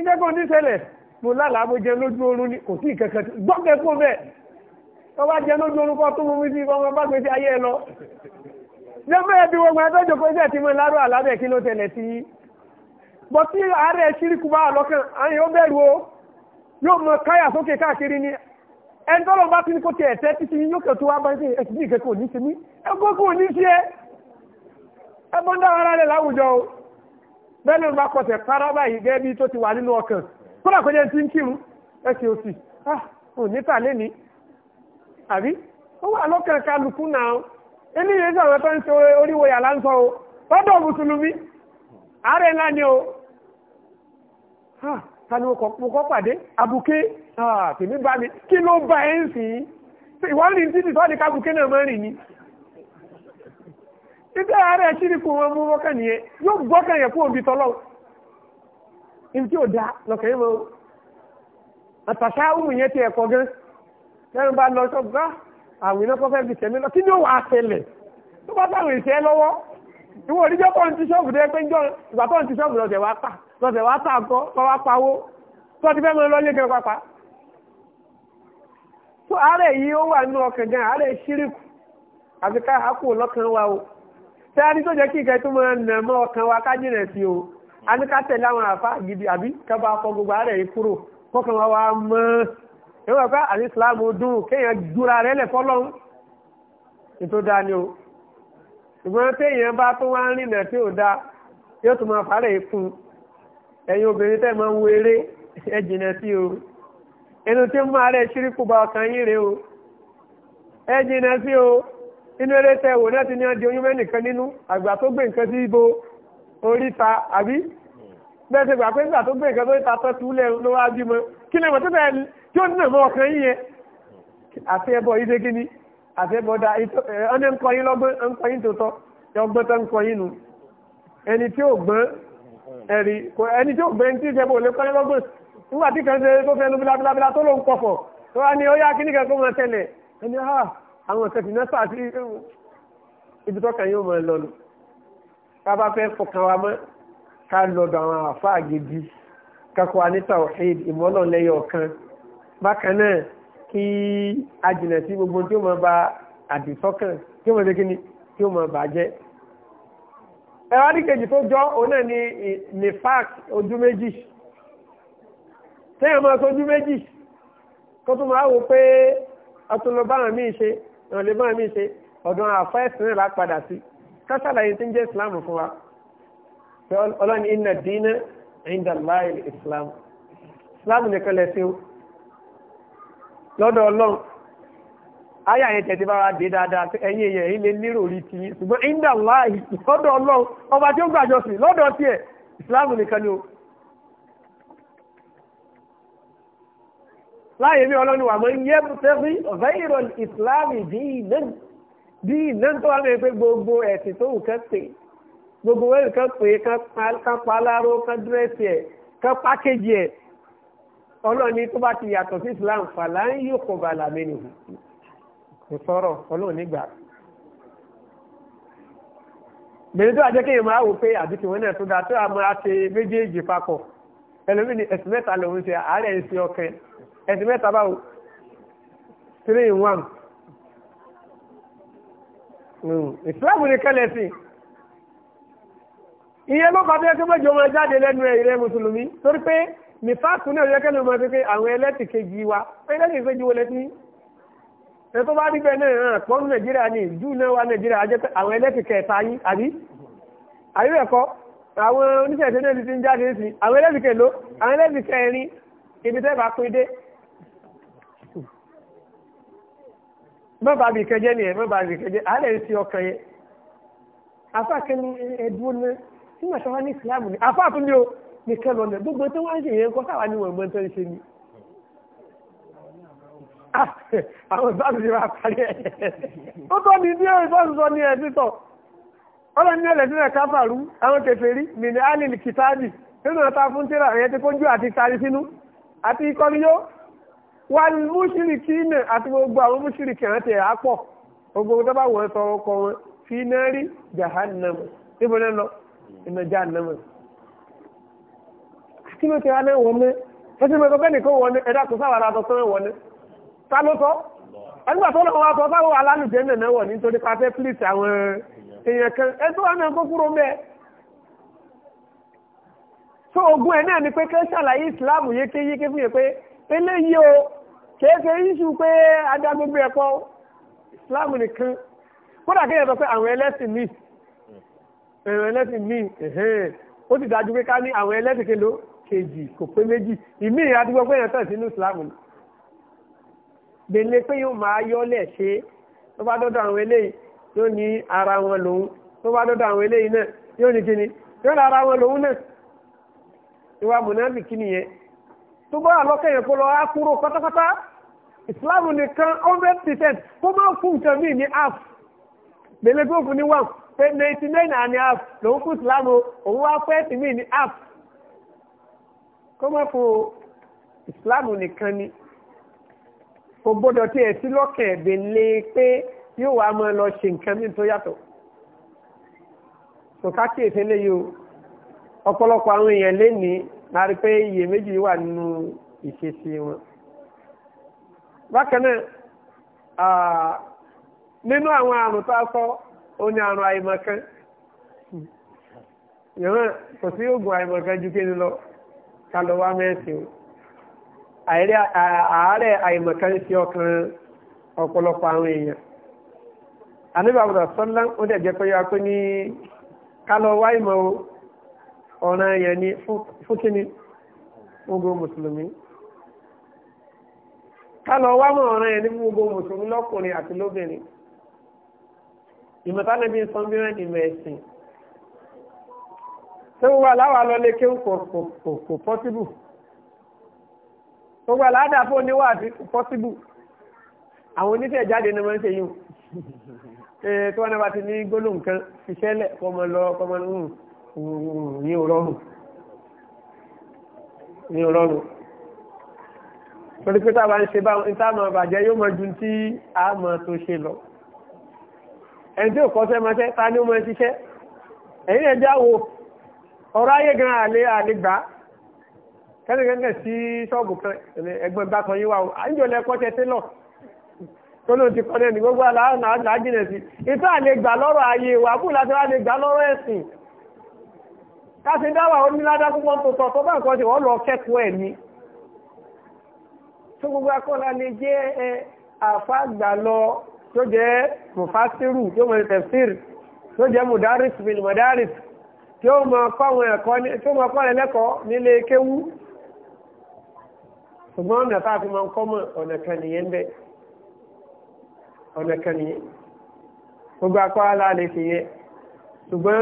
nǹkan kò ní ṣẹlẹ̀ mo lálàá mo jẹ lójú oorun ni kò sí nǹkan kan gbọ́kẹ́ kó bẹ́ẹ̀ wọ́n bá jẹ lójú oorun kọ́ tó mú mi sí ọmọ bá gbé sí ayé ẹ lọ. lẹ́fẹ́ ẹ bí wọ́n gba ẹgbẹ́ ìjòkó iṣẹ́ tí mo lárú àlábẹ̀ kí ló tẹ̀lẹ̀ sí bọ́ tí ààrẹ ṣíríkù bá lọ́kàn àyìn bẹ̀rù o yóò mọ káyà sókè káàkiri ni ẹni tọ́lọ́ bá ti ní kó tiẹ̀ tẹ́ títí yóò kẹ́ tó ẹbọ ń dáwọn aráàlẹ̀ láwùjọ o bẹ́ẹ̀ náà bá kọsẹ̀ párábà yìí gẹ́gẹ́ bí tó ti wà nínú ọkàn kódà kó jẹ́ ti ń kírun ẹsẹ̀ òsì ah níta lẹ́ni àbí ó wà lọ́kàn kálukú náà eléyìí sọ àwọn tó ń ṣe oríwo yàrá ń sọ o lọ́dọ̀ mùsùlùmí àárẹ̀ ńlá ni o ah, tani mo kọ́ pàdé abuké ah, tèmi bá mi kí ló bá ẹ̀ ń sìn ìwọ́n rìn títì sọ́ọ̀dì kábuké náà máa rìn ni. ibi ààrẹ ṣíríkù wọn mú wọ́kàn nìyẹn yóò gbọ́kàn yẹn fún òbí tọ́lọ́ ibi tí ò da lọ́kàn mọ́ àtàṣà ti ẹ̀kọ́ gan lẹ́nu bá lọ sọ gbá àwìn náà kọ́fẹ́ fi tẹ̀mí lọ kí ni ó wà á tẹ̀lẹ̀ tó bá ìṣẹ́ lọ́wọ́ ìwọ ṣọ́ọ̀bù pé ṣọ́ọ̀bù tẹ́rí tó jẹ́ kí ìkẹ́ tó máa nà mọ́ ọkàn wa ká o a ní ká tẹ̀lé àwọn gidi àbí kẹba fọ gbogbo kúrò wa mọ́ islam dùn kéèyàn dúra rẹ̀ lẹ̀ fọ́lọ́run ètò dáa ni o ṣùgbọ́n téèyàn bá tó wá ń tí ò dáa yóò tún máa fàárẹ̀ ẹ̀yin obìnrin tẹ́ máa ń ẹ jìnà sí o rẹ̀ ṣírí o ẹ jìnà inú eré tẹ wò náà ti ní ọdí oyún mẹ́nìkan nínú àgbà tó gbé nǹkan sí ibo oríta àbí bẹ́ẹ̀ ṣe gbà pé nígbà tó gbé nǹkan tó ta tọ́ túlẹ̀ ló wá bímọ kí lè mọ̀ tó bẹ́ẹ̀ tí ó dínà mọ́ ọkàn yín yẹn àti ẹbọ yìí ṣe ni àti ẹbọ da ọ́nà ń kọ yín lọ́gbọ́n ń kọ yín tó tọ́ ọgbọ́n tó ń kọ yín nu ẹni tí ò gbọ́n ẹ̀rí ẹni tí ò gbọ́n tí ìṣẹ́bù ò lè kọ́ lọ́gbọ́n nígbà tí kan ṣe tó fẹ́ lu bílábílábílá tó ló ń pọ̀fọ̀ tó wá ní ó yá kíníkan kó máa tẹ̀lẹ̀ ẹni ah àwọn kan ti ná sáà sí ibi tọ́kàn yóò máa lọ nù ká bá fẹ́ fọkàn wa mọ́ ká lọ́dọ̀ àwọn àfáà gidi kakọ̀ anita ọ̀hìn ìmọ̀lọ́lẹ́yọ̀ ọ̀kan bákan náà kí a sí gbogbo tí ó máa ba àdìsọ́kàn tí ó máa dékíní tí ó máa bàjẹ́. ẹ̀wá ní tó jọ òun náà ni nifak ojú méjì téèyàn máa sojú méjì kó tó máa wò pé ọtún lọ báwọn wọn lè máa mi ṣe ọ̀dọ̀ àfẹ́ ẹ̀sìn náà lápadà sí kásàlàyé tí ń jẹ́ islam fún wa pé ọlọ́ni iná dínà ìdàláì islam islam nìkan lẹ́sìn o lọ́dọ̀ ọlọ́run ayé àyẹ̀ tẹ̀sí bá wa dé dáadáa pé ẹ̀yin èèyàn yìí lè lérò orí ti yín ṣùgbọ́n ìdàláì lọ́dọ̀ ọlọ́run ọba tí ó gbàjọ sí lọ́dọ̀ tiẹ̀ islam nìkan ni o láàyè mi ọlọ́ni wà mọ́ yẹ́ tẹ́fí ọ̀fẹ́yìrọ̀ ìsìláàmù bí iná tó wà lóye pé gbogbo ẹ̀sìn tó wù kán pè gbogbo wẹ́rì kán pè kán pa aláró kán dírẹ́sì ẹ̀ kán pákéjì ẹ̀ ọlọ́ni tó bá ti yàtọ̀ sí islam fàlà ń yí kò bàlà mi nì kò sọ̀rọ̀ ọlọ́run nígbà. bẹ̀rẹ̀ tó àjẹ́ kéèyàn máa wò pé àdìsí wọn náà tó dáa ẹ̀sìn mẹ́ta báwo three in one hmm. ìsìláàmù ní kẹ́lẹ̀ sí iye ló kọ́ bí ẹ tó mọ́jọ máa jáde lẹ́nu ẹ̀ ilẹ̀ mùsùlùmí torí pé nífàkùn náà yẹ kẹ́lẹ̀ máa pé àwọn ẹlẹ́tì kejì wa ẹlẹ́tì kejì wo lẹ́tí ẹ tó bá rí bẹ́ẹ̀ náà hàn pọ́n nàìjíríà ní ìjú náà wà nàìjíríà jẹ́ pé àwọn ẹlẹ́tì kẹta yín àbí àbí bẹ́ẹ̀ kọ́ àwọn oníṣẹ́ ìṣẹ́ náà ti ń jáde sí àwọn ẹlẹ́tì kẹló àwọn ẹlẹ́tì kẹrin ibi tẹ́ bá pín dé mọba bi kẹjẹ ni ẹ mọba bi kẹjẹ alẹ ń fi ọkàn yẹ afa kẹni ẹdúró ní tí màá sọ wá ní ìsìlámù ni afa àtúndì o ní kẹlọ ní gbogbo tó wá ń ṣe yẹn kọ sáwà ní wọn gbọ́n tó ń ṣe ni. Ah, *laughs* àwọn ìbámu ti máa parí ẹ ó tọ́ ni bí ìbámu sọ ní ẹbí tọ̀ ọlọ́ni ní ẹlẹ́sìn náà káfàrú àwọn kẹfẹ́rí mìíràn alìlì kìtáàbì nínú ọ̀tá fún tíra ẹ̀yẹ ti kójú àti tari sínú àti ikọ́ ni yóò wà ní mùsùlùkì náà àti gbogbo àwọn mùsùlùkì àti ẹ̀ àpọ̀ gbogbo tó bá wọ́n sọ ọkọ̀ wọn fi náà rí jahannama níbo náà lọ iná jahannama. kí ló ti wá náà wọ́n mẹ́ ẹtí mi kọ́ bẹ́ẹ̀ni kó wọ́n ní ẹ̀dá tó sáwàrà àtọ̀ tó wọ́n ní ta ló sọ ẹgbà tó lọ́wọ́ àtọ̀ sáwọ́ alálùjẹ́ náà náà wọ̀ nítorí pàṣẹ pílìsì àwọn èèyàn kan ẹtọ́ wọn náà kó ogun ẹ̀ náà ni pé kẹ́ ṣàlàyé ìsìláàmù yékéyéké fún yẹn pé eléyìí o kéèké yíṣu pé ajá gbogbo ẹ̀kọ́ Islam nìkan kódà kéèyàn sọ pé àwọn ẹlẹ́sìn míì àwọn ẹlẹ́sìn míì ó ti dájú pé ká ní àwọn ẹlẹ́sìn kelo kejì kò pé méjì ìmí ìyàdúgbò pé èèyàn tẹ̀ sínú Islam ni gbèlè pé yóò máa yọ́lẹ̀ ṣe tó bá dọ́dọ̀ àwọn eléyìí yóò ní ara wọn lòun tó bá dọ́dọ̀ àwọn eléyìí náà yóò ní kíni yóò ní ara wọn lòun náà ìwà mùnáfíkí nìyẹn tó bá àlọ́kẹ́ yẹn kó lọ á kúrò pátápátá ìsìláàmù nìkan hundred percent tó máa fún nǹkan míì ní half gbèlè tó fún ní one pé ninety nine and a half lòun fún ìsìláàmù òun wá pẹ́ tì míì ní half kó má fún ìsìláàmù nìkan ni kò gbọ́dọ̀ tí ẹ̀ sí lọ́kẹ̀ gbèlè pé yóò wá máa lọ ṣe nǹkan míì tó yàtọ̀ kò ká kíyèsí eléyìí o ọ̀pọ̀lọpọ̀ àwọn èèyàn lé máa rí iye iyèméjì wà nínú ìṣesí wọn. bákan nínú àwọn àrùn a sọ ó ní àrùn àìmọ̀kan yọ̀rọ̀ kò sí oògùn àìmọ̀kan ju kí ni lọ ká lọ wá o àárẹ̀ àìmọ̀kan sí ọkàn ọ̀pọ̀lọpọ̀ àwọn èèyàn àníbàbọ̀dọ̀ sọ́lá ó dẹ̀ jẹ́ pé yọ akó ní ká lọ wá ìmọ̀ o. Ona yani ni fún kíni gbogbo mùsùlùmí kálọ̀ wá yani ugo yẹn ní gbogbo mùsùlùmí lọ́kùnrin àti lóbìnrin ìmọ̀tá níbi sọ́nbíọ́n ìmọ̀ ẹ̀sìn tó wà láwà lọlé kí kò pọ́síbù tó wà ládàá fún oníwà àti pọ́síbù àwọn oníṣẹ́ jáde ni wọ́n ń ṣe yìí *laughs* tó wọn náà wá ti ní gbólóhùn kan ṣiṣẹ́ lẹ̀ kọ́mọ lọ kọ́mọ nù ní ọlọ́run ní ọlọ́run torí pé táwa ń ṣe bá ń táwọn àbàjẹ́ yóò mọ̀ ju tí a mọ̀ tó ṣe lọ ẹni tí ò kọ́ sẹ́mọ́ sẹ́ ta ni ó mọ̀ ẹ ṣiṣẹ́ ẹ̀yìn rẹ̀ jáwo ọ̀rọ̀ ayé gan àlè àlè gbà á kẹ́lẹ́gẹ́gẹ́ sí ṣọ́ọ̀bù kan ẹgbẹ́ bá kan yíwá o àyíjọ lẹ́kọ́ tẹ tẹ́lọ̀ tó ló ti kọ́ lẹ́nu gbogbo aláàjìnà sí ìtọ́ àlè gbà lọ́rọ̀ ayé wà káṣe dáwà ó ní ládá púpọ̀ tó tọ̀ tó bá nǹkan ṣe wọ́n lọ kẹ́kọ̀ọ́ ẹ̀ ni tó gbogbo akọ́lá lè jẹ́ ẹ àfàgbàlọ tó jẹ́ mufasiru tó mọ̀ tafsir tó jẹ́ mudaris bil madaris tó mọ̀ kọ́ àwọn ẹ̀kọ́ tó mọ̀ kọ́ ẹlẹ́kọ̀ọ́ nílé kéwú ṣùgbọ́n ọ̀nà tá a fi máa ń kọ́ mọ̀ ọ̀nà kan nìyẹn bẹ́ẹ̀ ọ̀nà kan nìyẹn gbogbo akọ́lá lè fi yẹ ṣùgbọ́n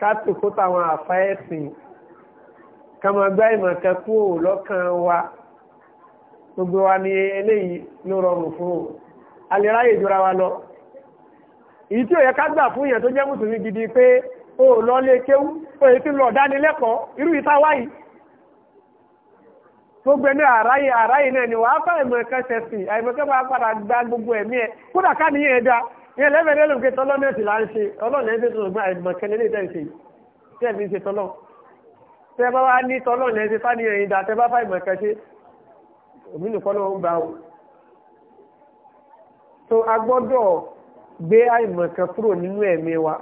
káàtì kó táwọn àfa ẹ̀sìn ká máa gbá ìmọ̀ kan kúrò lọ́kàn wa gbogbo wa ni eléyìí ló rọrùn fún o aléráyè jọra wa lọ èyí tí ò yẹ ká gbà fún èèyàn tó jẹ́ mùsùlùmí gidi pé o lọ lé kéwú o yẹ ti lọ dánilẹ́kọ̀ọ́ irú ìta wáyìí gbogbo ẹni àráyè àráyè náà ni wàá fà ìmọ̀ ẹ̀kẹ́ sẹ̀sìn àìmọ̀kẹ́ bá padà gba gbogbo ẹ̀mí ẹ̀ kódà ká ní ẹlẹ́bẹ̀rẹ́ ló ń ké tọ́lọ́ mẹ́tì là ń ṣe ọlọ́run ẹgbẹ́ tó gbọ́ àìmọ̀ kẹlẹ́ lè dẹ́ ṣe tẹ́ mi ṣe tọ́lọ́ tẹ́ bá wá ní tọ́lọ́ ní ẹsẹ̀ fáni ẹ̀yìn dà tẹ́ bá fà ìmọ̀ kẹṣe òmí nìkan ló ń gbà ó. tó a gbọ́dọ̀ gbé àìmọ̀ kan kúrò nínú ẹ̀mí wa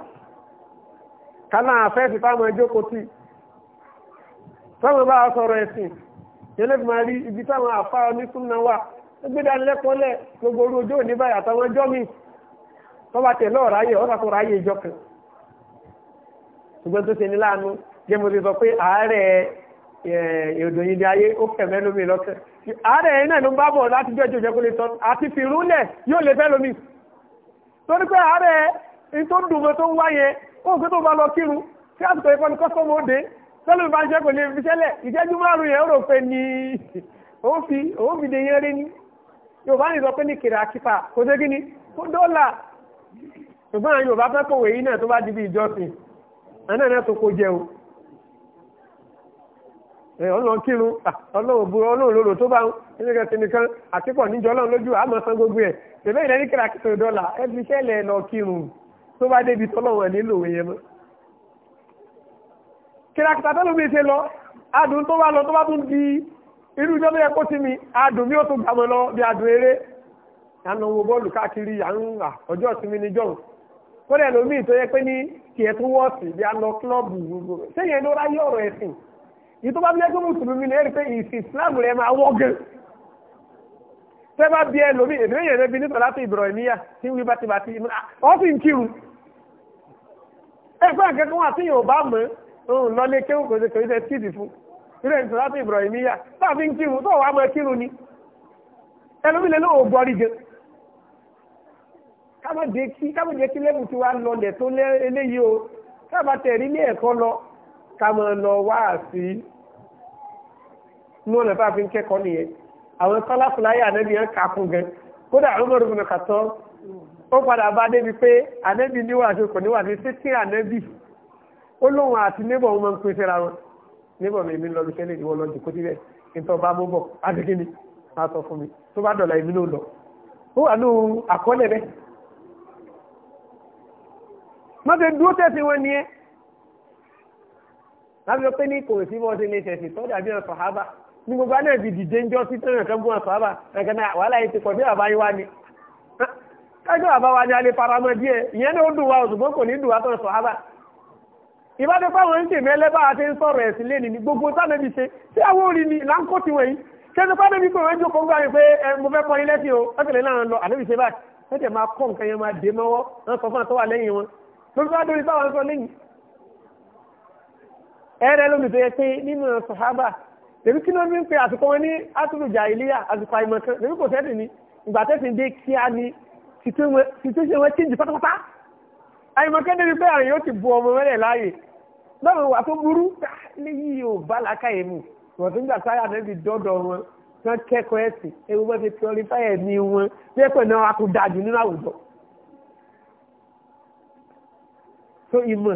kálá àfẹ́ fi fáwọn ẹjọ́ kò tí fáwọn bá sọ̀rọ̀ ẹ̀sìn tó bá tẹ̀ lọ́ọ̀ ráyè ọ̀rọ̀ tó ráyè ìjọ kan ṣùgbọ́n tó ṣe ní láàánú jẹ́ mo ti sọ pé ààrẹ èdò yìí ní ayé ó fẹ̀ mẹ́nu mi lọ́kẹ́ ààrẹ yìí náà ló ń bá bọ̀ láti jẹ́ ìjọ ìjẹ́kùn lè tọ́ àti fìrúlẹ̀ yóò lè fẹ́ lómi torí pé ààrẹ yìí tó dùn mọ́ tó ń wáyẹ ó ń tó bá lọ kírun tí àsìkò ìkọ́ni kọ́sọ́mù ó dé bá ń ṣe kò lè fi ṣẹlẹ̀ yẹn ó rò pé ní ṣùgbọ́n àwọn Yorùbá fẹ́ kòwé yìí náà tó bá di bí ìjọsìn àná náà tó kó jẹun ọlọ́run kírun ọlọ́run burú ọlọ́run lòlò tó bá ń nígbà tí nìkan àtìpọ̀ níjọ ọlọ́run lójú àmọ́ san gbogbo ẹ̀ ṣèlú ìlẹ́ni kíra kìtò dọ́là ẹ fi ṣẹlẹ̀ lọ kírun tó bá débi tọ́lọ́run ẹ̀ nílò òwe mọ́. kíra tó ló bí ṣe lọ adùn tó bá lọ tó bá tún di irú ìjọ bí ẹ sí mi adùn mi ó tún gbàmọ́ lọ bí adùn eré à ń bọ́ọ̀lù káàkiri kódà ẹlòmíì tó yẹ pé ní tiẹ̀ tó wọ́ọ̀sì bí a lọ kílọ̀bù gbogbo sẹ́yìn ló ráyé ọ̀rọ̀ ẹ̀sìn yìí tó bá bí ẹgbẹ́ mùsùlùmí lè rí pé ìsìn Islam rẹ̀ máa wọ́ gan tẹ́ bá bí ẹlòmíì èdè yẹn lẹ́bi nítorí láti ìbọ̀rọ̀ ìníyà tí wí bàtìbàtì ah, ọ́ sì ń kírun ẹgbẹ́ àkẹ́kọ̀ọ́ àti Yorùbá mọ́ òun lọ lé kéwù kò ṣe kò ṣe tíìdì fún ilé ìtura tó ìbọ̀rọ̀ ìníyà táà fi ń kírun tó wàá mọ́ kírun kámọ̀dé kí kámọ̀dé kí lẹ́bù tí wàá lọlẹ̀ tó lé eléyìí o káàbà tẹ̀rí ilé ẹ̀kọ́ lọ kámọ̀ lọ wá sí inú ọ̀nà tá a fi ń kẹ́kọ̀ọ́ nìyẹn àwọn sálàfúláyà ànábì yẹn kà fún gan kódà àwọn ọmọ rògbòmọ̀ kàtọ́ ó padà bá débi pé ànábì níwà tó kò níwà tó títí ànábì ó lóun àti níbọ̀ wọn máa ń pín síra wọn níbọ̀ mi mi lọ lu sẹ́lẹ̀ ìwọ lọ́dún kó tilẹ̀ nítorí bá mú bọ̀ á kí ni má sọ fún mi tó bá dọ̀la ìmí ló lọ ó wà ní àkọọ́lẹ̀ bẹ́ẹ̀ wọ́n ti dúró tẹ̀sí wọn ni ẹ́ láti pé ní kò sí bọ́ọ̀sì ní tẹ̀sí tó dàbí àwọn sàhábà ní gbogbo àná ìbí dìde ń jọ sí tó yàn kán bú àwọn ẹ̀kẹ́ náà wàhálà yìí ti pọ̀ bí bàbá yín wá ni kájọ bàbá wa ni a lè faramọ́ díẹ̀ ìyẹn náà ó dùn wa òṣùgbọ́n kò ní dùn wa tó sàhábà ìbáde fáwọn ń tèmi ẹlẹ́bà àti ń sọ̀rọ̀ ẹ̀sìn lẹ́ni ní gbogbo sánẹ́bí ṣe tí àwọn orí ni là ń kó tiwọn yìí kẹ́sì fánẹ́bí pé wọ́n jókòó gbà mí pé mo fẹ́ kọ́ ilé tí o ọ̀tẹ̀lẹ́ náà lọ àlẹ́bí ṣe báyìí wọ́n tẹ̀ máa kọ́ nǹkan yẹn máa dé mọ́wọ́ wọ́n sọ fún àtọ́wà lẹ́yìn wọn lórí bá dórí báwọn sọ lẹ́yìn ẹ̀rẹ́ lómi tó yẹ pé nínú sọ̀hábà tèmi kí ló ń pe àsìkò wọn ní àtúrùjà ìléyà àsìkò àìmọ̀ kan tèmi kò sẹ́ẹ̀dì ni ìgbà tẹ́sí dé kí á ní situation wọn change pátápátá àìmọ̀ kan débi pé àrùn yóò ti bu ọmọ mẹ́rẹ̀ láàyè báwọn wà tó burú ah, léyìí ò bá làákàyè mu wọ́n tó ń gbà sáyà náà ti dọ́dọ̀ wọn tí wọ́n kẹ́kọ̀ọ́ ẹ̀sìn ewu wọn ti purify ẹ̀mí wọn bí ẹ̀pẹ̀ náà a kò dájú nínú àwùjọ. so ìmọ̀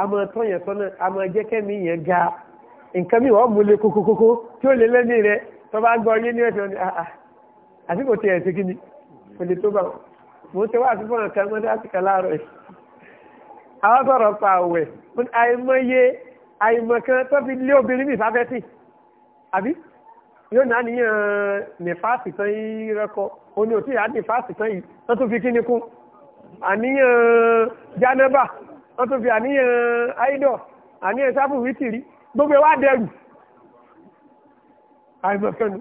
àmọ́ tán yẹn sọ́nà àmọ́ jẹ́ yẹn ga nǹkan mi wọ́n mú lé kókókókó tí ó lè lẹ́ni rẹ tó bá gbọ́ yé ní ẹ̀sìn ọ̀nà ah, ah, àti kò tiẹ̀ sí kí ni kò lè tó bá wọn. mo ti wá àtúntò àwọn kan mọ́tò àti kan láàárọ̀ àwọn sọ̀rọ̀ pa àwẹ̀ àìmọye àìmọ̀kan tó fi lé obìnrin mi sáfẹ́tì àbí yóò náà níyàn nífàsì tán yìí rẹ́kọ̀ ó ní òtí ìyá nífàsì tán yìí tó tún fi kí ni kún àníyàn jánábà wọ́n tún fi àníyàn áìdọ̀ àníyàn sáfù wítìrí gbogbo wa dẹrù àìmọ̀kẹ́nu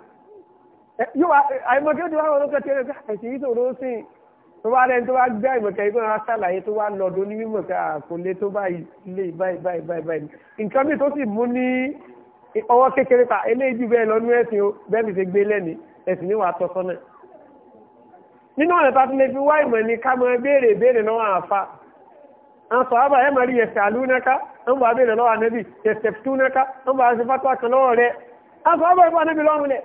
yóò àìmọ̀kẹ́ tí wọ́n lọ́kẹ́ tí ó lọ́kẹ́ àìsí yìí tòró sí tó bá rẹ̀ tó bá gbé àìmọ̀kẹ́ yìí tó wá sàlàyé tó wá lọ́dún ní mímọ̀ ká kò lé tó báyìí lé báyìí báyìí báyìí báyìí nǹkan mi tó sì mú ní ọwọ́ kékeré pa eléyìí jù bẹ́ẹ̀ lọ́nú ẹ̀sìn o bẹ́ẹ̀ mi ti gbé lẹ́ni ẹ̀sìn ní wàá tọ́sọ́nà nínú ọ̀nà tá a ti lè fi wá ìmọ̀ ni ká mọ béèrè béèrè náà àfa àwọn sọ̀hábà ẹ̀ máa rí ẹ̀sẹ̀ àlúnáká ń bá bèèrè lọ́wọ́ ànẹ́bì ẹ̀sẹ̀ túnáká ń bá ṣe fátúwà kan lọ́wọ́ rẹ̀ àwọn sọ̀hábà ẹ̀ bá ànẹ́bì lọ́rùn lẹ̀.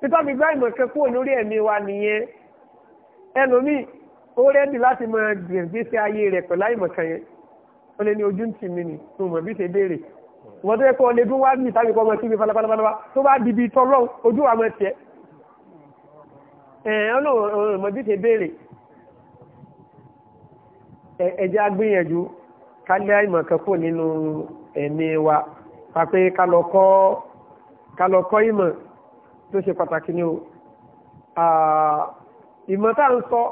títọ́ mi gbá ìmọ̀ kan kúrò lórí ẹ̀mí wa nìyẹn ẹlòmí ó rẹ́dì láti máa gbèsè ayé rẹ̀ pẹ̀lú àìmọ̀ kan yẹn ó lé ní ojú ń tì mí ni mo kọ́ ọmọ tí mi falapalapalapa tó ṣe béèrè ẹjẹ́ agbìyànjú ká lé àìmọ̀kan kò nínú ẹ̀mí wa pàpé ká ìmọ̀ tó ṣe pàtàkì ni o ìmọ̀ tá à ń sọ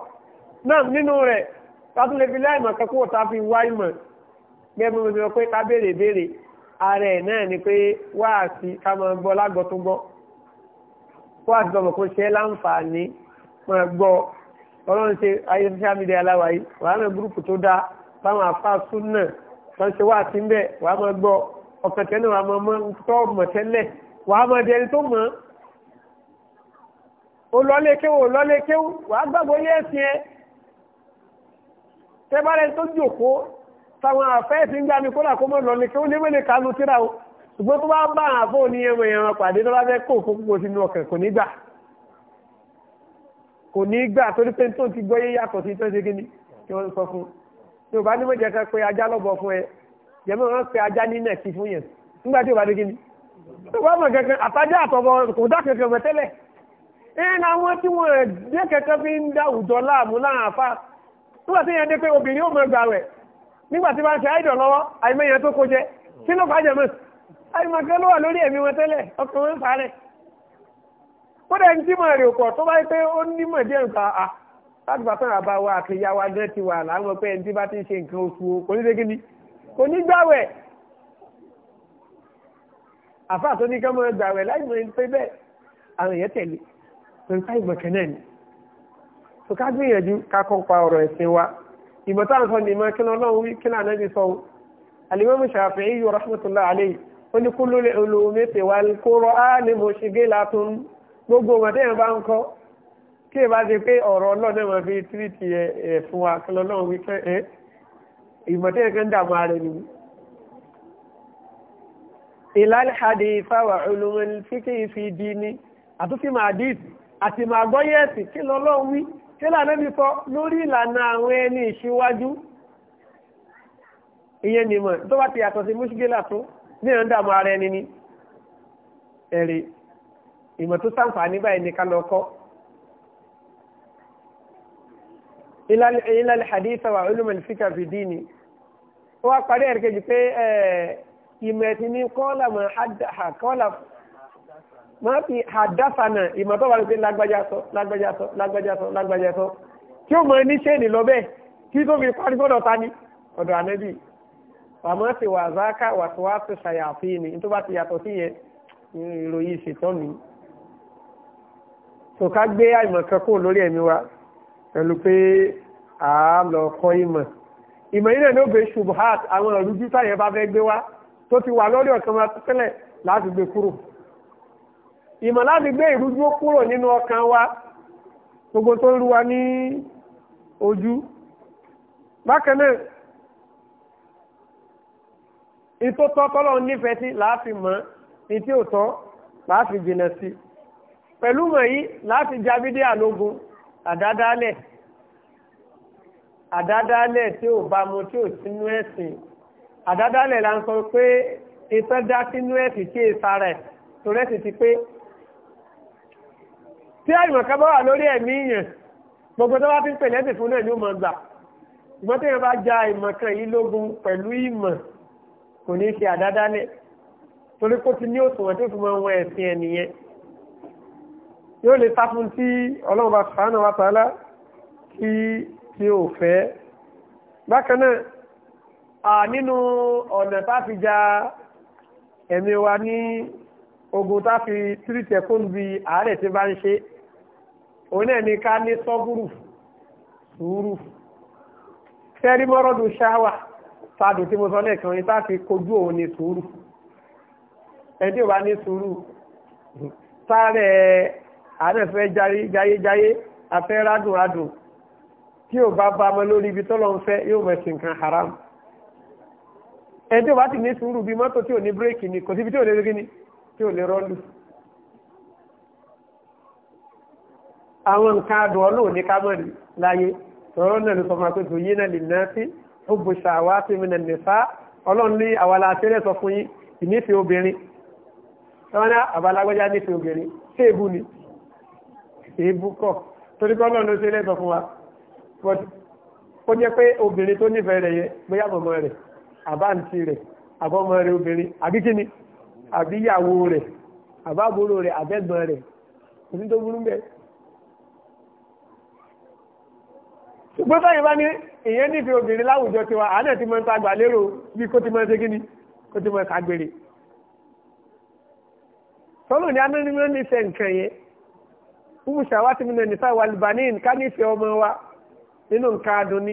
náà nínú rẹ̀ tátúlé fi lé àìmọ̀kan kò tá fi wá ìmọ̀ gẹ́gẹ́ bí mo pé ká béèrè béèrè ààrẹ náà ni pé wáàsí ká máa gbọ́ lágbọ́ tó gbọ́ wáàsí tọmọ kó ṣe láǹfààní máa gbọ́ ọlọ́run ṣe ayé social media aláwáyé wàá náà gúrùpù tó dáa báwọn afá súnà wọ́n ṣe wá sí mbẹ́ wàá máa gbọ́ ọkàn tẹ́lẹ̀ wàá máa mọ́ tọ́ mọ̀ tẹ́lẹ̀ wàá máa di ẹni tó mọ̀ ó lọ́lé kéwù ó lọ́lé kéwù wàá gbàgbọ́ yé ẹ̀sìn ẹ tẹ́bárẹ́ tó jòkó táwọn afẹ́ ti ń gbá kódà kó mọ̀ lọ́lé kéwù lémẹ́lẹ́ kánú tíra o ṣùgbọ́n tó bá bá àwọn àbọ̀ oníyẹ̀wò ẹ̀ràn pàdé tó kò ní gbà torí pé tó ti gbọ́yé yàtọ̀ sí tẹ́sí kí ni kí wọ́n sọ fún un tí o bá ní méje kan pé ajá lọ́bọ̀ fún ẹ jẹ́mọ́ wọn pe ajá ní nẹ̀kí fún yẹn nígbà tí o bá dé kí ni tó bá mọ̀ kankan àtajá àtọ̀bọ̀ kò dá kankan mọ̀ tẹ́lẹ̀ ẹ̀yìn àwọn tí wọ́n dé kankan fi ń dá àwùjọ láàmú láàrín àfa nígbà tí yẹn dé pé obìnrin kódà ẹni tí mọ̀ rẹ̀ pọ̀ tó bá yẹ pé ó nímọ̀ díẹ̀ nǹkan à láti bá sọ̀rọ̀ àbá wa àti ìyá wa dẹ́ ti wà láwọn pé ẹni tí bá ti ń ṣe nǹkan oṣù kò ní ṣégin ni kò ní gbàwẹ̀ àfa àtọ́ ní ká máa gbàwẹ̀ láì mọ̀ ẹni pé bẹ́ẹ̀ àwọn èèyàn tẹ̀lé pẹ̀lú ká ìmọ̀ kẹ́nẹ́ ni tó ká gbìyànjú ká kọ́ pa ọ̀rọ̀ ẹ̀sìn wa ìmọ̀ tá sọ ní ìmọ̀ kí lọ́lọ́run wí kí lànà gbogbo ọmọ tẹ́yìn bá ń kọ́ kí ìbá ṣe pé ọ̀rọ̀ ọlọ́dẹ máa fi tírìtì ẹ̀ fún wa kí lọ́lọ́run wí fẹ́ ẹ́ ìmọ̀ tẹ́yìn kan dààmú ara ẹni. ìlàlẹ́ àdé ìfáwà olùmọ̀ni fíkì fi di ni àtúntì máa dì àti máa gbọ́ yẹ̀sì kí lọ́lọ́run wí kí lànà mi sọ lórí ìlànà àwọn ẹni ìṣíwájú ìyẹn nìmọ̀ tó bá ti yàtọ̀ sí mùsùlùmí látó ní ẹ̀ ń dààmú ara ẹni ni ẹ̀rì ìmọ̀ tó sàǹfààní báyìí ní ká lọ kọ́ ilal hadith wa ulum al-fiqh fi dini ó wá parí ẹ̀rí kejì pé ìmọ̀ ẹ̀sìn ní kọ́lá mọ̀ kọ́lá mọ̀ fi hadathana ìmọ̀ tó wà ní pé lágbájá sọ lágbájá sọ lágbájá sọ lágbájá sọ tí ó mọ̀ ní ṣéènì lọ bẹ́ẹ̀ kí tó fi parí gbọ́dọ̀ ta ni ọ̀dọ̀ ànábì wàmọ́ sí wàzáká wàtíwá sí ṣàyàfíì ni tó bá ti yàtọ̀ sí yẹn ìròyìn ìṣètọ́ mi so ká gbé àìmọ̀ kan kúrò lórí ẹ̀mí wa pẹ̀lú pé a lọ kọ́ ìmọ̀ ìmọ̀ yìí náà ní òbí subhat àwọn ìrújú táyẹ̀ bá fẹ́ gbé wá tó ti wà lórí ọ̀kan wa tẹ́lẹ̀ láti gbé kúrò ìmọ̀ láti gbé ìrújú kúrò nínú ọkàn wa gbogbo tó ń rú wa ní ojú bákan náà ìtótọ́ tọ́lọ́ nífẹ̀ẹ́ sí láàfin mọ́ ní tí ò tọ́ láàfin jìnnà sí i pẹ̀lú wọ̀nyí láti jábídé àlógún àdádálẹ̀ àdádálẹ̀ tí ò bá mu tí ò sínú ẹ̀sìn àdádálẹ̀ la ń sọ pé ìtọ́ dá sínú ẹ̀sìn kí èsà rẹ̀ torí ẹ̀sìn ti pé tí àyùmọ̀ ká bá wà lórí ẹ̀mí yẹn gbogbo tó bá ti ń pè lẹ́sìn fún náà ni gbà ìgbọ́n tí wọ́n bá ja ìmọ̀ kan yìí lógún pẹ̀lú ìmọ̀ kò ní ṣe àdádálẹ̀ torí kó ti ní òṣùwọ̀n tó fi mọ wọn ẹ̀sìn ẹ̀ yóò lè sáfún tí ọlọ́run bá sàánà wa tààlà tí tí ò fẹ́ bákan náà nínú ọ̀nà tá fi ja ẹ̀mí wa ní ogun tá fi tírìtẹ̀ kó bí àárẹ̀ tí bá ń ṣe òun náà ni ká ní sọ́gùrù sùúrù fẹ́rí mọ́rọ́dù ṣáwà sáàdù tí mo sọ lẹ́ẹ̀kan yìí tá fi kojú òun ní sùúrù ẹ̀dí ò bá ní sùúrù sáré àárẹ̀ fẹ́ jayéjayé afẹ́ rádùnrádùn tí ò bá bá ọmọ lórí ibi tọ́lọ́ ń fẹ́ yóò mọ̀ sí haram ẹni tí ò bá ti ní sùúrù bí mọ́tò tí ò ní bírèkì ni kò síbi tí ò lè rí ni tí ò lè rọ́lù. àwọn nǹkan adùn ọlọ́run ní kámọ́rì láyé tọ́rọ́ náà ló sọ máa pé tòyé náà lè ná sí ó bu ṣàwá sí mi nà nìfà ọlọ́run ní àwàlà àtẹ́rẹ́ sọ fún yín ìnífẹ̀ẹ́ obìnrin tọ́wọ́n ní àbálágbájá nífẹ̀ẹ́ èébú kọ̀ torí kọ́ lọ́nà ṣe lẹ́tọ̀ fún wa but ó jẹ́ pé obìnrin tó nífẹ̀ẹ́ rẹ̀ yẹ bóyá mọ̀mọ́ rẹ̀ àbáǹtí rẹ̀ àbọ́mọ rẹ̀ obìnrin àbí kíni àbí ìyàwó rẹ̀ àbábòrò rẹ̀ àbẹ́gbọ̀n rẹ̀ òní tó burú bẹ́ẹ̀. ṣùgbọ́n táyì bá ní ìyẹn nífẹ̀ẹ́ obìnrin láwùjọ tiwa àánà ti máa ń tagbà lérò bí kó ti máa ṣe kíni kó ti máa kàgbèrè. sọ́lù ni anánímọ́ nífẹ̀ẹ́ nǹkan fún ṣàwátì mi nàní sáà wàlìbáníìn ká nífẹ̀ẹ́ ọmọ wa nínú nǹkan adùnní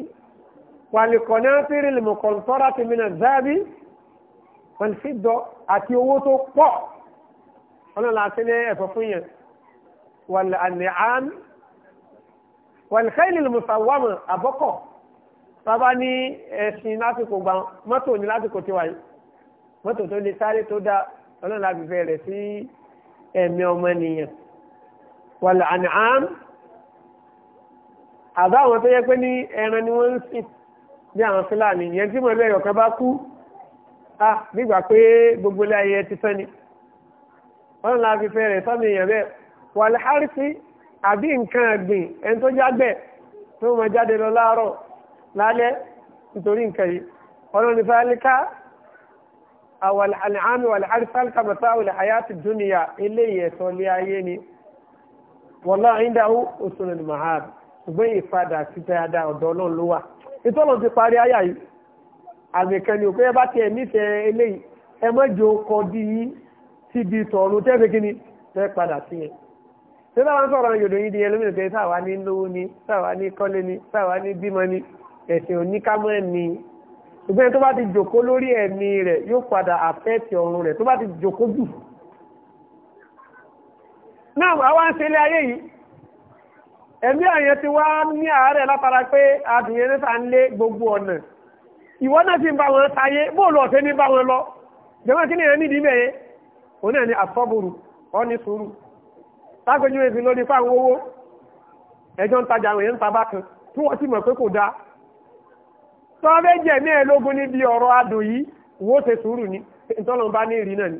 wàlìkọ̀nà fèrè lè mọ̀ kọ̀ǹtọ́rà ti mi nà záàbí wàlìfídọ̀ àti owó tó pọ̀ ọlọ́run àti ní ẹ̀fọ́ fún yẹn wàlì àní àán wàlìkẹ́yìn lè mọ̀ sàwọ́mọ̀ àbọ́kọ̀ bàbá ní ẹ̀sìn lásìkò gbà mọ́tò ní lásìkò tiwa yìí mọ́tò tó lè sáré tó dá ọlọ́run àbífẹ́ rẹ̀ sí ẹ̀mí ọmọ nìyẹn wàlẹ̀ àníhàn àbá àwọn tó yẹ pé ní ẹran ni wọ́n ń sìn bí àwọn fúlàní yẹn tí mo lé ọ̀kan bá kú a nígbà pé gbogbo ilé ayé ti tán ni wọ́n la fi fẹ́ rẹ̀ sọ́mi èèyàn bẹ́ẹ̀ wàlẹ̀ àrísí àbí nǹkan ẹ̀gbìn ẹni tó jágbẹ̀ tó mọ jáde lọ láàárọ̀ lálẹ́ nítorí nǹkan yìí ọlọ́run ní fáálíkà àwọn àlẹ́ àmì wàlẹ̀ àrísí fáálíkà wàlẹ̀ àyà ti dúnìyà eléyìí ẹ̀sọ́ ilé ayé ni wọ́lá ìdáhùn òṣèlú ní mahad ṣùgbọ́n ìpadà sí dáadáa ọ̀dọ̀ ọlọ́run ló wà ìtọ́lọ̀ ti parí àyà yìí àmì kan ni òpé ẹ bá ti ẹ̀ nífẹ̀ẹ́ eléyìí ẹ mọ́jọ kọ di yín síbi tọ̀ọ̀nù tẹ́fẹ́ kí ni tẹ́ padà sí yẹn ṣé báwọn sọ̀rọ̀ yòdò yìí di ẹlẹ́mìnì pé sáwa ní lówó ni sáwa ní kọ́lé ni sáwa ní bímọ ni ẹ̀sìn oníkámọ́ ẹ̀mí ṣùgbọ́n tó bá ti jòkó lórí ẹ̀mí rẹ̀ yóò padà àfẹ́ẹ̀tì ọ̀run rẹ̀ tó bá ti jòkó jù náà àwa ń ṣe ilé ayé yìí ẹ̀mí àyẹn ti wá ní ààrẹ látara pé adùn yẹn níta ń lé gbogbo ọ̀nà ìwọ náà ti ń bá wọn sáyé bóòlù ọ̀sẹ̀ ní bá wọn lọ jẹ́wọ́n kí ni ẹni dì í mẹ́yẹ òun náà ni àfọ́bùrù ọ́ní sùúrù lágbèjú èsì lórí fáwọn ẹ̀ ní ìrì náà ni.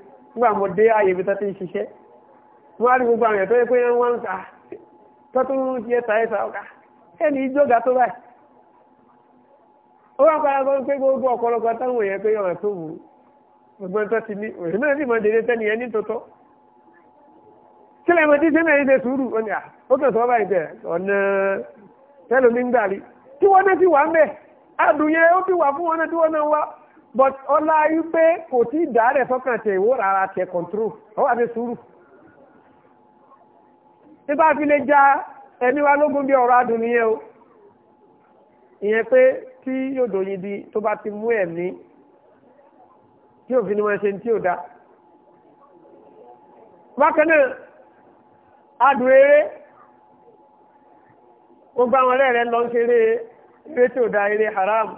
nígbà mo dé ààyè ti ń ṣiṣẹ́ mo gbogbo àwọn èèyàn ta tó tún ń ta ẹ̀ta ọ̀gá ẹni ìjọga tó báyìí ó wá padà sọ pé gbogbo ọ̀pọ̀lọpọ̀ táwọn èèyàn pé ọ̀rọ̀ tó wù ú gbogbo tó ti ní òṣèlú náà sì mọ dédé tẹ́ni ẹni tó tọ́ kílẹ̀ mọ̀ tí yìí ṣe sùúrù à ó ah, báyìí but ọlá ayú pé kò tí ì dàárẹ̀ sọ́kàn tẹ̀ ìwó rárá tẹ̀ control ọ wà ní sùúrù nígbà fi lè já ẹni wa lógún bí ọ̀rọ̀ adùn nìyẹn o ìyẹn pé tí yóò dòyin di tó bá ti mú ẹ̀mí tí òfin ni wọ́n ṣe tí ò da bákan náà adùn eré gbogbo àwọn ọ̀rẹ́ rẹ̀ lọ ṣeré eré tí ò da eré haram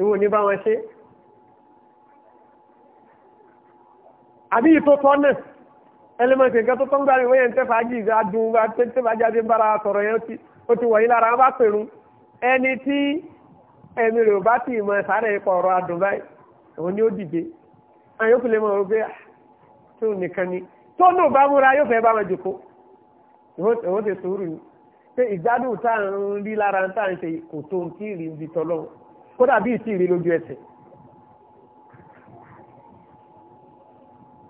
ìwò ní bá wọn ṣe àbí ìtò tọ́ náà ẹlẹ́mọ̀tì nǹkan tó tọ́ngbà rẹ̀ wọ́yẹ̀ ń tẹ́fà ájì ìgbádùn bá tẹ́fà jáde ń bára sọ̀rọ̀ yẹn ó ti wọ̀nyí lára bá pèrú ẹni tí ẹ̀mí rẹ̀ bá ti mọ̀ sáré ipa ọ̀rọ̀ adùn báyìí òun ni ó dìde àwọn ìwọ́n ah, ti sùúrù ni pé ìgbádùn táà ń rí lára táà ń ṣe kò tó ń kí ìrìn ibi tọ́lọ́wọ́ kódà bí ìtì ìrí lójú ẹsẹ̀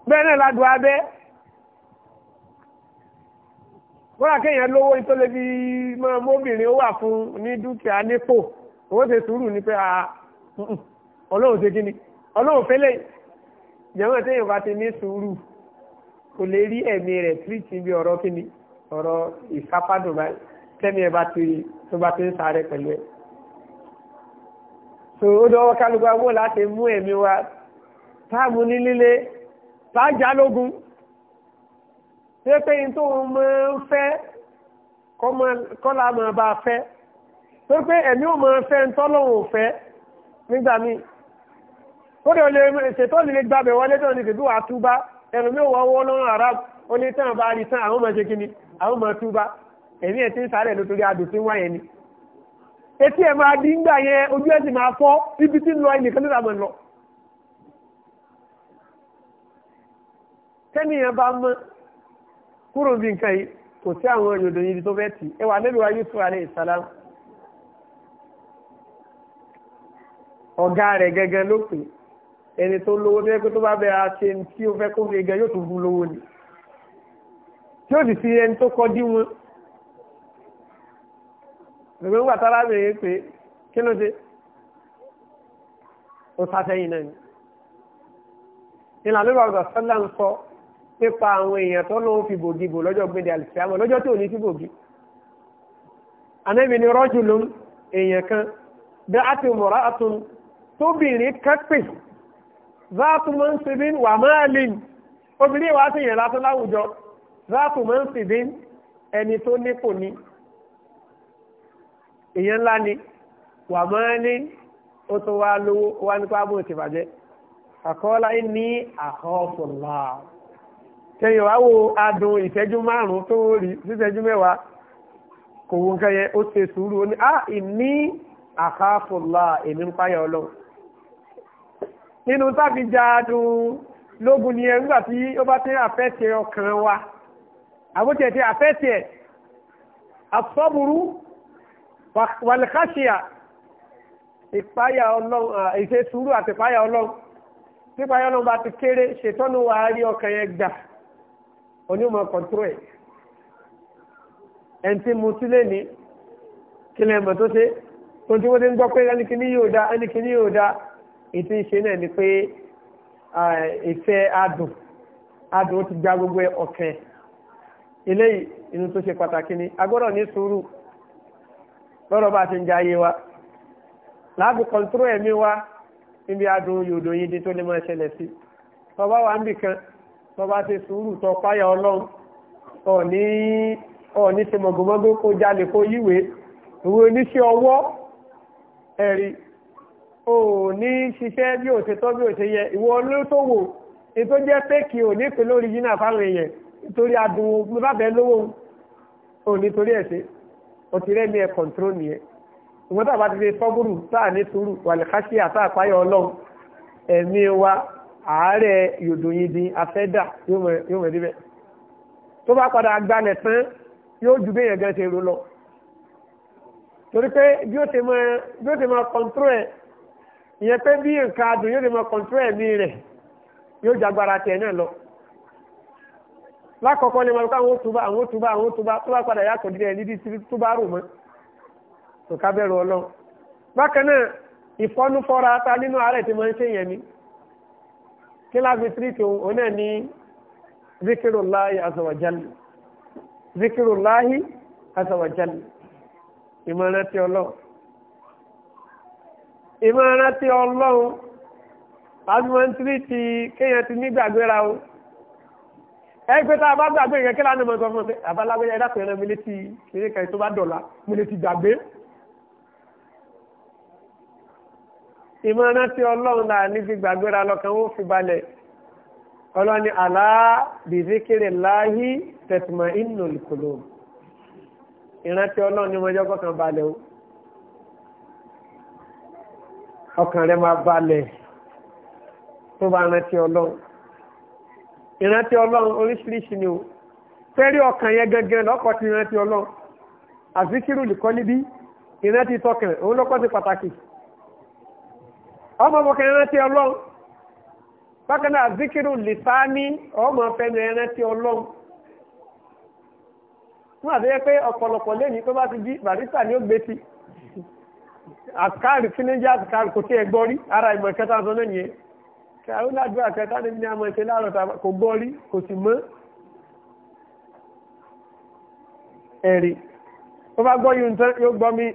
bẹ́ẹ̀ náà ládùn abẹ́ kódà kéèyàn lówó ìtọ́lẹ́bí máa móbìnrin ó wà fún ní dúkìá nípò owó ṣe sùúrù ní pé ọlọ́run ṣe kíni ọlọ́run fẹ́lẹ̀ jẹ́wọ́n téèyàn bá ti ní sùúrù kò lè rí ẹ̀mí rẹ̀ tírìtì bí ọ̀rọ̀ kíni ọ̀rọ̀ ìsápádùn báyìí tẹ́mi ẹ̀ bá ti tó bá ti ń sáré pẹ̀lú ẹ̀ tó ó dọ́wọ́ agbó láti mú ẹ̀mí wa táàmù ní líle tájà lógun ṣé pé n tó máa ń fẹ́ kọ́lá máa bá fẹ́ tó pé ẹ̀mí ò máa fẹ́ ntọ́lọ́hùn fẹ́ nígbà míì kódé olè ṣètò ìlú gbàgbé wọlé tó ní tìbí túbá ẹnu mi wọ́n wọ́n lọ́rùn arab ó ní tán bá rí tán àwọn ọmọ ṣe kíni àwọn ọmọ túbá ẹ̀mí ẹ̀ ti ń sáré lótórí adùn tí ń wáyé ni etí ẹ̀ máa di ńgbà yẹn ojú ẹ̀ sì máa fọ́ ibi tí ń lọ ẹnìkan nígbà mọ̀ lọ. tẹ́nìyàn bá mọ́ kúrò bí nǹkan yìí kò sí àwọn yòdò yìí tó fẹ́ tì ẹ wà nílùú Yusuf alayhi salam ọ̀gá rẹ̀ gẹ́gẹ́ ló pè ẹni tó lówó tó yẹ kó tó bá bẹ àṣẹ tí ó fẹ́ kó fi gẹ yóò tún bú lówó ni tí ó sì fi ẹni tó kọjú wọn gbogbo ńgbà tára bèrè pé kí ló dé ó sàtẹ́yìn náà ni ìlànà ìbáwọ̀ sọ́lá ń sọ nípa àwọn èèyàn tó lóun fi bògì bò lọ́jọ́ gbèdé àlìsíámọ̀ lọ́jọ́ tí ní sí bògì anábì ni rọ́jù ló ń èèyàn kan bí a ti mọ̀ra àtún tóbìnrin kápè záàtú máa ń ṣe bí wà máa lè obìnrin wa ti yàn látọ́ láwùjọ záàtú máa ń ṣe bí ẹni tó nípò ní èèyàn ńlá ni wà mọ́ ní ó tún wá lówó wá nípa bó ti bàjẹ́ àkọọ́lá ní àkọ́ọ̀fọ̀lá tẹ̀yìn wá wo adùn ìṣẹ́jú márùn-ún tó rí síṣẹ́jú mẹ́wàá kò wo nǹkan yẹn ó ṣe sùúrù ó ní à ah, ìní àkọ́ọ̀fọ̀lá èmi ń páyà ọlọ́run nínú tábí jaadùn lógun ni ẹ ó bá ọkàn wa wàlìkáṣíà ìpáyà ọlọ́run ìṣe sùúrù àti ìpáyà ọlọ́run pípáyà ọlọ́run bá ti kéré ṣètọ́nù wà á rí ọkàn yẹn gbà onímọ̀ kọ̀ǹtúrò ẹ̀ ẹni tí mo ti ní kílẹ̀ mọ̀ tó ṣe tó tí wọ́n ti ń gbọ́ da yóò da ìtì ṣe náà ni pé ìfẹ́ adùn adùn ó ti gba gbogbo eléyìí inú tó ni agbọ́dọ̀ lọ́rọ̀ bá ti ń jayé wa láàbù kọ̀ǹtúrò ẹ̀mí wa níbi adùn yòdò yìí di tó lè máa ṣẹlẹ̀ sí tọba wa ń bì kan tọba ti sùúrù tọ páyà ọlọ́run ọ̀ní ọ̀ní ṣe mọ̀gòmọ́gó kó jalè kó yíwèé ìwé oníṣẹ́ ọwọ́ ẹ̀rí o ní ṣiṣẹ́ bí o ṣe tọ́ bí o ṣe yẹ ìwọ olóṣòwò ètò jẹ́ fẹ́ẹ̀kì ò ní ìpínlẹ̀ oríjìnà fáwọn èèyàn nítorí adùn bàbá lówó ò nítorí ẹ̀ṣẹ́ o ti rẹ́mi ẹ̀ kọ̀ǹtíró nìyẹn ìwọ́n tàbá ti fi fọ́bùrù táà ní sùúrù wàlìkáṣí àtàpáyọ̀ ọlọ́run ẹ̀mí wa àárẹ̀ yòdòyìndín afẹ́dà yóò mọ̀ níbẹ̀ tó bá padà gbalẹ̀ tán yóò ju bẹ́ẹ̀ yẹn gan ṣe rò lọ torí pé bí ó ti máa kọ̀ǹtíró ẹ̀ ìyẹn pé bí nǹkan adùn yóò ti máa kọ̀ǹtíró ẹ̀mí rẹ̀ yóò jagbara tiẹ̀ náà lọ lákọ̀ọ́kọ́ ni wọn kọ́ àwọn òtúbà àwọn òtúbà àwọn òtúbà tó bá padà yàtọ̀ dídẹ̀ nídìí tí tó bá rò mọ́ tó ká bẹ̀rù ọlọ́run. bákan náà ìfọ́núfọ́ra ta nínú ààrẹ tí mo ń ṣe yẹn ni kíláàsì tírìtì òun náà ní zikirullahi azawajalli zikirullahi azawajalli ìmọ̀ràn ti ọlọ́run ìmọ̀ràn ti ọlọ́run àbí wọn tírìtì kéèyàn ti nígbàgbéra o ẹgbẹ́ tá a bá gbàgbé yẹn kí lánàá mọ̀ sọ fún mi àbáláwé ẹ̀dá kan ẹran mi létí kéré kan tó bá dọ̀la mi létí gbàgbé. ìmọ̀ràn tí ọlọ́run náà níbi gbàgbéra lọ́kàn ó fi balẹ̀ ọlọ́ni àlá bìzíkìrì láàyè tẹ̀tùmọ̀ ìnù ìkòló ìrántí ọlọ́run ní mọ́jọ́ kọ̀ọ̀kan balẹ̀ o ọkàn rẹ̀ máa balẹ̀ tó bá rántí ọlọ́run ìrántí ọlọ́run oríṣiríṣi ni o fẹ́rí ọkàn yẹn gẹ́gẹ́ lọ́kọ̀ ti ìrántí ọlọ́run àzíkírù lìkọ́ níbí ìrántí tọkàn òun lọ́kọ̀ ti pàtàkì ọmọ ọmọkàn ìrántí ọlọ́run bákan náà àzíkírù lìsáání ọmọ fẹ́mi ìrántí ọlọ́run fún àbẹ́yẹ pé ọ̀pọ̀lọpọ̀ lẹ́yìn tó bá ti di barista ni ó gbé ti àkárì kí ní jẹ́ àkárì kò tí ẹ gbọ́ rí ara ìmọ̀ ìkẹta sọ lẹ́yìn kàrú ládùúgbà kẹta níbi ní àmọ́ ìṣe láàárọ̀ kò gbọ́ rí kò sì mọ́ ẹ̀rí ó bá gbọ́ yìí tán yóò gbọ́ mi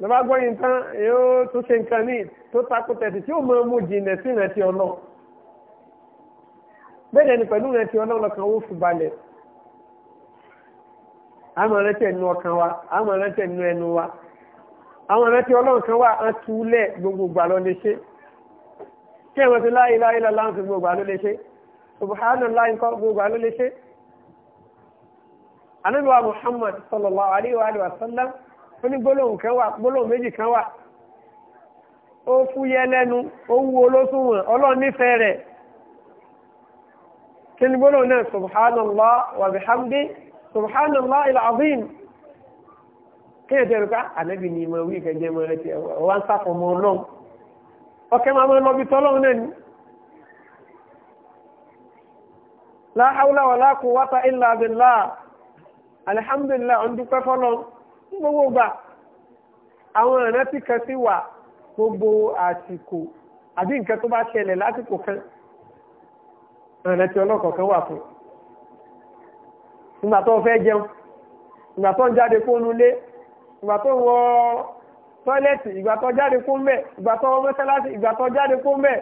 ló bá gbọ́ yìí tán yóò tún ṣe nǹkan ní tó takò tẹ̀sí tí ó mọ mú jìnnà sí ìrántí ọlọ́ bẹ́ẹ̀ ni pẹ̀lú ìrántí ọlọ́ lọ́kàn ó fi balẹ̀ àmọ́ ìrántí ẹnu ọkàn wa àmọ́ ìrántí ẹnu ẹnu wa àwọn ìrántí ọlọ́run kan wà á túlẹ̀ gbogbo gbà lọ lè ṣe tí ẹ̀wọ̀n ti la ilaha illallah ń fi gbogbo àló lè ṣe subhanallah ń kọ́ gbogbo àló lè ṣe. anábìwá muhammad sallallahu alayhi wa sallam ó ní gbólóhùn kan wà gbólóhùn méjì kan wà ó fúyẹ́ lẹ́nu ó wú olóṣùwọ̀n ọlọ́run nífẹ̀ẹ́ rẹ̀ kí ni gbólóhùn náà subhanallah wa bihamdi subhanallah al-azim kí ni ẹ̀jẹ̀ rẹ̀ ká ànábì ni ìmọ̀ wí kẹjẹ mọ̀ rẹ̀ tiẹ̀ wọ́n ń sàkómọ́ ọlọ́run ọkẹ́ máa mọ́ lọ́bí tọ́lọ́run náà ni la hawla wala quwwata illa billah alhamdulillah ọ̀dúpẹ́ fọ́lọ́ gbogbo gbà àwọn ìrántí kan sí wà gbogbo àsìkò àbí nǹkan tó bá ṣẹlẹ̀ lásìkò kan ìrántí ọlọ́kọ̀ọ̀kan wà fún ìgbà tó fẹ́ jẹun ìgbà tó ń jáde fóònù lé ìgbà tó ń wọ́ọ́ tọ́lẹ́tì ìgbà tó jáde kó mbẹ̀ ìgbà tó wọ mọ́sálásí ìgbà tó jáde kó mbẹ̀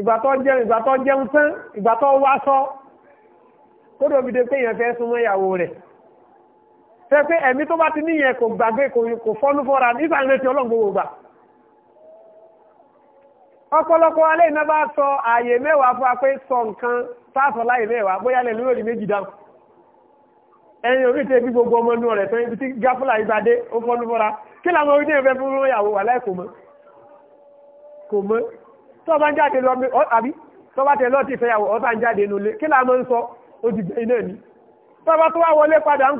ìgbà tó jẹun ìgbà tó jẹun tán ìgbà tó wá sọ kó dòbí de pé èèyàn fẹ́ súnmọ́ ìyàwó rẹ̀ fẹ́ pé ẹ̀mí tó bá ti níyẹn kò gbàgbé kò fọ́nú fọ́ra nígbà ń retí ọlọ́run gbogbo gbà ọ̀pọ̀lọpọ̀ alẹ́ iná bá sọ ààyè mẹ́wàá fún wa pé sọ nǹkan sáàsọ láyè mẹ́wàá bóyá lẹ́nu lórí méjì dáhùn ẹ̀yin orí tẹ́ bí gbogbo ọmọ inú rẹ̀ tán ibi tí gáfúlà ìgbàdé ó fọ́nú fọ́ra kí làwọn orí tẹ́ fẹ́ fún ìyàwó wà láì kò mọ́ kò mọ́ bá ń jáde lọ àbí tó bá tẹ lọ́ọ̀tì ń jáde kí làwọn ń sọ ti náà ni tó bá tó wá wọlé padà ń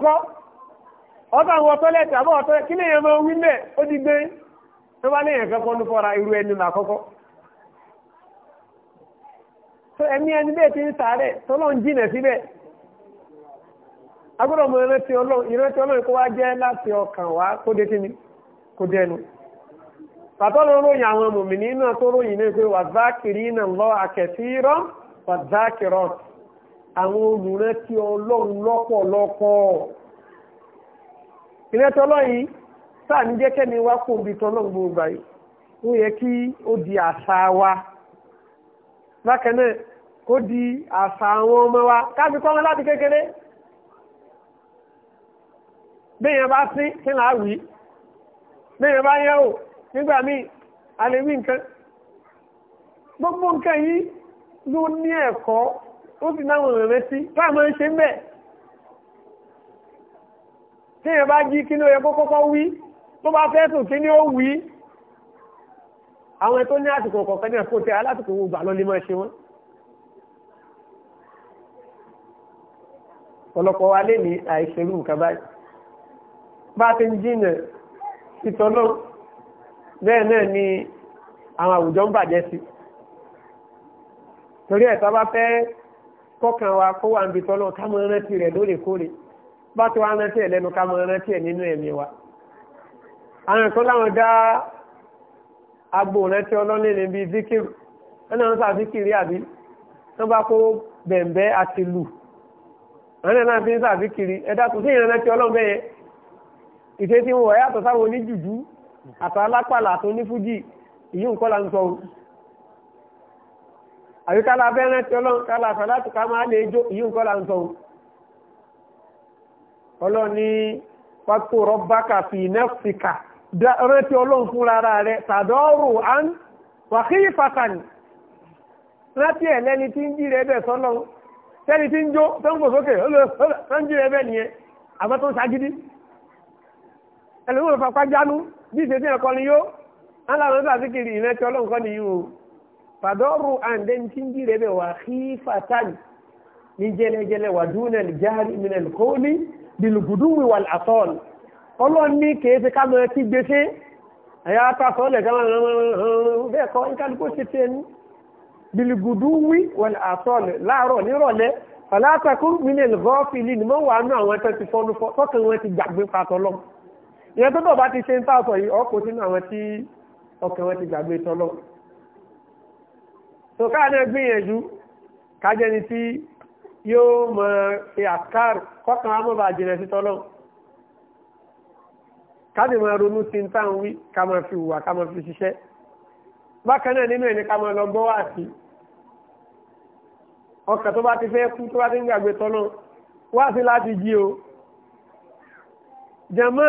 àbọ̀ kí lèèyàn máa wí mẹ́ ó ti tó bá fẹ́ fọ́nú fọ́ra irú ẹni là kọ́kọ́ ẹni agbọ́dọ̀ mọ ìrántí ọlọ́run ìrántí ọlọ́run kó wá jẹ́ láti ọkàn wá kó dé kí ni kó dẹnu pàtó àwọn náà tó ròyìn náà pé wàzákìrì náà lọ àkẹ́sírọ́ wàzákìrọ́ àwọn olùrántí ọlọ́run lọ́pọ̀lọpọ̀ ìrántí sáà ní wá kó gbogbo ó yẹ kí ó di àṣà wa bákan náà di àṣà àwọn ọmọ wa káàbí kọ́ wọn láti kékeré bẹ́yẹn bá sín kí là á wí bẹ́yẹn bá yẹ́ ò nígbà míì a lè wí nǹkan gbogbo nǹkan yìí ló ní ẹ̀kọ́ ó sì náwọn rẹ̀ sí láàmú ń ṣe ń bẹ̀ téèyàn bá jí kí ni ó yẹ kó kọ́kọ́ wí tó bá fẹ́ sùn kí ni ó wí àwọn tó ní àsìkò kọ̀ọ̀kan ní ẹ̀kọ́ tẹ alásìkò wo gbà lọ́lé máa ṣe wọ́n. ọ̀pọ̀lọpọ̀ wa lé ní àìṣerú nǹkan báyìí bá ti ń jìnà ìtọ́nà bẹ́ẹ̀ náà ni àwọn àwùjọ ń bàjẹ́ sí torí ẹ̀ta bá fẹ́ kọ́kàn wa kó wà ń bi tọ́nà ká mọ rántí rẹ̀ lóòrèkóòrè bá ti wá rántí ẹ̀ lẹ́nu ká mọ rántí ẹ̀ nínú ẹ̀mí wa àwọn ìtọ́ láwọn dá agbo rántí ọlọ́lẹ́ ní bíi zikiru ẹni àwọn sáà zikiri àbí wọ́n bá kó bẹ̀m̀bẹ́ àti lù wọ́n náà ń sáà zikiri ẹ̀dá kò sí ìrántí ọlọ́mọ ìṣe tí wọ́n yàtọ̀ sáwọn oníjùjú àtàlápàlà tó ní fújì ìyí nǹkan la ń sọ àbí kálá fẹ́ràn tí ọlọ́run kálá fẹ́ láti ká máa lè jó ìyí nǹkan la ń sọ ọlọ́run ní pàtó rọ́bákà fi nẹ́fìkà rántí ọlọ́run fúnra rẹ̀ tàdọ́rù án wàkíyí pàtàkì rántí ẹ̀ lẹ́ni tí ń jí rẹ̀ bẹ̀ sọ́lọ́run sẹ́ni tí ń jó tó ń gbòsókè ó lè ń jí rẹ̀ bẹ̀ nìyẹn àbátó ń sagídí ẹlòmíràn ló fapá jánu bí ìṣesí ẹ̀kọ́ ni yó aláwọn ọdún àti kiri ìrìn ẹ̀kọ́ ọlọ́run kọ́ nìyí o fàdọ́rù àǹdẹ́ ní tí ń jíire bẹ̀ wà kí fàtàn ní jẹlẹjẹlẹ wà dúnà járe ìmìnà kó ní bìlùgùdùwì wà àtọ́ọ̀l ọlọ́run ní kèéfì ká mọ ẹtí gbèsè ẹ̀yà àtàkọ́ọ̀lẹ̀ ká máa bẹ́ẹ̀ kọ́ ìkálukú ṣe tiẹ̀ ní bìlùgùdùwì wà àtọ́ọ̀l láàárọ̀ nírọ̀lẹ́ fàlátàkùn mílẹ̀ gọ́ọ̀fì lì ní mọ́ wà ti fọ́nú fọ́ tọ́kàn ti gbàgbé pàtọ́lọ́mù ìyẹn tó dọ̀bá ti ṣe ń tààtọ̀ yìí ọkọ̀ sínú àwọn tí ọkàn wọn ti gbàgbé tọ́lọ́ tó káà náà gbìyànjú kájẹni tí yóò mọ̀ ṣe àkàrù kọ́kàn á mọ̀bà jìnà sí tọ́lọ́ káàdì máa ronú sí ń tàn wí ká máa fi hùwà ká máa fi ṣiṣẹ́ bákan náà nínú ẹni ká máa lọ gbọ́ wá sí ọkàn tó bá ti fẹ́ kú tó bá ti ń gbàgbé tọ́lọ́ wá sí láti jí o jẹ̀mọ́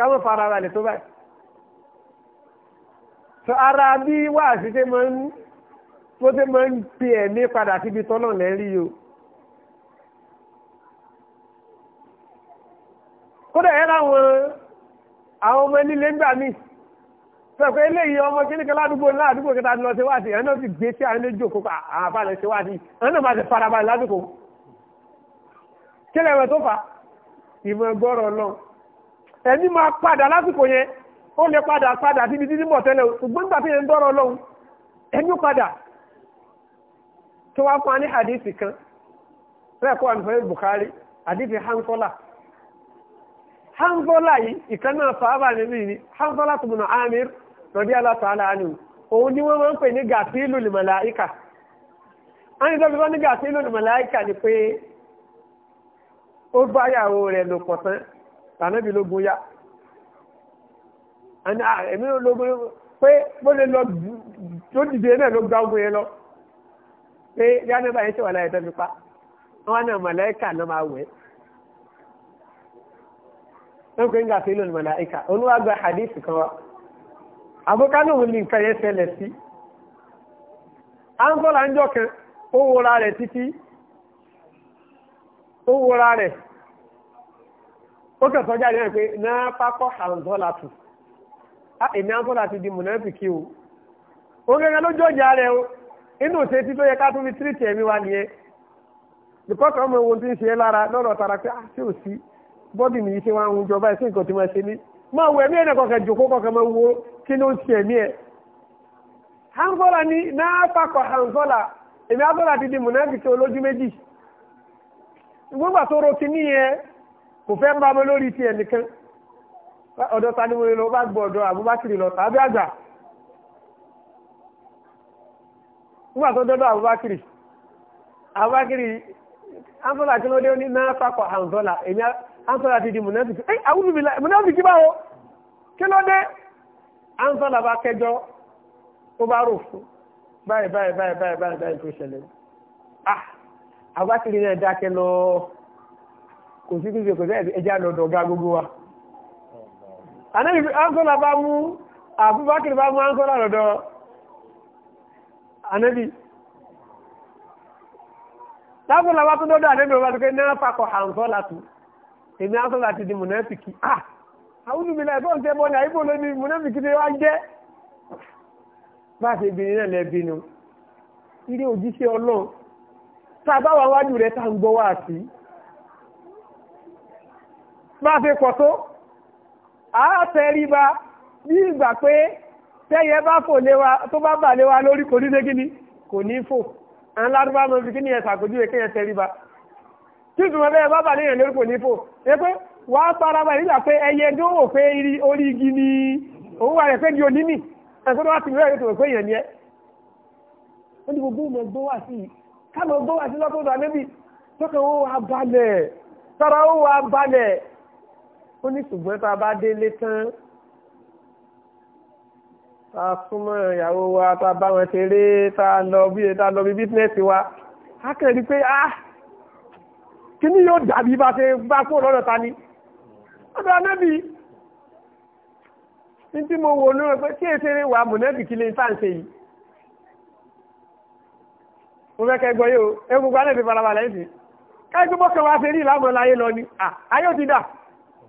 káwọn fara balẹ̀ tó báyìí so ara bí wáàsí tẹ́ máa ń tó tẹ́ máa ń pe ẹ̀mí padà síbi tọ́nà lẹ́rí o kódà yẹn láwọn àwọn ọmọ nílé ń gbà mí sọ̀kọ́ eléyìí ọmọ kí ní kan ládùúgbò ládùúgbò kí tàbí lọ sí wáàsí ẹ̀nà ti gbé sí àwọn ẹjọ́ kókò àbálẹ̀ sí wáàsí ẹ̀nà máa ti farabalẹ̀ ládùúgbò kí lẹ́wọ̀n tó fà ìmọ̀ gbọ́rọ̀ náà ni máa padà lásìkò yẹn ó lè padà padà síbi títí mọ̀ tẹ́lẹ̀ ṣùgbọ́n nígbà tí yẹn dọ́rọ̀ lọ́hùn ẹ̀mí padà tí wọ́n fún wa ní hadithi kan bẹ́ẹ̀ kọ́ àmì fẹ́ẹ́ Bukari, hadithi hansola hansola yìí ìkan náà sàábà nínú yìí hansola tó múnà amir alátàlá òun ni wọ́n máa ń pè ní ní ni pé ó báyàwó rẹ̀ tànàbí ló gun ya ẹni èmi ló gun pé bó lè lọ tó dìde náà ló gba ogun yẹn lọ pé yánà báyìí ṣe wà láyé tẹ́lẹ̀ pa wọn náà màláìkà náà máa wẹ̀ ẹ̀ ń pè ń lónìí màláìkà olúwa hadith kan wa àbúkánù òun ní nǹkan yẹn ṣẹlẹ̀ sí áńsọ́là ń jọ kan ó wọra rẹ̀ títí ó wọra rẹ̀. o ke jáde náà náà pápọ̀ hanzolatu èmi hanzolatu di mùnàfíkì o ó gẹ́gẹ́ lójú ọjà rẹ̀ o inú òṣèṣì tó yẹ ká tún fi tírìtì ẹ̀mí wa nìyẹn bíkọ́sì ọmọ ohun tí ń ṣe é lára lọ́rọ̀ tara pé á ah, sí bọ́dì mi ṣe wá ń jọba nǹkan tí ṣe ní wọ ẹ̀mí ẹ̀dẹ̀ kọ̀ọ̀kan jòkó kọ̀ọ̀kan máa wo kí ló ń ṣe ẹ̀mí ẹ̀. hanzola ni hanzola èmi hanzola ti di méjì kò fẹ́ bá mọ́ lórí ti ẹnìkan ọ̀dọ̀ ta ni mo lè lọ bá gbọ́ ọ̀dọ̀ Abubakar lọ tàbí àgbà nígbà tó dọ́dọ̀ Abubakar Abubakar ansola kí ló dé ní náà papọ̀ ansola èmi ansola ti di munafiki ẹ awúlù mi la munafiki báwo kí ló dé ansola bá kẹjọ ó bá rò fún báyìí báyìí báyìí báyìí báyìí tó ṣẹlẹ̀ ah Abubakar náà dákẹ́ lọ́ọ́ kò sí kí ṣe kò sẹ́yẹ̀ ẹjá lọ́dọ̀ ọ̀gá gbogbo wa anẹ́bí ánsọ́là bá mú àbúbákìrì bá mú ánsọ́là lọ́dọ̀ anẹ́bí lábùlà bá tún dọ́dọ̀ anẹ́bí ọba tó kẹ́ náà pakọ̀ ànsọ́là tù èmi ánsọ́là ti di mùnẹ́fìkì ah àwọn olùmìnira ẹ̀fọ́n tẹ́ bọ́ ní àyíkò lóní mùnẹ́fìkì ni wá ń jẹ́ bá ṣe bìnrin náà lẹ́bìnú ilé òjíṣẹ́ ọlọ́run tá a bá wà wájú rẹ̀ tá ń gbọ́ wá sí bá fi pọ̀ tó àátẹríba bí ìgbà pé tẹ́yẹ bá fò léwa tó bá bà léwa lórí kò ní lé ni kò ní fò à ń lárúbá mọ fi kíni ẹ ṣàpèjúwe kéèyàn tẹríba tí ìtumọ̀ bẹ́ẹ̀ bá bà léyàn lórí kò ní fò ẹ pé wàá paraba nígbà pé ẹyẹ tó wò pé orí igi ni òun wà rẹ̀ pé di onímì ẹ̀sọ́ ni gbogbo ọmọ gbówà sí ká lọ gbówà sí lọ́tọ̀ọ̀dọ̀ àlébì tó ó wà balẹ̀ ó ní ṣùgbọ́n tá a bá délé tán tá a súnmọ́ ìyàwó wa tá a bá wọn ṣeré tá a lọ bí tá a lọ bí bísínẹ́sì wa a kàn pé ah kíní yóò dàbí bá ṣe bá kó lọ́dọ̀ ta ni ọ̀dọ̀ anábì ní tí mo wò ló rẹ pé tí èsèré wà mọ̀nẹ́bì kí lè ń tàǹṣe yìí mo fẹ́ kẹ́ gbọ́ yìí o egungun alẹ́ fi farabalẹ̀ yìí sí káyọ̀ pé bọ́kẹ́ wa ṣe rí ìlànà láyé lọ ni ah, ayé ò ti dà.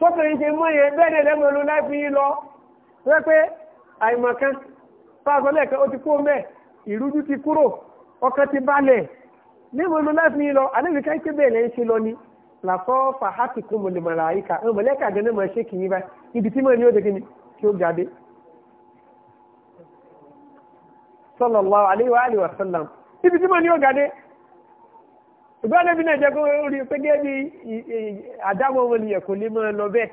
tókùnrin ṣe mú yẹn bẹ́ẹ̀ lẹ́mọ̀ ló láì fi yín lọ wẹ́ pé àìmọ̀kan fáàgọ́ lẹ́ẹ̀kan ó ti kú mẹ́ ìrújú ti kúrò ọkàn ti balẹ̀ lẹ́mọ̀ ló láì lọ lọ ni làfọ́ fàhátì kún mọ̀lẹ̀ ibi ṣùgbọ́n níbi náà jẹ́ kó rí pẹ́gẹ́ bí àdámọ́ wọn nìyẹn kò lè máa lọ bẹ́ẹ̀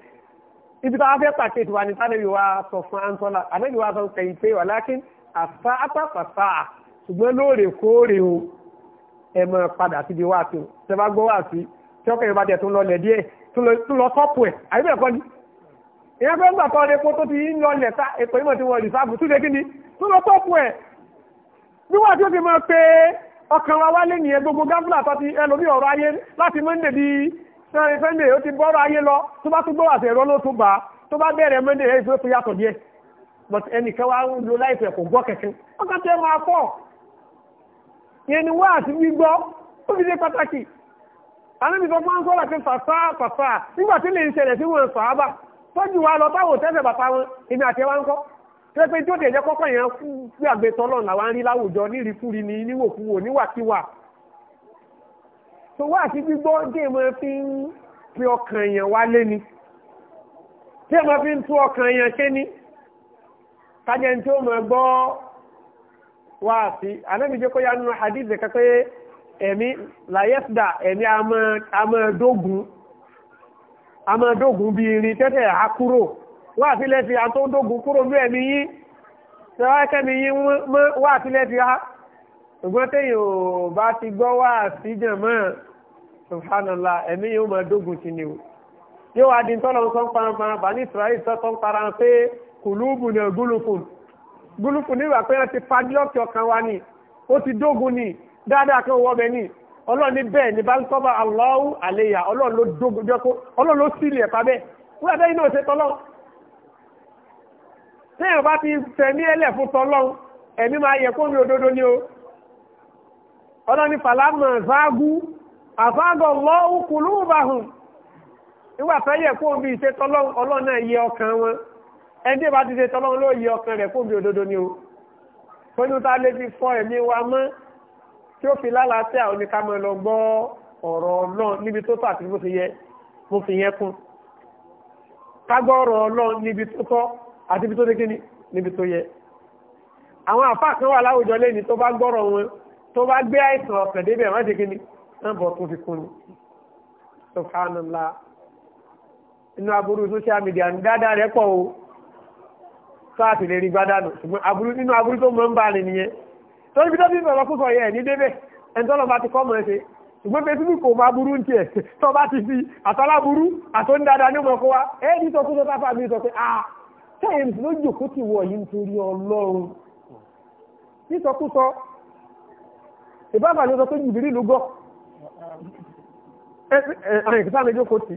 ibi táwọn fẹ́ pàkíyèsí wa ní sáré wa sọ fún antola ànábì wa sọ kẹyìn pé wàlákin àfa àtàfàfà ṣùgbọ́n lóòrèkóòrè o ẹ máa padà síbi wá sí o ṣe bá gbọ́ wá sí tí ọkọ̀ yorùbá tẹ̀ tún lọ lẹ̀ díẹ̀ tún lọ tọ́pù ẹ̀ àyíbẹ̀ ni epo tó ti ń lọ lẹ̀ ta èpò ìmọ̀ ni tún lọ tọ́pù ọkàn wa wálé nìyẹn gbogbo gáfúlà tó ti ẹlòmí ọ̀rọ̀ ayé láti monday di sẹ́rin sunday ó ti bọrọ ayé lọ tó bá tún gbọ́ àṣẹ ló tún bá tó bá bẹ̀rẹ̀ monday ẹ̀ ìṣòro tó díẹ̀ but ẹnìkan wa ń lo láìpẹ́ kò gbọ́ kẹ̀kẹ́ ọkàn máa pọ̀ yẹn ni àti gbígbọ́ ó fi pàtàkì fàfà fàfà nígbà tí lè ń ṣẹlẹ̀ sí pé tó dẹ̀ jẹ́ kọ́kọ́ yẹn kú fún àgbẹ̀tọ́lọ̀ làwọn rí láwùjọ nírìkúri ni níwòkúwò níwàkiwà tó wá àti gbígbọ́ díẹ̀ máa fi ń pe ọkàn yẹn wálé ni díẹ̀ máa fi ń tú ọkàn yẹn ṣé ni kájẹ́ ní tí ó máa gbọ́ wá sí anábìjẹ́ kó yanu hadith kan pé ẹ̀mí làyẹ́sìdà ẹ̀mí amọ̀dógún amọ̀dógún bíi irin tẹ́tẹ̀ á wà sílẹ̀ fi àtọ́dógún kúrò bí ẹ̀mí yí tẹ́wọ́ kẹ́mi yí wà sílẹ̀ fi ha ṣùgbọ́n téèyàn ò bá ti gbọ́ wà síjàn mọ́ ṣùfànàlà ẹ̀mí yóò máa dógùn sí ni o yóò wá di tọ́lọ̀ ń sọ́n paranparan bá ní Israẹli tọ́tọ́ ń paran pé kùlùbù náà gúlùkùn gúlùkùn nígbà pé wọ́n ti padlọ́ọ̀kì ọkàn wa ni ó ti dógùn ni dáadáa kan wọ́ bẹ́ẹ̀ ni ọlọ́ọ̀ni bẹ́ẹ̀ ni bá ń tọ́ba Allahu àlẹ́yà ọlọ́ọ̀ ló sílẹ̀ pa bẹ́ẹ̀ wọ́n téèyàn bá ti tẹ̀mí ẹlẹ̀ fún tọlọ́run ẹ̀mí máa yẹ kómi òdodo ni o ọlọ́ni fàlámà zágú àfáàgọ̀ lọ́wọ́ kùlùbàhùn nígbà tó yẹ kómi ìṣe tọlọ́run ọlọ́run náà yẹ ọkàn wọn ẹni tí bá ti ṣe tọlọ́run ló yẹ ọkàn rẹ̀ kómi òdodo ni o pẹ̀lú tá a lè fi fọ ẹ̀mí wa mọ́ tí ó fi lálàáfíà oníkàmọ́ lọ gbọ́ ọ̀rọ̀ náà níbi tó tà àti bó àti ibi tó dékí ni níbi tó yẹ àwọn àfáà kan wà láwùjọ lẹ́ni tó bá gbọ́rọ̀ wọn tó bá gbé àìsàn ọ̀sẹ̀ débẹ̀ wọ́n dékí ni wọ́n bọ̀ fi kún ni subhanallah inú aburú social media ní dáadáa rẹ̀ pọ̀ o sáàtì lè rí gbádànù ṣùgbọ́n aburú nínú aburú tó mọ́ ń bá rìn nìyẹn tó níbi tó bí ìbọ̀lọ́ púpọ̀ yẹ ní débẹ̀ ẹni tọ́lọ́ bá ti kọ́ mọ̀ ẹ́ ṣe ṣùgbọ́n facebook kò máa burú ní tó bá ti fi àtàláburú àtọ́ndáadáa ní ọmọkọ wa tó kú tó sáfà mi sọ pé ah táyẹ̀ lójú kó ti wọ̀ yìí nítorí ọlọ́run nítọkútọ ìbáfà ló sọ pé jìbìrì ló gọ́ ẹ̀rìn kìtà méjì kò tí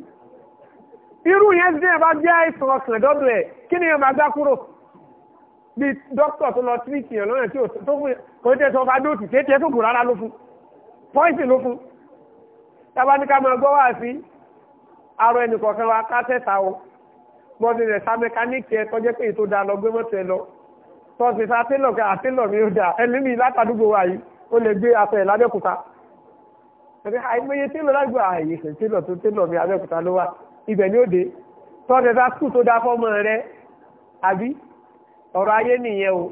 irú yẹn ti dẹ́yẹ̀ bá jẹ́ àìsàn ọkàn dọ́dọ̀ ẹ̀ kí ni yẹn bá gbá kúrò bí dókítà tó lọ tírìtì yẹn lọ́nà tí tó fún kò tẹ́ sọ bá dóòtì tí tẹ́ tó gùn rárá ló fún pọ́ìsì ló fún tábà ní ká máa gbọ́ wá sí arọ ẹnì kọ̀ọ̀kan wa ká tẹ́ta o bọ́dé rẹ̀ sá mẹkáníìkì ẹ tọ́jẹ́ pé ètò dáa lọ gbé mọ́tò ẹ lọ tọ́sí sá télọ̀ kẹ́ àtélọ̀ mi ó dáa ẹni mi látàdúgbò wa yìí ó lè gbé aṣọ ẹ̀ lábẹ́òkúta àìmọye télọ̀ lágbà àyè ṣe télọ̀ tó télọ̀ mi abẹ́òkúta ló wà ibẹ̀ ni ó dé tọ́sí sá skul tó dáa fọ́mọ rẹ àbí ọ̀rọ̀ ayé nìyẹn o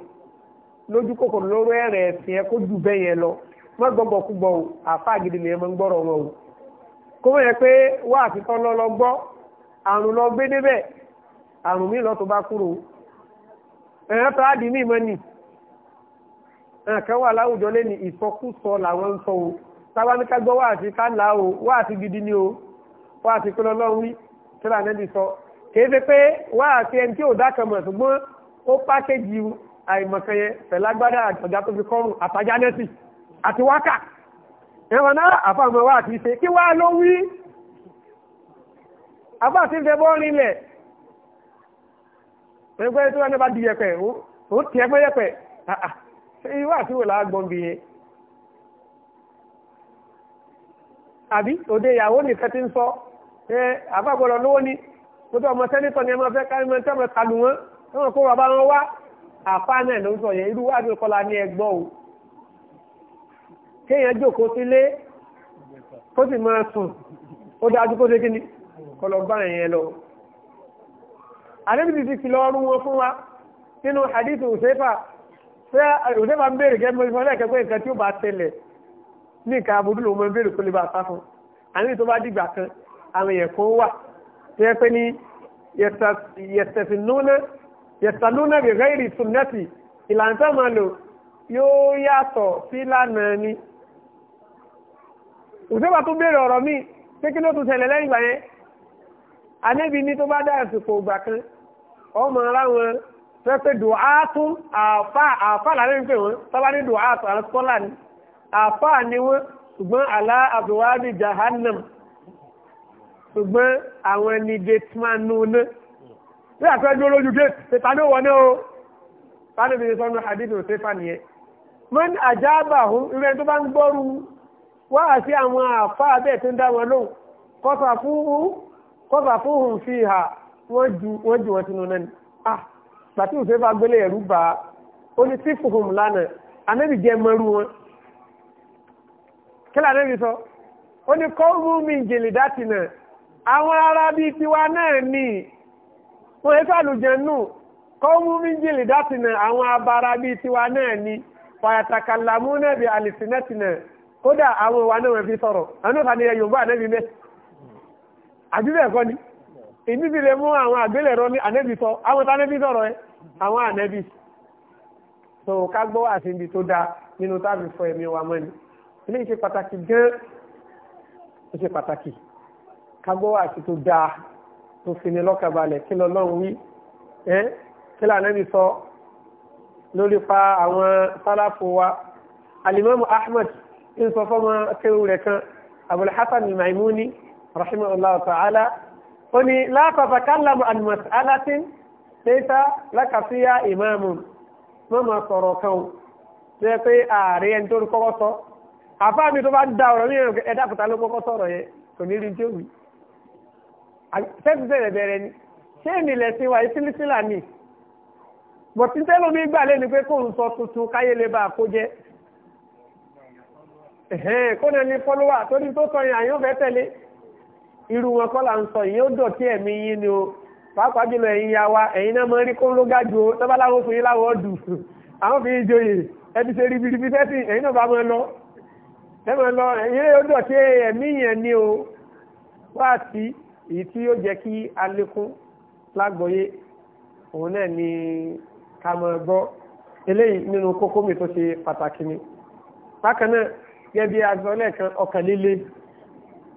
lójú kòkòrò lóró ẹ̀rẹ̀ ẹ̀sìn ẹ kó jù bẹ́ẹ̀ yẹn lọ mọ́ gbọ́gbọ́ kú gbọ́ o àfáà gidi nìyẹn mọ́ ń gbọ́rọ̀ wọn o kó wọ́n àrùn lọ gbé débẹ̀ àrùn mi lọ tó bá kúrò ẹ̀rọ tó á mí mọ́ ni ẹ̀kan wà láwùjọ lé ní ìsọkúsọ làwọn ń sọ o táwa ní ká gbọ́ wá àti ká là o wá àti gidi ni o wá àti pé lọ́lọ́run wí tí lànà ẹni sọ kìí ṣe pé wá àti ẹni tí ò dá kan mọ̀ ṣùgbọ́n ó pákéjì àìmọ̀kan yẹn pẹ̀lágbádá àjọ̀dá tó fi kọ́rùn àtàjánẹ́sì àti wákà ẹ̀wọ̀n náà àfàmọ́ wá àti ṣe kí wá ló wí àbá àti ń fẹ́ bọ́ọ̀rìn pẹ̀lú tí wọ́n ní bá di yẹpẹ̀ ó tiẹ̀ pé yẹpẹ̀ ṣé irú àtiwò là á gbọ́n bí yẹn. àbí òde ìyàwó nìkan ti ń sọ ẹ àbábọ̀lọ̀ lówó ni mo tọ́ ọmọ sẹ́nitọ̀ ni ẹ máa fẹ́ ká ẹ máa tẹ́ ọmọ kàlù wọn ẹ máa kó bàbá wọn wá àfa náà ló ń sọ yẹn irú wá ní kọ́la ní ẹgbọ́ o kéèyàn jókòó sílé kó sì máa sùn ó dájú kó ṣe kí ni kọlọ gbá yẹn lọ àníbi ti kìlọ̀ ọrùn wọn fún wa nínú hadithu òṣèfà ṣé òṣèfà ń béèrè gẹ́gẹ́ bí wọ́n lẹ́kẹ̀ẹ́ pé nǹkan tí ó bá tẹ̀lẹ̀ ní nǹkan aburú lòun máa ń béèrè kó lè bá a sá fún àníbi tó bá dìgbà kan àwọn èèyàn kan wà tó yẹ pé ní yẹ̀sánúnà bi ghairi sunnati ìlànà tó lò yóò yàtọ̀ sí ọmọ ara wọn pẹ́pẹ́ dùhátù àfà àfà làwọn ń pè wọ́n tọ́ba ní dùhátù àwọn sọ́là ni àfà ni wọ́n ṣùgbọ́n àlá àbúwádìí jahannam ṣùgbọ́n àwọn ẹni gate man nù náà tí àfẹ́ dúró lójú gate tètà ní wọ́n náà o tánà bí sọ́nù àdínù sẹ́fà nìyẹn mọ́n àjábà hún irẹ́ tó bá ń gbọ́rù kọ́sà fún hùn fi hà wọ́n ju wọ́n ju wọn sínú náà ni ah pàtí òfin bá gbélé ẹ̀rú bá a ó ní sí fòhùn lánàá anábì jẹ́ mọ́rú wọn kí lànàbì sọ ó ní kọ́ọ̀mù mi jèlè dátì náà àwọn ará bíi tiwa náà nì wọ́n yẹ sàlùjẹ́ nù kọ́ọ̀mù mi jèlè dátì náà àwọn abara bíi tiwa náà nì fàyàtàkà làmú náà bí àlìsínẹ́tì náà kódà àwọn ìwà náà wọ́n fi sọ̀rọ̀ àwọn ìfàníyàn yorùbá èmi ti lè mú àwọn àgbélẹ̀rọ ní ànẹ́bí sọ àwọn tánẹ́bí sọ̀rọ̀ ẹ àwọn ànẹ́bí so ká gbọ́ àṣìbí tó dáa nínú táàbí fọ ẹ̀mí wa mọ́ni ilé ìṣe pàtàkì gan ó ṣe pàtàkì ká gbọ́ àṣì tó dáa tó fi ní lọ́kàbalẹ̀ kí lọ́lọ́run wí ẹ́ kí lànẹ́bí sọ lórí pa àwọn sálàfù wa alimami ahmed ń sọ fọmọ kéwù rẹ̀ kan abul maimuni rahimahullah ta'ala ó ní látàtà kálámù àlùmọ̀sí alátín tẹ́tà lákàfíà ìmáàmù mọ́mọ́ sọ̀rọ̀ kan tó yẹ pé ààrẹ ẹni tó kọ́kọ́ sọ àfáà mi tó bá da ọ̀rọ̀ mi ẹ̀dá kùtà ló kọ́kọ́ sọ̀rọ̀ yẹ kò ní rí tí ó wù sẹ́ẹ̀tì bẹ̀rẹ̀ bẹ̀rẹ̀ ni ṣé ìnìlẹ̀ sí wa ìsílísílà ni bọ̀tí tẹ́lómi gbà lẹ́nu pé kóun sọ tuntun káyé lè bá a kó jẹ́ kó náà ní fọ́lọ́wà torí tó irú wọn kọ́ là ń sọ ìyẹn ó dọ̀tí ẹ̀mí yín ni o pàápàá jùlọ ẹ̀yin ya wa ẹ̀yin náà mọ rí kó ló ga jù ó tọ́ba láwọn fún yín láwọn dù àwọn fi ń joyè ẹbí ṣe rí biribi fẹ́sìn ẹ̀yin náà bá mọ lọ ẹ lọ ẹ̀yin ó dọ̀tí ẹ̀mí yẹn ni o wá sí èyí tí yóò jẹ́ kí alékún lágbọ́yé òun náà ni ká mọ̀ gbọ́ eléyìí nínú kókó mi tó ṣe pàtàkì ni bákan náà gẹ́gẹ́ bí aṣọ lẹ́ẹ̀kan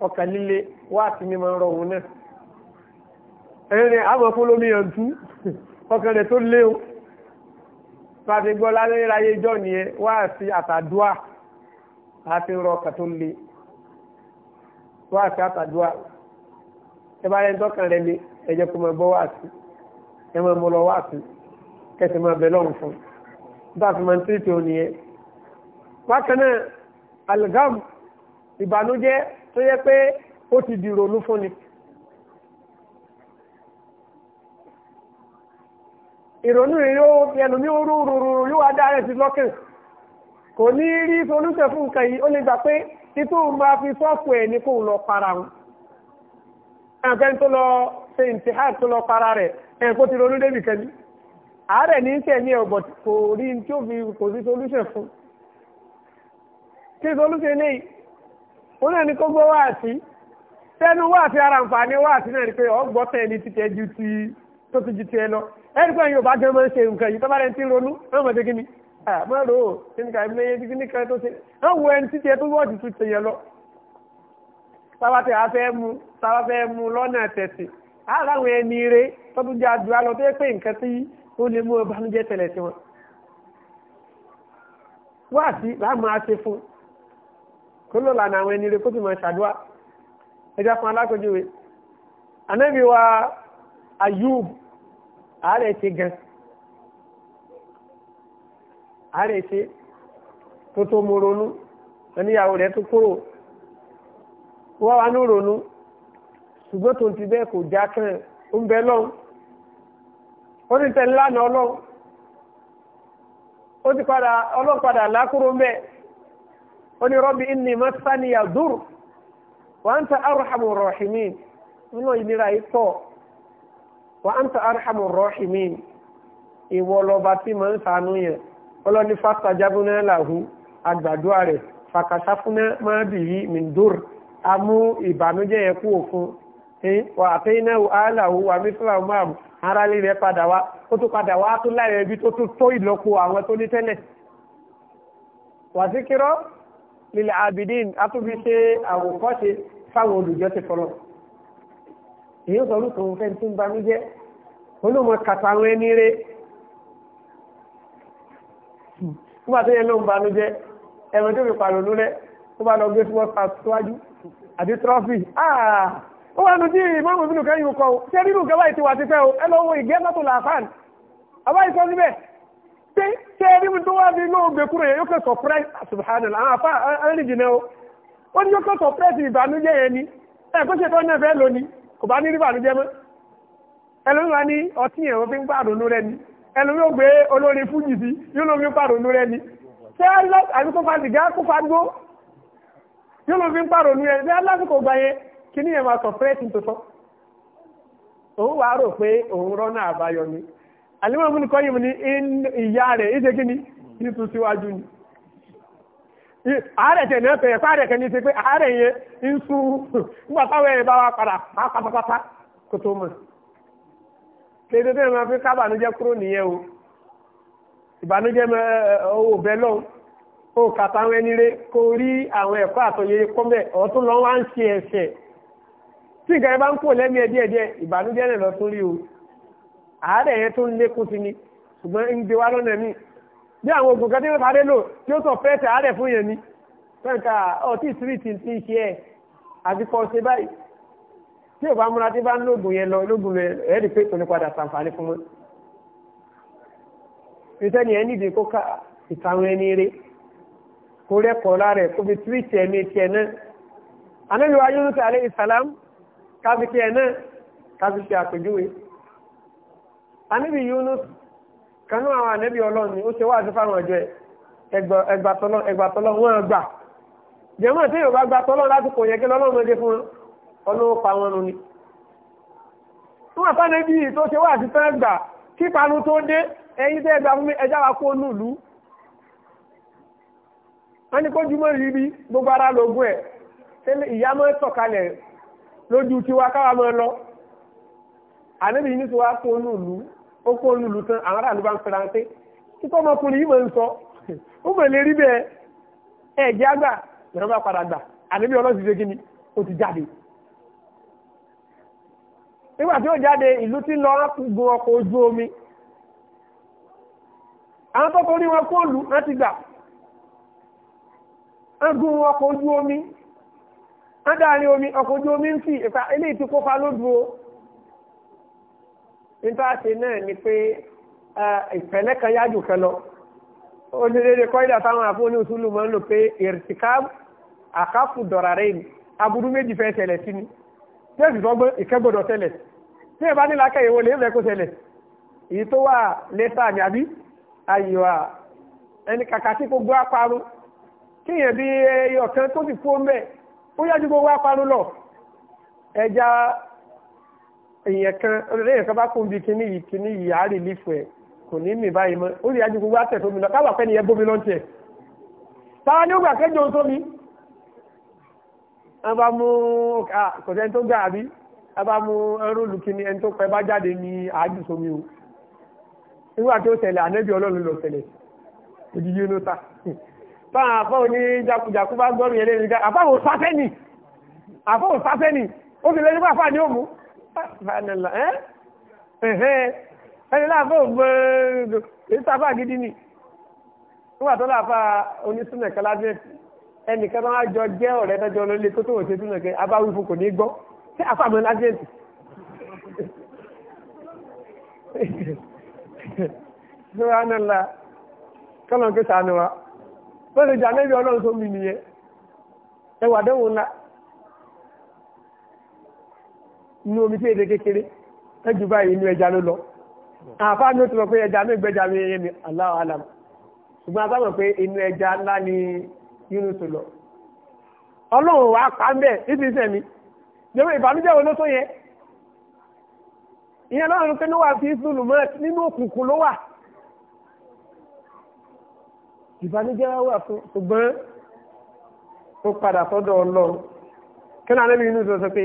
ọkàn líle wá àti mímọ̀ ń rọrùn náà ẹ̀rìn àmọ́ fún lómi ọ̀tú ọkàn rẹ̀ tó léwu fàtí gbọ́ láyé ìjọ nìyẹn wá àti àtàdúà àti rọ ọkàn tó le wá àti àtàdúà ẹ bá rẹ̀ ń tọ́kàn rẹ̀ le ẹ jẹ́ kó bọ́ wá àti ẹ máa lọ wá àti kẹsì máa bẹ̀ lọ́rùn fún un máa ń tírìtì òun nìyẹn bákan náà algam ìbànújẹ́ tó yẹ pé ó ti di ronú fún ni. ìrònú rẹ̀ yóò fi ẹnu mi ó ko yóò wá dára sí lọ́kàn kò ní rí solúṣẹ̀ fún nǹkan yìí ó lè gbà pé títú máa fi sọ́ọ̀pù ẹ̀ ní kó lọ para wọn. ẹnìkan tó lọ ṣe tó lọ para rẹ̀ ẹnìkan ti ronú débì kan àárẹ̀ ní tẹ̀lé ọ̀bọ̀ kò rí tí ó fi kò sí òun náà ni kó gbọ́ wáàsí tẹnu wáàsí ara nǹfààní wáàsí náà ni pé ọgbọ́ tẹ̀ ní títẹ ju ti tó ti ju tiẹ lọ ẹni pé yóò bá gẹ́ máa ń ṣe nǹkan yìí tó bá rẹ̀ ti ronú náà mọ̀ sí kí ni máa rò ó kíníkà ìmọ̀lẹ́yẹ ti kíníkà tó ṣe náà wo ẹni títẹ tó wọ́ọ̀dì tó ṣe yẹn lọ. sábà tẹ̀ afẹ́ mu sábà fẹ́ mu lọ́nà tẹ̀sí aláwọn ẹni rẹ tọ́dún jẹ́ àdúrà lọ tó yẹ pé nǹkan tí ó lè kó ló àwọn ẹni rẹ̀ kó máa ẹja fún alákòjúwe anábì wa Ayub àárẹ̀ ṣe gan àárẹ̀ ṣe tó tó mo ronú ẹniyàwó rẹ̀ tó kúrò wọ́n wá ní ronú ṣùgbọ́n tó ti bẹ́ẹ̀ kò já ó ní rọ́bì inni masaniya dur wa anta arhamu rahimin nínú ìnira yìí pọ̀ wa anta arhamu rahimin ìwọ lọba tí mo ń sànú yẹn ọlọ́ni fastajabna lahu àgbàdua rẹ̀ fàkàṣàfúnná máa bì yí mìndúr amú ìbànújẹ́ yẹn kú òfun wà àtẹ́yìnà àlàó wà mísírà máàmù ara lè rẹ padà wá ó tún padà wá tún láyọ̀ ibi tó tún tó ìlọ́po àwọn tó ní tẹ́lẹ̀ wàsíkírọ́ lílẹ̀ abidin atúbí ṣe àwòkọ́ṣe fáwọn olùjọ́ ti fọlọ́ èyí sọ orúkọ òun fẹ́ni tí ń banújẹ́ olóòmọ kàtà àwọn ẹni rẹ nígbà tó yẹ ló ń banújẹ́ ẹ̀rọ tó fi pààrọ̀ lórí tó bá lọ gbé fún ọ́pá síwájú àti trọ́fì ah! ó wà nùtí ìmọ̀mù ìbínú kẹ́yìn kọ́ ṣé nínú gẹ́wà ìtiwà ti fẹ́ o ẹ lọ wo ìgẹ́ mọ́tò làfáàn àbáyé sọ síbẹ̀ pé ṣé ẹni mi tó wá sí inú ògbé kúrò yẹn yóò kẹ́ surprise ah, subhanallah àwọn afá ẹni jìnnà o ó ní yóò kẹ́ surprise ìbànújẹ́ yẹn ni ẹ kó ṣe tó náà fẹ́ o kò bá ní rí ìbànújẹ́ mọ́ ẹlòmí wa ní ọtí yẹn wọ́n fi ń pàdùnú rẹ ni ẹlòmí ò gbé olórin fújì sí yóò ló fi ń pàdùnú rẹ ni ṣé àbí kó fa sìgá kó fa gbó yóò ló fi ń pàdùnú rẹ ṣé lásìkò gbà yẹn kí ni yẹn máa surprise tuntun òun wàá rò pé òun rọ́nà àbáyọ ni àlímọ̀ mú ní kọ́yìn ní ìyá rẹ̀ ìṣe kí ni títún síwájú ni ààrẹ tẹ̀ náà tẹ̀yẹ̀ fáàrẹ̀ kẹ́ni ṣe pé ààrẹ yẹn ń sú nígbà táwọn ẹ̀yẹ bá wa padà pátápátá kò tó mọ̀ kéde tẹ́lẹ̀ máa fi kúrò nìyẹn o ìbànújẹ́ owó bẹ́ẹ̀ lọ́wọ́ ó kàtà àwọn ẹni rẹ̀ kó rí àwọn ẹ̀kọ́ àtọ̀yẹ kọ́mẹ̀ ọ̀tún lọ́wọ́ à ń ṣe ẹ̀ṣẹ̀ tí ìgbà yẹn bá ń kó lẹ́mí ẹ̀ díẹ̀díẹ̀ ìbànújẹ́ náà lọ rí o àárẹ̀ yẹn tó ń lékún sí ni ṣùgbọ́n ń gbé wá lọ́nà míì bí àwọn oògùn kan tí wọ́n parẹ́ lò tí ó sọ fẹ́ẹ̀tì àárẹ̀ fún yẹn ni fẹ́ǹkà ọtí síríìtì ti ń ṣe ẹ̀ àti kọ́ ṣe báyìí tí ò bá múra tí bá ń lóògùn yẹn lọ lóògùn rẹ̀ ẹ̀ pé kò padà ṣàǹfààní fún wọn. ìtẹ́ni ẹ̀ nídìí kó ká ìtàwọn ẹni rẹ kó rẹ́kọ̀ọ́ lára kó fi síríìtì ẹ̀mí tiẹ̀ náà. anábìwá Yunus alayhi salam káfíkì ẹ̀ náà káfíkì àpèjúwe anabi Yunus kanú àwọn anabi Ọlọ́run ni ó ṣe wáàsí fáwọn ọjọ́ ẹgbàtọlọ ẹgbàtọlọ wọn gbà jẹmọ tí yorùbá gba tọlọ láti kò yẹ kí lọ́lọ́run dé fún wọn Ọlọ́run pa wọn ni. wọn àtàwọn ẹbí tó ṣe wáàsí tán gbà kí panu tó dé ẹyin tẹ gbà fún mi ẹjá wa kó nùlù wọ́n ní kójúmọ́ rírí gbogbo ara lógún ẹ̀ tẹ́lẹ̀ ìyá mọ́ tọ̀kalẹ̀ lójú tiwa káwa mọ́ lọ ànábì ní tiwa kó nùlù ó kó lùlù tán àwọn aráàlú bá ń pera pé kíkọ́ ọmọkùnrin yìí máa ń sọ *laughs* ó mọ̀ lè rí bẹ́ẹ̀ ẹ̀jẹ̀ àgbà lọ́nà bá padà gbà àníbí ọlọ́sìn ṣe kíni ó ti jáde. nígbà tí jáde ìlú ti lọ ojú omi àwọn tó torí wọn wọn ti gbà omi wọn omi ọkọ̀ ojú omi ń eléyìí níta ṣe náà ni pé ìpẹ̀lẹ́ kan yájú kan lọ ó ní dédé kọ́ńdà táwọn àfọ́ní òṣùlù máa ń lò pé ìrìtìká àkáfù dọ̀rà rẹ̀ ni aburú méjì fẹ́ ṣẹlẹ̀ sí ni tí èsì sọ ìkẹ́gbọ̀dọ̀ ṣẹlẹ̀ tí ẹ bá ní lákẹ́yẹ̀ wọlé ẹ̀fẹ́ kó ṣẹlẹ̀ èyí tó wà lẹ́sà ní àbí ayò ẹni kàkà sí gbogbo aparun kíyàn bí ọ̀kan tó sì fún mẹ́ èèyàn kan lẹ́yìn kan bá kún bí kíní yìí kíní yìí àárè lífù ẹ̀ kò ní mì báyìí mọ́ ó rí ajú gbogbo àtẹ̀ fún mi lọ káwà pẹ́ nìyẹn bómi lọ́ntẹ̀ táwa ní ó gbà kéjọ tó mi wọ́n bá mú kò sẹ́ni tó gbà àbí wọ́n bá mú ẹrú lùkíní ẹni tó pẹ́ bá jáde ní àájú sómi o nígbà tó ṣẹlẹ̀ ànẹ́bí ọlọ́run lọ ṣẹlẹ̀ òjijì ló ta báwọn afọ́ ní jakujaku bá gbọ́rù yẹn lé fanilá ẹ́ eh? ẹni láàfọ́ ògbóòdò èyí sábà gidi ni nígbà tó láàfà onísúnà kẹlábíyẹ ẹnìkan tó wá jọ jẹ́ ọ̀rẹ́ tọ́jọ́ lólè tó tó wò ṣe súnà kẹ abáwí fún kò ní gbọ́ ṣé àfàmọ́ lábíyẹ̀tì subhanallah kọ́lọ̀ ń ké sànù wa bó ṣe jà nẹ́bí ọlọ́run tó mi nìyẹn ẹwà dẹ́wò ńlá inú omi tí èdè kékeré ẹjù báyìí inú ẹja ló lọ àfáà ní ó ti mọ̀ pé ẹja mi gbẹja mi yẹn mi Allahu alam ṣùgbọ́n a bá mọ̀ pé inú ẹja ńlá ni Yúnúsù lọ ọlọ́run wàá pa ń bẹ̀ níbi iṣẹ́ mi jẹ́wọ́ ìbànújẹ́ wo ló tó yẹ ìyẹn lọ́run pé níwà fi sùlù mọ́ nínú òkùnkùn ló wà ìbànújẹ́ wà fún ṣùgbọ́n ó padà sọ́dọ̀ ọlọ́run kí ni alẹ́ mi Yúnúsù sọ pé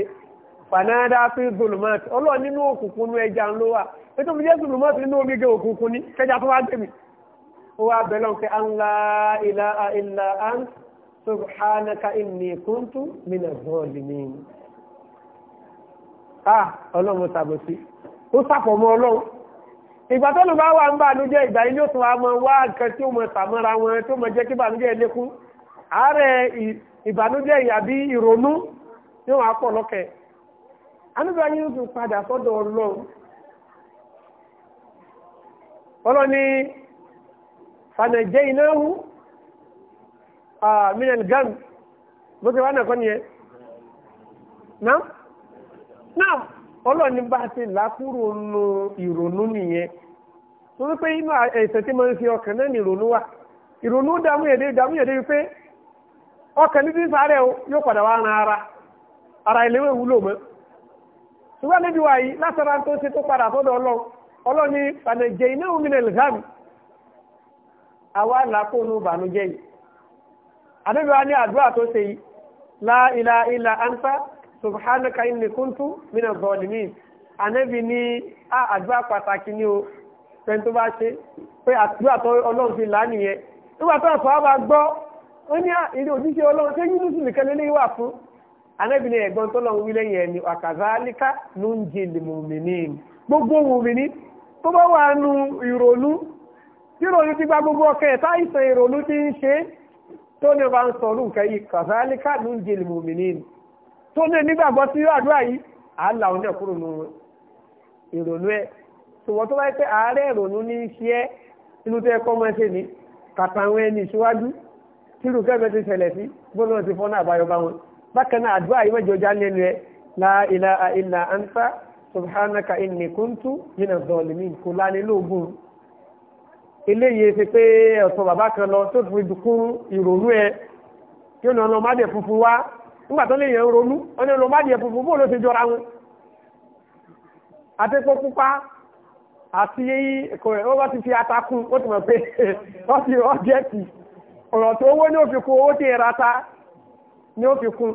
fanada fi zulumat ọlọ́run nínú òkùnkùn ní ẹja ló wà ètò ìjẹ́ zulumat nínú omígẹ òkùnkùn ní kẹjá tó wá gbèmí ó wá bẹ̀rẹ̀ pé an la ilaha illa an subhanaka inni kuntu minaz zalimin ah ọlọ́run sàbòsí ó sàfọ̀mọ́ ọlọ́run ìgbà tó lù bá wà ń bànújẹ́ ìgbà ilé òtún wa mọ wá nǹkan tí ó mọ sàmọ́ra wọn tó mọ jẹ́ kí bànújẹ́ lékún àárẹ̀ ìbànújẹ́ ìyàbí ìrònú yóò wá pọ̀ lọ́kẹ̀ẹ́ anụba yóò tún padà sọ́dọ̀ ọlọ́run ọlọ́run ní fanàjẹ́ ináhu minel gam bó ti wá náà kọ́ nìyẹn náà náà ọlọ́run ni bá ti làkúrò nu ìrònú nìyẹn torí pé inú ẹ̀sẹ̀ tí mo ń fi ọkàn náà ní ìrònú wà ìrònú dààmú yẹ̀dẹ́ dààmú yẹ̀dẹ́ wípé ọkàn ní sáré yóò padà wá ara ara ilé wúlò mọ́. ṣùgbọ́n níbi wà yìí lásán tó ṣe tó padà sọ́dọ̀ ọlọ́run ọlọ́run ní pàdéjẹ iná òmìnira ìlhàmù àwa làkóònù bànújẹ́ yìí àdébí wa ní àdúrà tó ṣe yìí la ilaha illa anta subhanaka inni kuntu mina zalimin ànábì ní àdúrà pàtàkì ní o pẹ̀lú tó bá ṣe pé àdúrà tó ọlọ́run fi là á nìyẹn nígbà tó àfọwọ́ bá gbọ́ ó ní ìrìn òjíṣẹ́ ọlọ́run ṣé yúdùsù nìkan lé anábì ní ẹ̀gbọ́n tó lọ́n wí lẹ́yìn ẹni àkàzálíkà ló ń jẹ lèmọ̀mìnì gbogbo mòmìnì tó bá wà nu ìrònú tí ìrònú ti gba gbogbo ọkẹ ẹ̀ táìsàn ìrònú ti ń ṣe tó ní ọba ń sọ ọdún nǹkan yìí kàzálíkà ló ń jẹ lèmọ̀mìnì tó ní nígbàgbọ́ sí àdúrà yìí à òun náà kúrò ìrònú ẹ̀ ṣùgbọ́n tó bá yẹ ààrẹ ìrònú ní í inú tó kọ́ mọ́ ṣe ni kàtàwọn ẹni ìṣíwájú tírù kẹ́ẹ̀mẹ́ ti ṣẹlẹ̀ sí gbọ́dọ̀ ti fọ́nà àbáyọ bá bákan náà àdúrà yìí mẹ́jọ já ẹ la ilaha illa anta subhanaka inni kuntu minaz zalimin kò lánilógún eléyìí ṣe pé ọ̀tọ̀ bàbá kan lọ tó fi dùkún ìrònú ẹ tí ó ní ọlọmọdé funfun wá nígbà tó lè yẹn ronú ó ní ọlọmọdé funfun bóòlù ti jọra wọn àti epo pupa àti ẹ̀kọ́ ti fi atakun ó ti mọ̀ pé *laughs* ọ́fíì ọ́jẹ́tì ọ̀rọ̀ tó owó ní òfin kún owó tí ẹ̀rata ni ó fi kún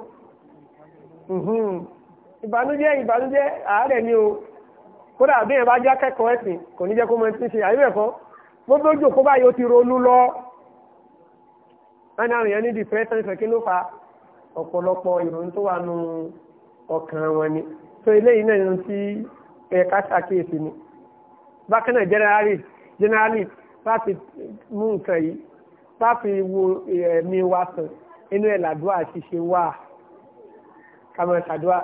ìbànújẹ́ ìbànújẹ́ àárẹ̀ ni o kódà bí ẹ bá já kẹ́kọ̀ọ́ ẹ̀sìn kò ní jẹ́ kó mọ ẹni tí ń ṣe àyẹ̀wẹ̀kọ́ gbogbo ojú òkú báyìí ó ti ronú lọ wọn àrùn yẹn ní depression ìfẹ́ kí ló fa ọ̀pọ̀lọpọ̀ ìròyìn tó wà nù ọkàn wọn ni so eléyìí náà nínú tí ẹ̀ka ṣàkíyèsí ni bákan náà generally generally láti mú nǹkan yìí láti wo ẹ̀mí wa sàn inú ẹ̀ làdúrà ṣíṣe wà kàmọ́ ṣàdúrà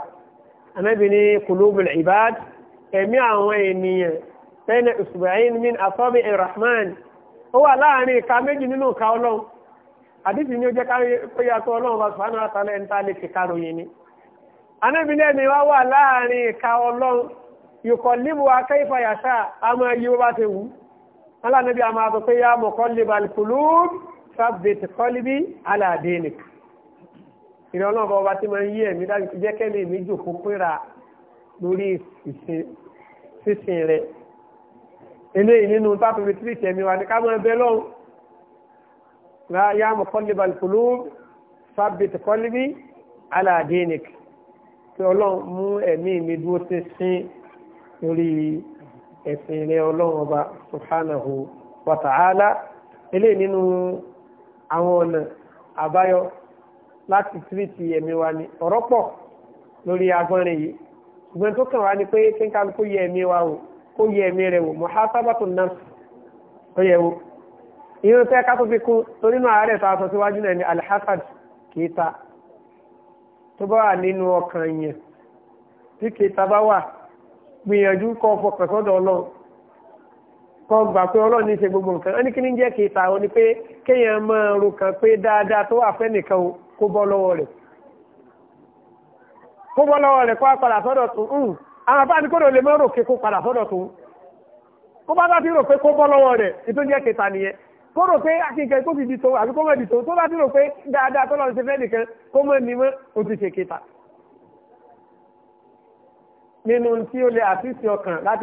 anábì ní kulubul ibad ẹ̀mí àwọn ènìyàn bẹ́ẹ̀ni usbu'ayn min asabi rahman ó wà láàrin ìka méjì nínú ìka ọlọ́run àdìsí ni ó jẹ́ kóyàtọ̀ ọlọ́run bá subhanahu wa ta'ala ẹni tá a lè fi káròyìn ni anábì ní ẹ̀mí wa wà láàrin ìka ọlọ́run yuqallibuha kayfa yasha a máa yí bó bá ti wù aláàbí a máa pé yá muqallibal qulub sábẹ̀t kọ́líbí aládéènìk ìrìn ọlọ́run bá ọba tí máa ń yí ẹ̀mí dájú jẹ́ kẹ́lẹ́ mi jòkó pínra lórí sísìn rẹ̀ eléyìí nínú tápẹ̀mí tírìtì ẹ̀mí wa ní ká máa bẹ lọ́hùn yá mọ̀kọ́líbà kùlù sábẹ̀t kọ́líbí aládéènìk tí ọlọ́run mú ẹ̀mí mi dúró sí sín lórí ẹ̀sìn rẹ̀ ọlọ́run ọba subhanahu wa eléyìí nínú. àwọn ọ̀nà àbáyọ láti tírìtì ẹ̀mí wa ni ọ̀rọ̀ pọ̀ lórí agbọ́nrin yìí ṣùgbọ́n tó kàn wá ni pé kí n ká kó yẹ ẹ̀mí wa wò kó yẹ ẹ̀mí rẹ̀ wò muhasabatu nafs ó yẹ wò ìyẹn fẹ́ ká tó fi kún torí náà a síwájú náà ni kìí ta tó bá wà nínú ọkàn yẹn tí kìí ta kọ gbà pé ní ṣe gbogbo nǹkan ẹni kí ní jẹ́ kí ìta ọ ni pé kéèyàn máa kan pé dáadáa tó wà fẹ́ nìkan o kó bọ́ lọ́wọ́ rẹ̀ kó bọ́ lọ́wọ́ rẹ̀ kó padà sọ́dọ̀ tún un hmm. àwọn bá ní lè má rò pé kó padà sọ́dọ̀ tún kó bá bá ti rò pé kó bọ́ lọ́wọ́ rẹ̀ ètò jẹ́ kí ìta nìyẹn kó rò pé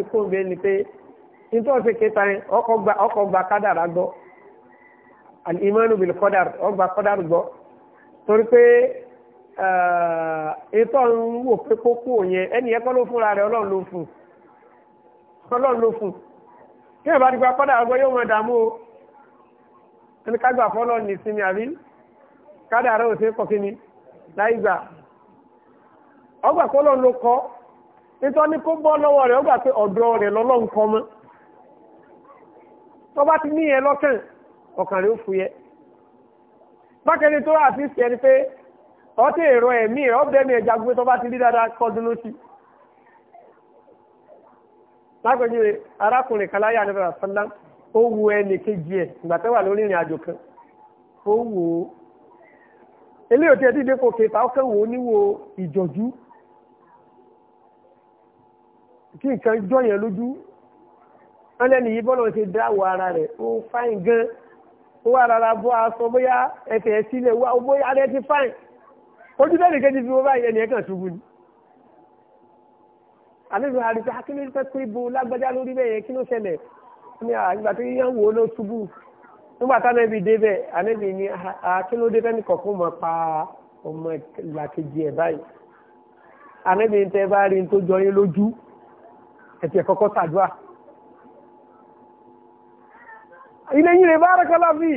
kó lè nítorí ọ̀sẹ̀ kẹta yẹn ọkọ̀ gba kádàrá gbọ́ alìmọ́nù bìlì kọ́dàrú ọgbà kọ́dàrú gbọ́ torí pé eh, ètò ń wò pé kókó yẹn ẹni ẹ̀kọ́ ló fúnra rẹ̀ ọlọ́run ló fún ọlọ́run ló fún bá ti gba o ẹni ká gbà fọ́lọ́ ní sinmi àbí ò sí láì gbà ọgbà ló kọ́ kó bọ́ lọ́wọ́ rẹ̀ ọgbà pé ọ̀dọ́ rẹ̀ lọ́lọ́run tó bá ti ní yẹn lọ́kàn ọkàn rẹ̀ ó fúyẹ́ bákẹ́ni tó rà sí ẹni pé ọtí èrò ẹ̀mí rẹ̀ ọ̀bẹ mi ẹ̀já gbé tó bá ti rí dáadáa kọ́dún ló sí. lápẹjúwe arákùnrin kan láyé àníbàrà sọlá ó wu ẹnì kejì ẹ̀ ìgbà tó lórí ìrìn àjò kan ó wù ó eléyìí ò tí ẹ kò kéta ó kàn ó níwò ìjọ̀jú kí nǹkan jọ̀yàn lójú wọ́n lẹ́nu yìí bọ́lọ̀ ṣe dáwọ̀ ara rẹ̀ ó fáìn gan ó wà rárá bọ́ aṣọ bóyá ẹsẹ̀ sílẹ̀ wá bóyá rẹ̀ ti fáìn ojú bẹ́ẹ̀ nìkan ti fi wọ́n báyìí ẹnì ẹ̀kan ṣubú ni. àlejò àrísà akíní fẹ́ pé bo lágbájá lórí bẹ́ẹ̀ yẹn kí ló ṣẹlẹ̀ ní àgbà tó yíyan wò ó ló ṣubú nígbà táwọn ẹbí dé bẹ́ẹ̀ àlejò ni akílódé fẹ́ nìkọ̀ọ̀kan mọ̀ pa ọmọ làkejì ẹ̀ báyìí àlejò ní tẹ́ bá rí ní tó jọ yín lójú ẹ̀tì ẹ̀kọ́kọ́ ṣàdúrà ilé yìí rẹ̀ bárakàlá fi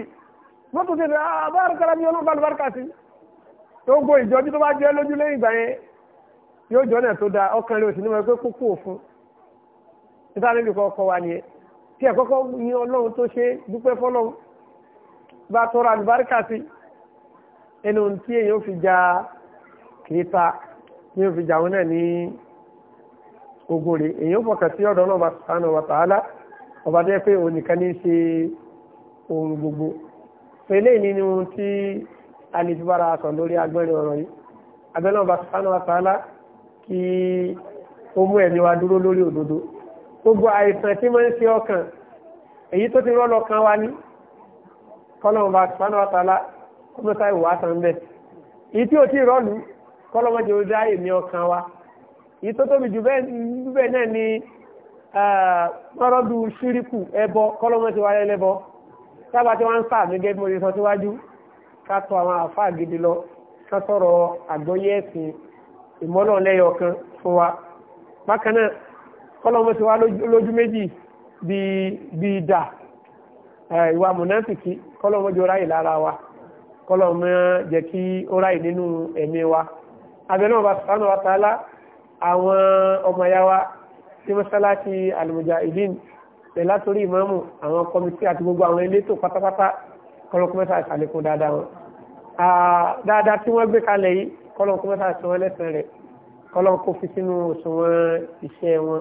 mọ́tò ṣe rẹ̀ ah, bárakàlá fi ọlọ́ba àlùbáríkà sí tó gbó ìjọjú tó bá jẹ́ lójú lẹ́yìn ìgbà yẹn yóò jọ náà tó da ọkàn rẹ̀ òsì ní wọn pé kókó òfun níta níbi kan ọkọ wa nìyẹn tí àkọ́kọ́ ní ọlọ́run tó ṣe dúpẹ́ fọlọ́run bá tọrọ àlùbáríkà sí ẹnu tí èèyàn fi ja kìíta ní òfi jà wọn náà ní ogun rẹ̀ èèyàn fọkàn sí ọ̀dọ̀ náà subhanahu wa ta'ala ọba tó yẹ pé òun nìkan ní í ṣe ooru gbogbo ni ohun ti a lè fi bára sọ lórí agbẹ́rin ọ̀rọ̀ yìí ọba sùpánù àtàlá kí ó mú wa dúró lórí òdodo gbogbo àìsàn tí ń ṣe ọkàn èyí tó ti rán wa ní kó sàn èyí tí ọkàn wa èyí tó tóbi jù bẹ́ẹ̀ náà ni ah, mọ́rọ́dù ṣíríkù ẹbọ kọ́lọ́mù ti sábà tí wọ́n ń sà gẹ́gẹ́ bí mo ti sọ síwájú ká tọ̀ àwọn àfáà gidi lọ ká sọ̀rọ̀ àgbọ́yé ẹ̀sìn ìmọ́lọ̀ lẹ́yọ̀ kan fún wa bákan náà kọ́lọ́mọ ti wá lójú méjì bí dà ìwà mùnáfìkì kọ́lọ́mọ jọ ráyè lára wa kọ́lọ́mọ jẹ́ kí ó ráyè nínú ẹ̀mí wa abẹ́nú ọba sùpánù wa tààlà àwọn ọmọ ya wa tí mọ́sálásí al pẹ̀lú àtòrí ìmáàmù àwọn kọmitì àti gbogbo àwọn elétò pátápátá kọlọ́kọ́mẹ́ta ìsàlẹ̀kùn dáadáa wọn. dáadáa tí wọ́n gbé kalẹ̀ yìí kọlọ́kọ́mẹ́ta ìsànwọ́n lẹ́sàn rẹ̀ kọlọ́kọ́ fi sínú òṣùwọ̀n iṣẹ́ wọn.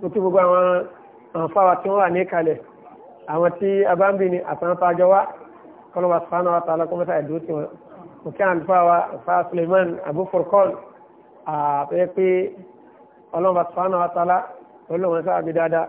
mo kí gbogbo àwọn àǹfààwà tí wọ́n wà ní kalẹ̀ àwọn tí abáǹbì ni àtàǹfààjọ wa kọlọ́wà sàánà wa tààlà kọ́mẹ́ta ìdúró tí Abu Furqan àpẹẹ pé ọlọ́wà sàánà wa tààlà olóòwò sáà